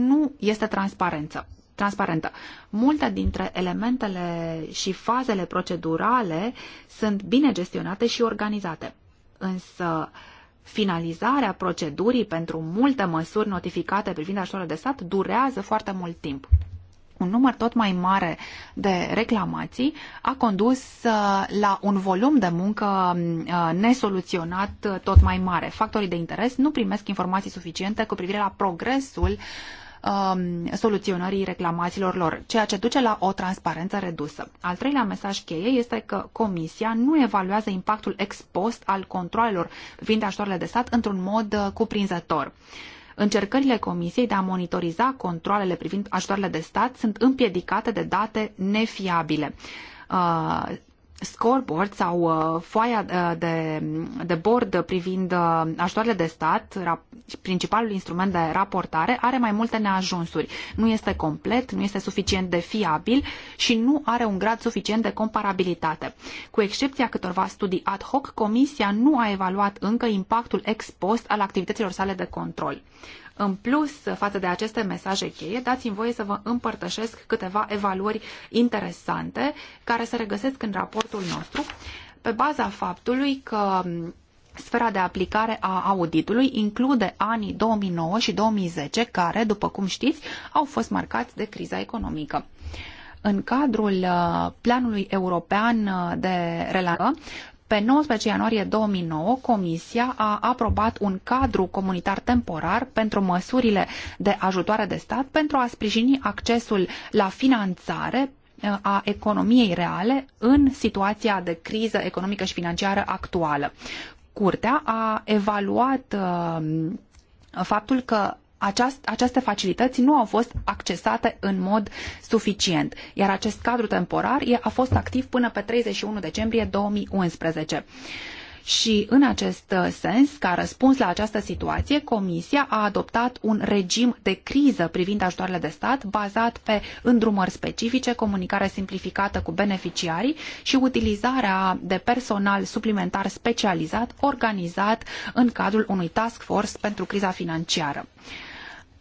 nu este transparență. Transparentă. Multe dintre elementele și fazele procedurale sunt bine gestionate și organizate. Însă, finalizarea procedurii pentru multe măsuri notificate privind ajutorul de stat durează foarte mult timp un număr tot mai mare de reclamații a condus uh, la un volum de muncă uh, nesoluționat uh, tot mai mare. Factorii de interes nu primesc informații suficiente cu privire la progresul um, soluționării reclamațiilor lor, ceea ce duce la o transparență redusă. Al treilea mesaj cheie este că Comisia nu evaluează impactul expost al controlelor privind ajutoarele de stat într-un mod cuprinzător. Uh, Încercările Comisiei de a monitoriza controlele privind ajutoarele de stat sunt împiedicate de date nefiabile. Uh, scoreboard sau uh, foaia uh, de, de bord privind uh, ajutoarele de stat, principalul instrument de raportare, are mai multe neajunsuri. Nu este complet, nu este suficient de fiabil și nu are un grad suficient de comparabilitate. Cu excepția câtorva studii ad hoc, Comisia nu a evaluat încă impactul ex post al activităților sale de control. În plus, față de aceste mesaje cheie, dați-mi voie să vă împărtășesc câteva evaluări interesante care se regăsesc în raportul nostru pe baza faptului că Sfera de aplicare a auditului include anii 2009 și 2010, care, după cum știți, au fost marcați de criza economică. În cadrul uh, planului european uh, de relație, pe 19 ianuarie 2009, Comisia a aprobat un cadru comunitar temporar pentru măsurile de ajutoare de stat pentru a sprijini accesul la finanțare uh, a economiei reale în situația de criză economică și financiară actuală. Curtea a evaluat uh, faptul că aceast, aceste facilități nu au fost accesate în mod suficient, iar acest cadru temporar a fost activ până pe 31 decembrie 2011. Și în acest uh, sens, ca răspuns la această situație, Comisia a adoptat un regim de criză privind ajutoarele de stat bazat pe îndrumări specifice, comunicare simplificată cu beneficiarii și utilizarea de personal suplimentar specializat organizat în cadrul unui task force pentru criza financiară.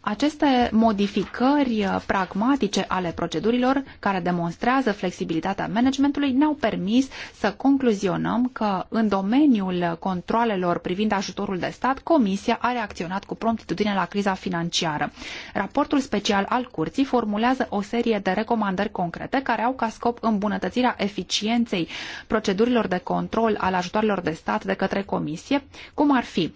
Aceste modificări uh, pragmatice ale procedurilor, care demonstrează flexibilitatea managementului, ne-au permis să concluzionăm că în domeniul controlelor privind ajutorul de stat, Comisia a reacționat cu promptitudine la criza financiară. Raportul special al Curții formulează o serie de recomandări concrete care au ca scop îmbunătățirea eficienței procedurilor de control al ajutoarelor de stat de către Comisie, cum ar fi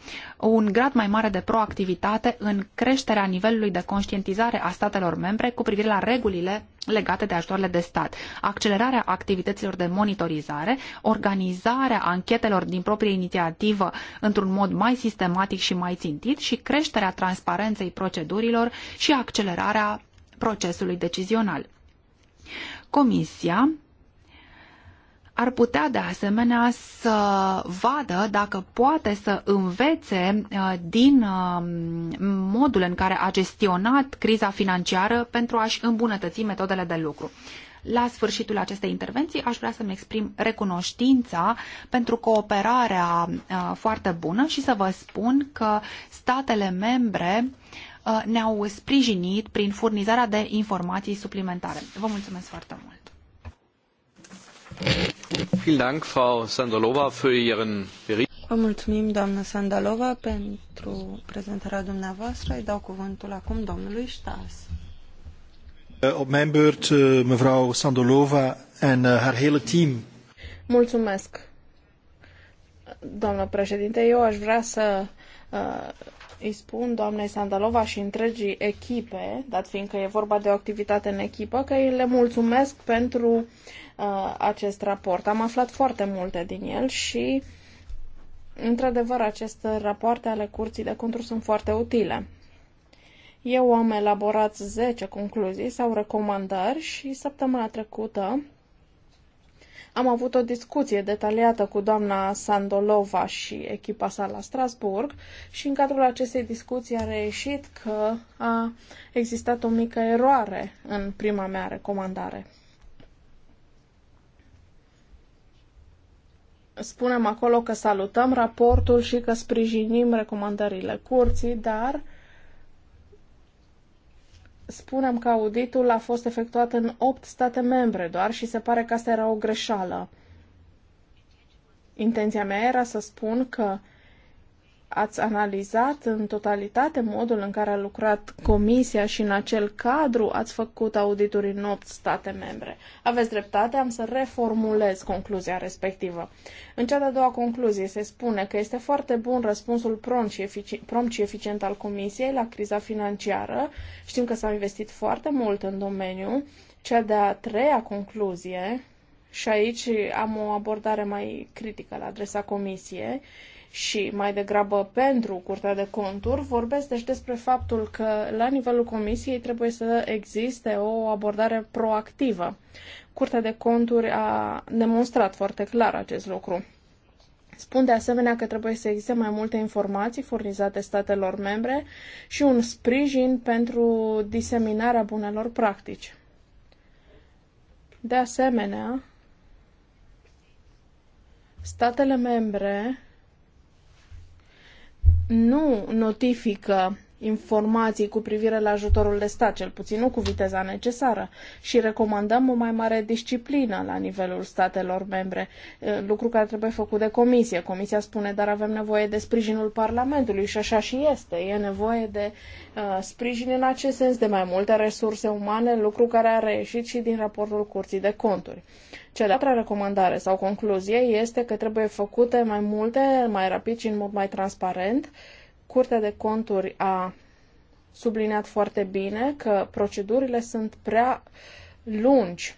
un grad mai mare de proactivitate în creșterea nivelului de conștientizare a statelor membre cu privire la regulile legate de ajutoarele de stat, accelerarea activităților de monitorizare, organizarea anchetelor din proprie inițiativă într-un mod mai sistematic și mai țintit și creșterea transparenței procedurilor și accelerarea procesului decizional. Comisia ar putea de asemenea să vadă dacă poate să învețe uh, din uh, modul în care a gestionat criza financiară pentru a-și îmbunătăți metodele de lucru. La sfârșitul acestei intervenții aș vrea să-mi exprim recunoștința pentru cooperarea uh, foarte bună și să vă spun că statele membre ne-au sprijinit prin furnizarea de informații suplimentare. Vă mulțumesc foarte mult! Vă mulțumim, doamnă Sandalova, pentru prezentarea dumneavoastră. Îi dau cuvântul acum domnului Ștas. Eh, op mijn beurt, eh, mevrouw Sandalova en eh, haar hele team. Mulțumesc, doamnă președinte. Eu aș vrea să uh, îi spun doamnei Sandalova și întregii echipe, dat fiindcă e vorba de o activitate în echipă, că îi le mulțumesc pentru Uh, acest raport. Am aflat foarte multe din el și, într-adevăr, aceste rapoarte ale Curții de Conturi sunt foarte utile. Eu am elaborat 10 concluzii sau recomandări și săptămâna trecută am avut o discuție detaliată cu doamna Sandolova și echipa sa la Strasburg și în cadrul acestei discuții a reieșit că a existat o mică eroare în prima mea recomandare. spunem acolo că salutăm raportul și că sprijinim recomandările curții, dar spunem că auditul a fost efectuat în 8 state membre doar și se pare că asta era o greșeală. Intenția mea era să spun că ați analizat în totalitate modul în care a lucrat comisia și în acel cadru ați făcut audituri în 8 state membre. Aveți dreptate, am să reformulez concluzia respectivă. În cea de-a doua concluzie se spune că este foarte bun răspunsul prompt și, eficient, prompt și eficient al comisiei la criza financiară. Știm că s-a investit foarte mult în domeniu. Cea de-a treia concluzie, și aici am o abordare mai critică la adresa comisiei, și mai degrabă pentru Curtea de Conturi, vorbesc deci despre faptul că la nivelul Comisiei trebuie să existe o abordare proactivă. Curtea de Conturi a demonstrat foarte clar acest lucru. Spun de asemenea că trebuie să existe mai multe informații furnizate statelor membre și un sprijin pentru diseminarea bunelor practici. De asemenea, statele membre nu notifică informații cu privire la ajutorul de stat, cel puțin nu cu viteza necesară, și recomandăm o mai mare disciplină la nivelul statelor membre, lucru care trebuie făcut de comisie. Comisia spune, dar avem nevoie de sprijinul Parlamentului și așa și este. E nevoie de uh, sprijin în acest sens, de mai multe resurse umane, lucru care a reieșit și din raportul Curții de Conturi. Cea de-a treia recomandare sau concluzie este că trebuie făcute mai multe, mai rapid și în mod mai transparent, uh, Curtea de conturi a subliniat foarte bine că procedurile sunt prea lungi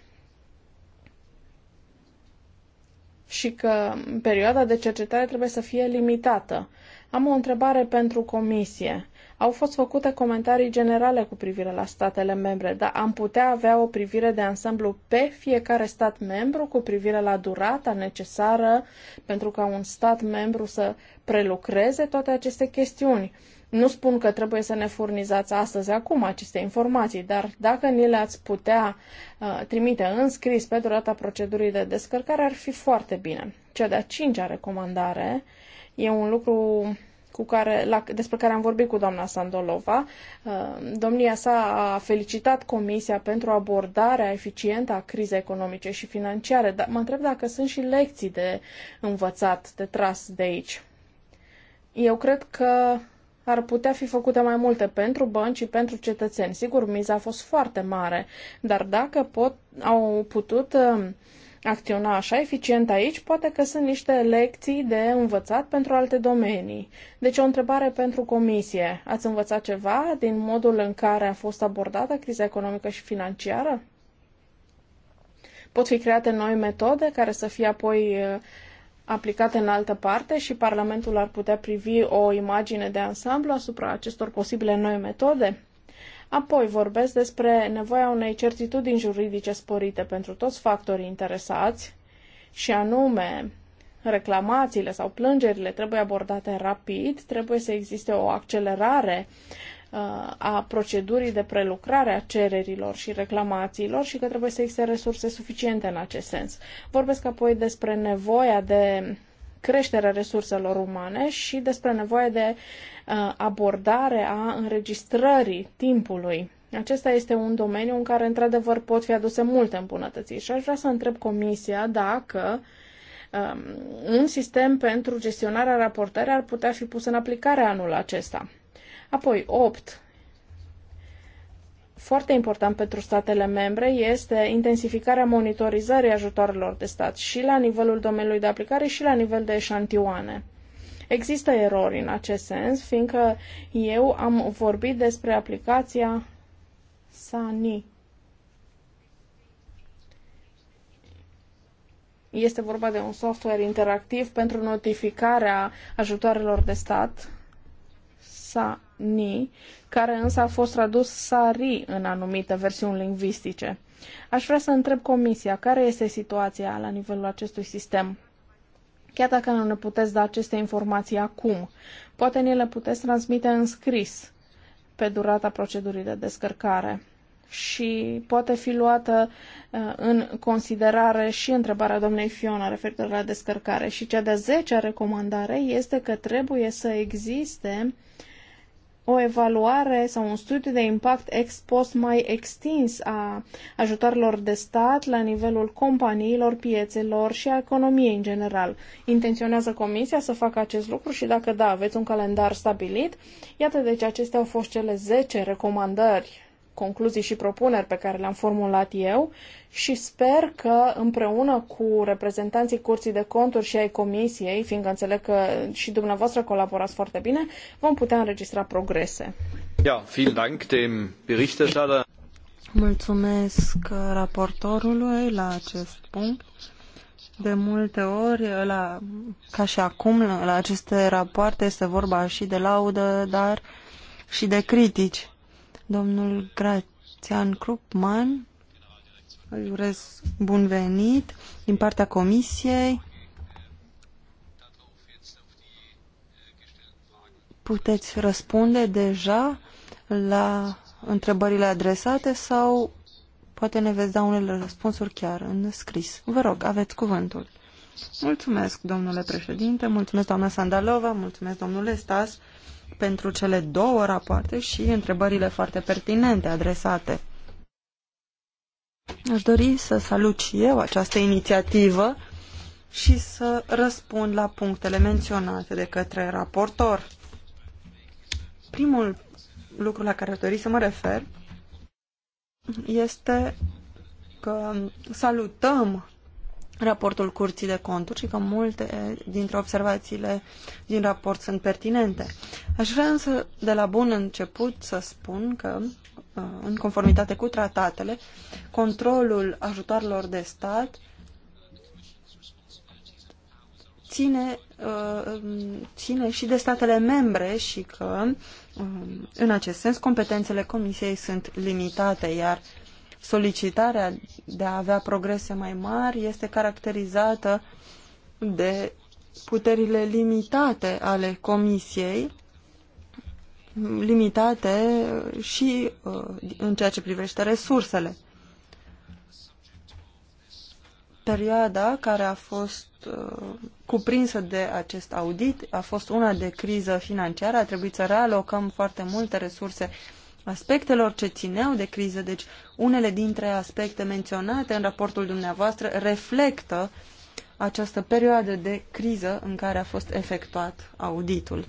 și că perioada de cercetare trebuie să fie limitată. Am o întrebare pentru comisie. Au fost făcute comentarii generale cu privire la statele membre, dar am putea avea o privire de ansamblu pe fiecare stat membru cu privire la durata necesară pentru ca un stat membru să prelucreze toate aceste chestiuni. Nu spun că trebuie să ne furnizați astăzi, acum, aceste informații, dar dacă ni le-ați putea uh, trimite în scris pe durata procedurii de descărcare, ar fi foarte bine. Cea de-a cincea recomandare e un lucru cu care, la, despre care am vorbit cu doamna Sandolova. Uh, domnia sa a felicitat Comisia pentru abordarea eficientă a crizei economice și financiare, dar mă întreb dacă sunt și lecții de învățat, de tras de aici. Eu cred că ar putea fi făcute mai multe pentru bănci și pentru cetățeni. Sigur, miza a fost foarte mare, dar dacă pot, au putut uh, acționa așa eficient aici, poate că sunt niște lecții de învățat pentru alte domenii. Deci o întrebare pentru comisie. Ați învățat ceva din modul în care a fost abordată criza economică și financiară? Pot fi create noi metode care să fie apoi uh, aplicate în altă parte și Parlamentul ar putea privi o imagine de ansamblu asupra acestor posibile noi metode? Apoi vorbesc despre nevoia unei certitudini juridice sporite pentru toți factorii interesați, și anume reclamațiile sau plângerile trebuie abordate rapid, trebuie să existe o accelerare uh, a procedurii de prelucrare a cererilor și reclamațiilor și că trebuie să existe resurse suficiente în acest sens. Vorbesc apoi despre nevoia de creșterea resurselor umane și despre nevoie de uh, abordare a înregistrării timpului. Acesta este un domeniu în care, într-adevăr, pot fi aduse multe îmbunătățiri și aș vrea să întreb Comisia dacă um, un sistem pentru gestionarea raportării ar putea fi pus în aplicare anul acesta. Apoi, 8 foarte important pentru statele membre este intensificarea monitorizării ajutoarelor de stat și la nivelul domeniului de aplicare și la nivel de eșantioane. Există erori în acest sens, fiindcă eu am vorbit despre aplicația SANI. Este vorba de un software interactiv pentru notificarea ajutoarelor de stat, SANI, care însă a fost tradus sari în anumite versiuni lingvistice. Aș vrea să întreb Comisia care este situația la nivelul acestui sistem. Chiar dacă nu ne puteți da aceste informații acum, poate ne le puteți transmite în scris pe durata procedurii de descărcare și poate fi luată uh, în considerare și întrebarea domnei Fiona referitor la descărcare. Și cea de-a 10-a recomandare este că trebuie să existe uh, o evaluare sau un studiu de impact ex post mai extins a ajutoarelor de stat la nivelul companiilor, piețelor și a economiei în general. Intenționează Comisia să facă acest lucru și dacă da, aveți un calendar stabilit? Iată deci acestea au fost cele 10 recomandări concluzii și propuneri pe care le-am formulat eu și sper că împreună cu reprezentanții Curții de Conturi și ai Comisiei, fiindcă înțeleg că și dumneavoastră colaborați foarte bine, vom putea înregistra progrese. Ja, vielen Dank dem Berichterstatter. Mulțumesc raportorului la acest punct. De multe ori, la, ca și acum, la aceste rapoarte este vorba și de laudă, dar și de critici domnul Grațian Krupman. Îi urez bun venit din partea comisiei. Puteți răspunde deja la întrebările adresate sau poate ne veți da unele răspunsuri chiar în scris. Vă rog, aveți cuvântul. Mulțumesc, domnule președinte, mulțumesc, doamna Sandalova, mulțumesc, domnule Stas pentru cele două rapoarte și întrebările foarte pertinente adresate. Aș dori să salut și eu această inițiativă și să răspund la punctele menționate de către raportor. Primul lucru la care aș dori să mă refer este că salutăm raportul Curții de Conturi și că multe dintre observațiile din raport sunt pertinente. Aș vrea însă de la bun început să spun că, uh, în conformitate cu tratatele, controlul ajutoarelor de stat ține, uh, ține și de statele membre și că, uh, în acest sens, competențele Comisiei sunt limitate, iar uh, solicitarea de a avea progrese mai mari este caracterizată de puterile limitate ale Comisiei, limitate și uh, în ceea ce privește resursele. Perioada care a fost uh, cuprinsă de acest audit a fost una de criză financiară, a trebuit să realocăm foarte multe resurse uh, aspectelor ce țineau de criză. Deci, unele dintre aspecte menționate în raportul dumneavoastră reflectă această perioadă de criză în care a fost efectuat auditul.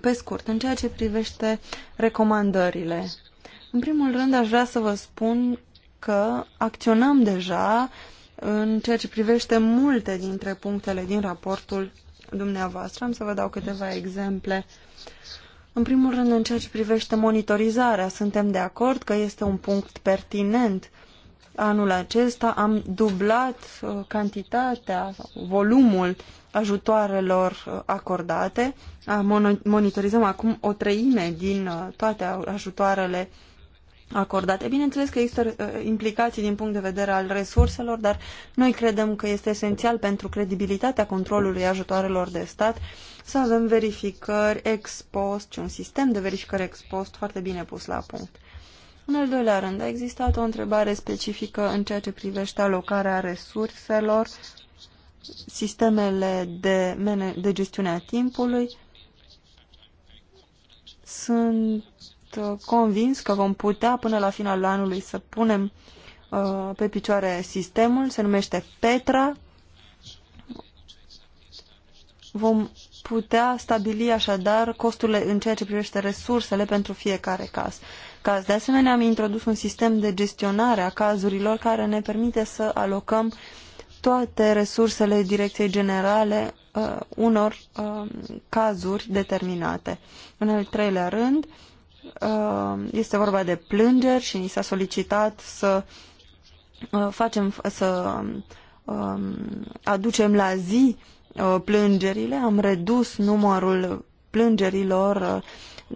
Pe scurt, în ceea ce privește recomandările, în primul rând aș vrea să vă spun că acționăm deja în ceea ce privește multe dintre punctele din raportul dumneavoastră. Am să vă dau câteva exemple. Uh, în primul rând, în ceea ce privește monitorizarea, suntem de acord că este un punct pertinent. Anul acesta am dublat uh, cantitatea, volumul ajutoarelor uh, acordate. Monitorizăm acum o treime din uh, toate ajutoarele acordate. Bineînțeles că există implicații din punct de vedere al resurselor, dar noi credem că este esențial pentru credibilitatea controlului ajutoarelor de stat să avem verificări ex post și un sistem de verificări ex post foarte bine pus la punct. În al doilea rând, a existat o întrebare specifică în ceea ce privește alocarea resurselor, sistemele de, de gestiune a timpului. Sunt uh, convins că vom putea până la finalul anului să punem uh, pe picioare sistemul, se numește Petra. Vom putea stabili așadar costurile în ceea ce privește resursele pentru fiecare caz. caz. De asemenea, am introdus un sistem de gestionare a cazurilor care ne permite să alocăm toate resursele Direcției Generale uh, unor uh, cazuri determinate. În al treilea rând, uh, este vorba de plângeri și ni s-a solicitat să uh, facem, să uh, aducem la zi uh, Uh, plângerile, am redus numărul plângerilor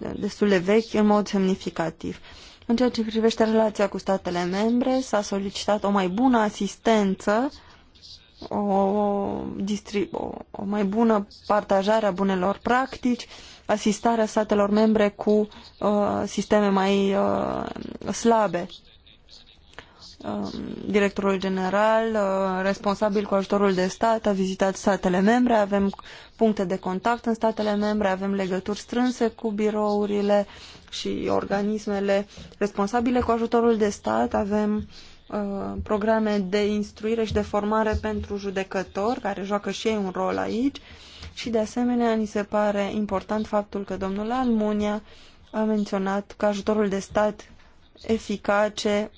uh, destul de vechi în mod semnificativ. În ceea ce privește relația cu statele membre, s-a solicitat o mai bună asistență, o, o, o mai bună partajare a bunelor practici, asistarea statelor membre cu uh, sisteme mai uh, slabe. Um, directorul general uh, responsabil cu ajutorul de stat a vizitat statele membre, avem puncte de contact în statele membre, avem legături strânse cu birourile și organismele responsabile cu ajutorul de stat, avem uh, programe de instruire și de formare pentru judecători, care joacă și ei un rol aici și de asemenea ni se pare important faptul că domnul Almunia a menționat că ajutorul de stat eficace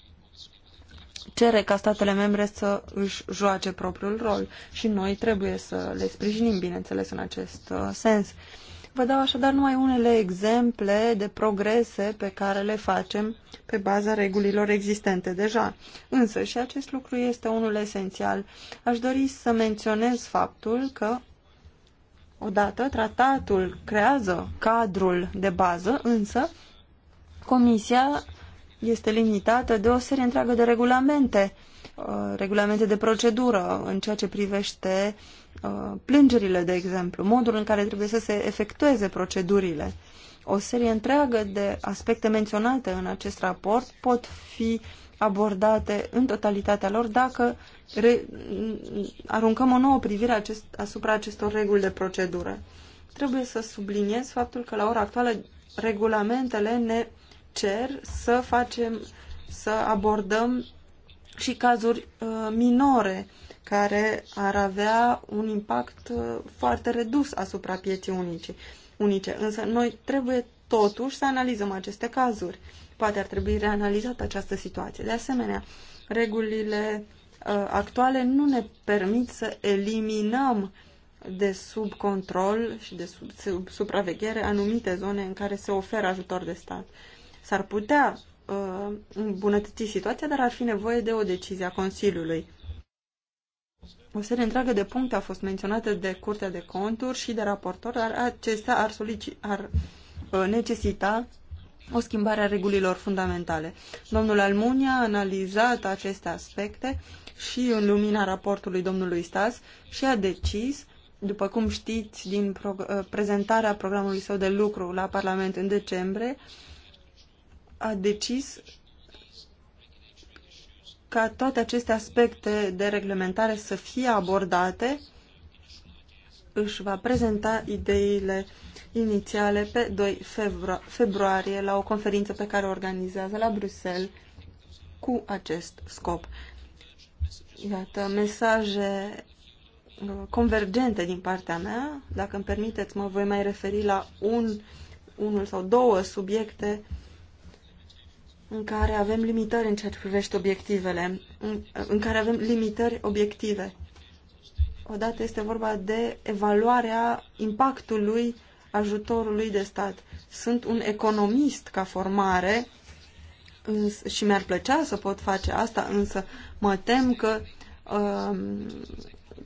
cere ca statele membre să își joace propriul rol și noi trebuie să le sprijinim, bineînțeles, în acest uh, sens. Vă dau așadar numai unele exemple de progrese pe care le facem pe baza regulilor existente deja. Însă și acest lucru este unul esențial. Aș dori să menționez faptul că odată tratatul creează cadrul de bază, însă Comisia este limitată de o serie întreagă de regulamente, uh, regulamente de procedură în ceea ce privește uh, plângerile, de exemplu, modul în care trebuie să se efectueze procedurile. O serie întreagă de aspecte menționate în acest raport pot fi abordate în totalitatea lor dacă re... aruncăm o nouă privire acest... asupra acestor reguli de procedură. Trebuie să subliniez faptul că la ora actuală regulamentele ne cer să facem, să abordăm și cazuri uh, minore care ar avea un impact uh, foarte redus asupra pieții unice. unice. Însă noi trebuie totuși să analizăm aceste cazuri. Poate ar trebui reanalizată această situație. De asemenea, regulile uh, actuale nu ne permit să eliminăm de sub control și de sub, sub supraveghere anumite zone în care se oferă ajutor de stat. S-ar putea uh, îmbunătăți situația, dar ar fi nevoie de o decizie a Consiliului. O serie întreagă de puncte a fost menționată de Curtea de Conturi și de raportor, dar acestea ar, solici, ar uh, necesita o schimbare a regulilor fundamentale. Domnul Almunia a analizat aceste aspecte și în lumina raportului domnului Stas și a decis, după cum știți din pro uh, prezentarea programului său de lucru la Parlament în decembrie, uh, a decis ca toate aceste aspecte de reglementare să fie abordate, își va prezenta ideile inițiale pe 2 februarie la o conferință pe care o organizează la Bruxelles cu acest scop. Iată, mesaje uh, convergente din partea mea. Dacă îmi permiteți, mă voi mai referi la un, unul sau două subiecte uh, în care avem limitări în ceea ce privește obiectivele, în, în care avem limitări obiective. Odată este vorba de evaluarea impactului ajutorului de stat. Sunt un economist ca formare și mi-ar plăcea să pot face asta, însă mă tem că uh,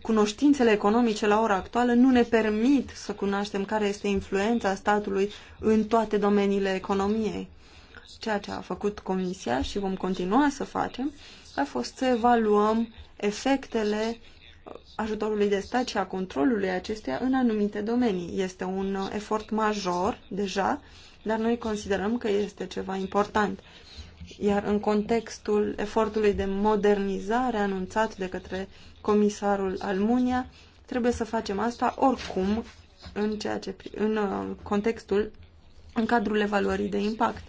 cunoștințele economice la ora actuală nu ne permit să cunoaștem care este influența statului în toate domeniile economiei. Ceea ce a făcut Comisia și vom continua să facem a fost să evaluăm efectele ajutorului de stat și a controlului acesteia în anumite domenii. Este un efort major deja, dar noi considerăm că este ceva important. Iar în contextul efortului de modernizare anunțat de către comisarul Almunia, trebuie să facem asta oricum în, ceea ce, în uh, contextul, în cadrul evaluării de impact.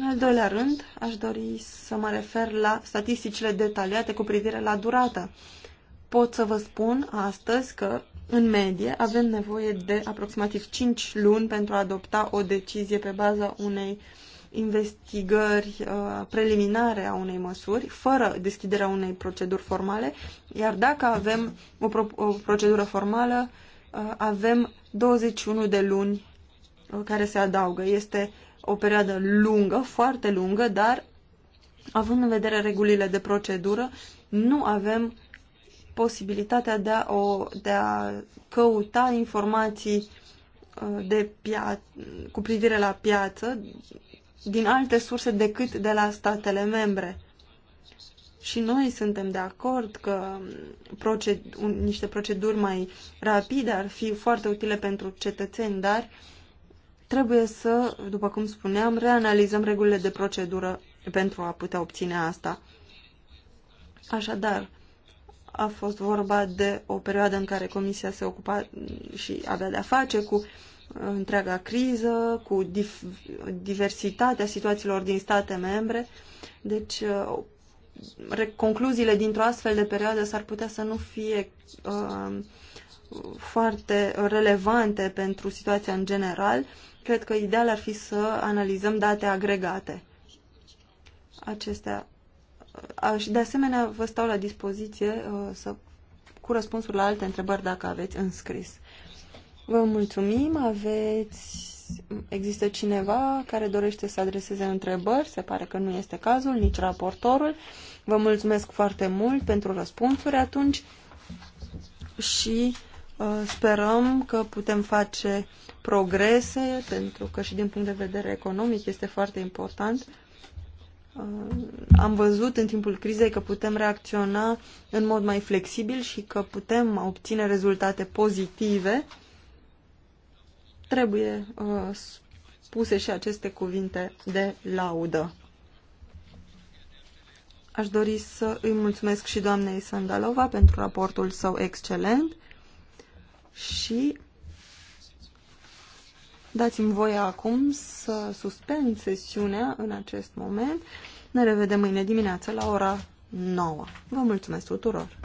În al doilea rând, aș dori să mă refer la statisticile detaliate cu privire la durată. Pot să vă spun astăzi că, în medie, avem nevoie de aproximativ 5 luni pentru a adopta o decizie pe baza unei investigări uh, preliminare a unei măsuri, fără deschiderea unei proceduri formale, iar dacă avem o, pro o procedură formală, uh, avem 21 de luni uh, care se adaugă. Este uh, o perioadă lungă, foarte lungă, dar având în vedere regulile de procedură, nu avem posibilitatea de a, o, de a căuta informații uh, de pia cu privire la piață din alte surse decât de la statele membre. Și noi suntem de acord că proced, un, niște proceduri mai rapide ar fi foarte utile pentru cetățeni, dar uh, Trebuie să, după cum spuneam, reanalizăm regulile de procedură pentru a putea obține asta. Așadar, a fost vorba de o perioadă în care Comisia se ocupa și avea de-a face cu uh, întreaga criză, cu diversitatea situațiilor din state membre. Deci, uh, concluziile dintr-o astfel de perioadă s-ar putea să nu fie uh, foarte relevante pentru situația în general Cred că ideal ar fi să analizăm date agregate. Acestea. Și de asemenea vă stau la dispoziție uh, să, cu răspunsul la alte întrebări dacă aveți înscris. Vă mulțumim, aveți... Există cineva care dorește să adreseze întrebări? Se pare că nu este cazul, nici raportorul. Vă mulțumesc foarte mult pentru răspunsuri atunci și uh, sperăm că putem face progrese, pentru că și din punct de vedere economic este foarte important. Am văzut în timpul crizei că putem reacționa în mod mai flexibil și că putem obține rezultate pozitive. Trebuie uh, spuse și aceste cuvinte de laudă. Aș dori să îi mulțumesc și doamnei Sandalova pentru raportul său excelent și Dați-mi voie acum să suspend sesiunea în acest moment. Ne revedem mâine dimineață la ora 9. Vă mulțumesc tuturor!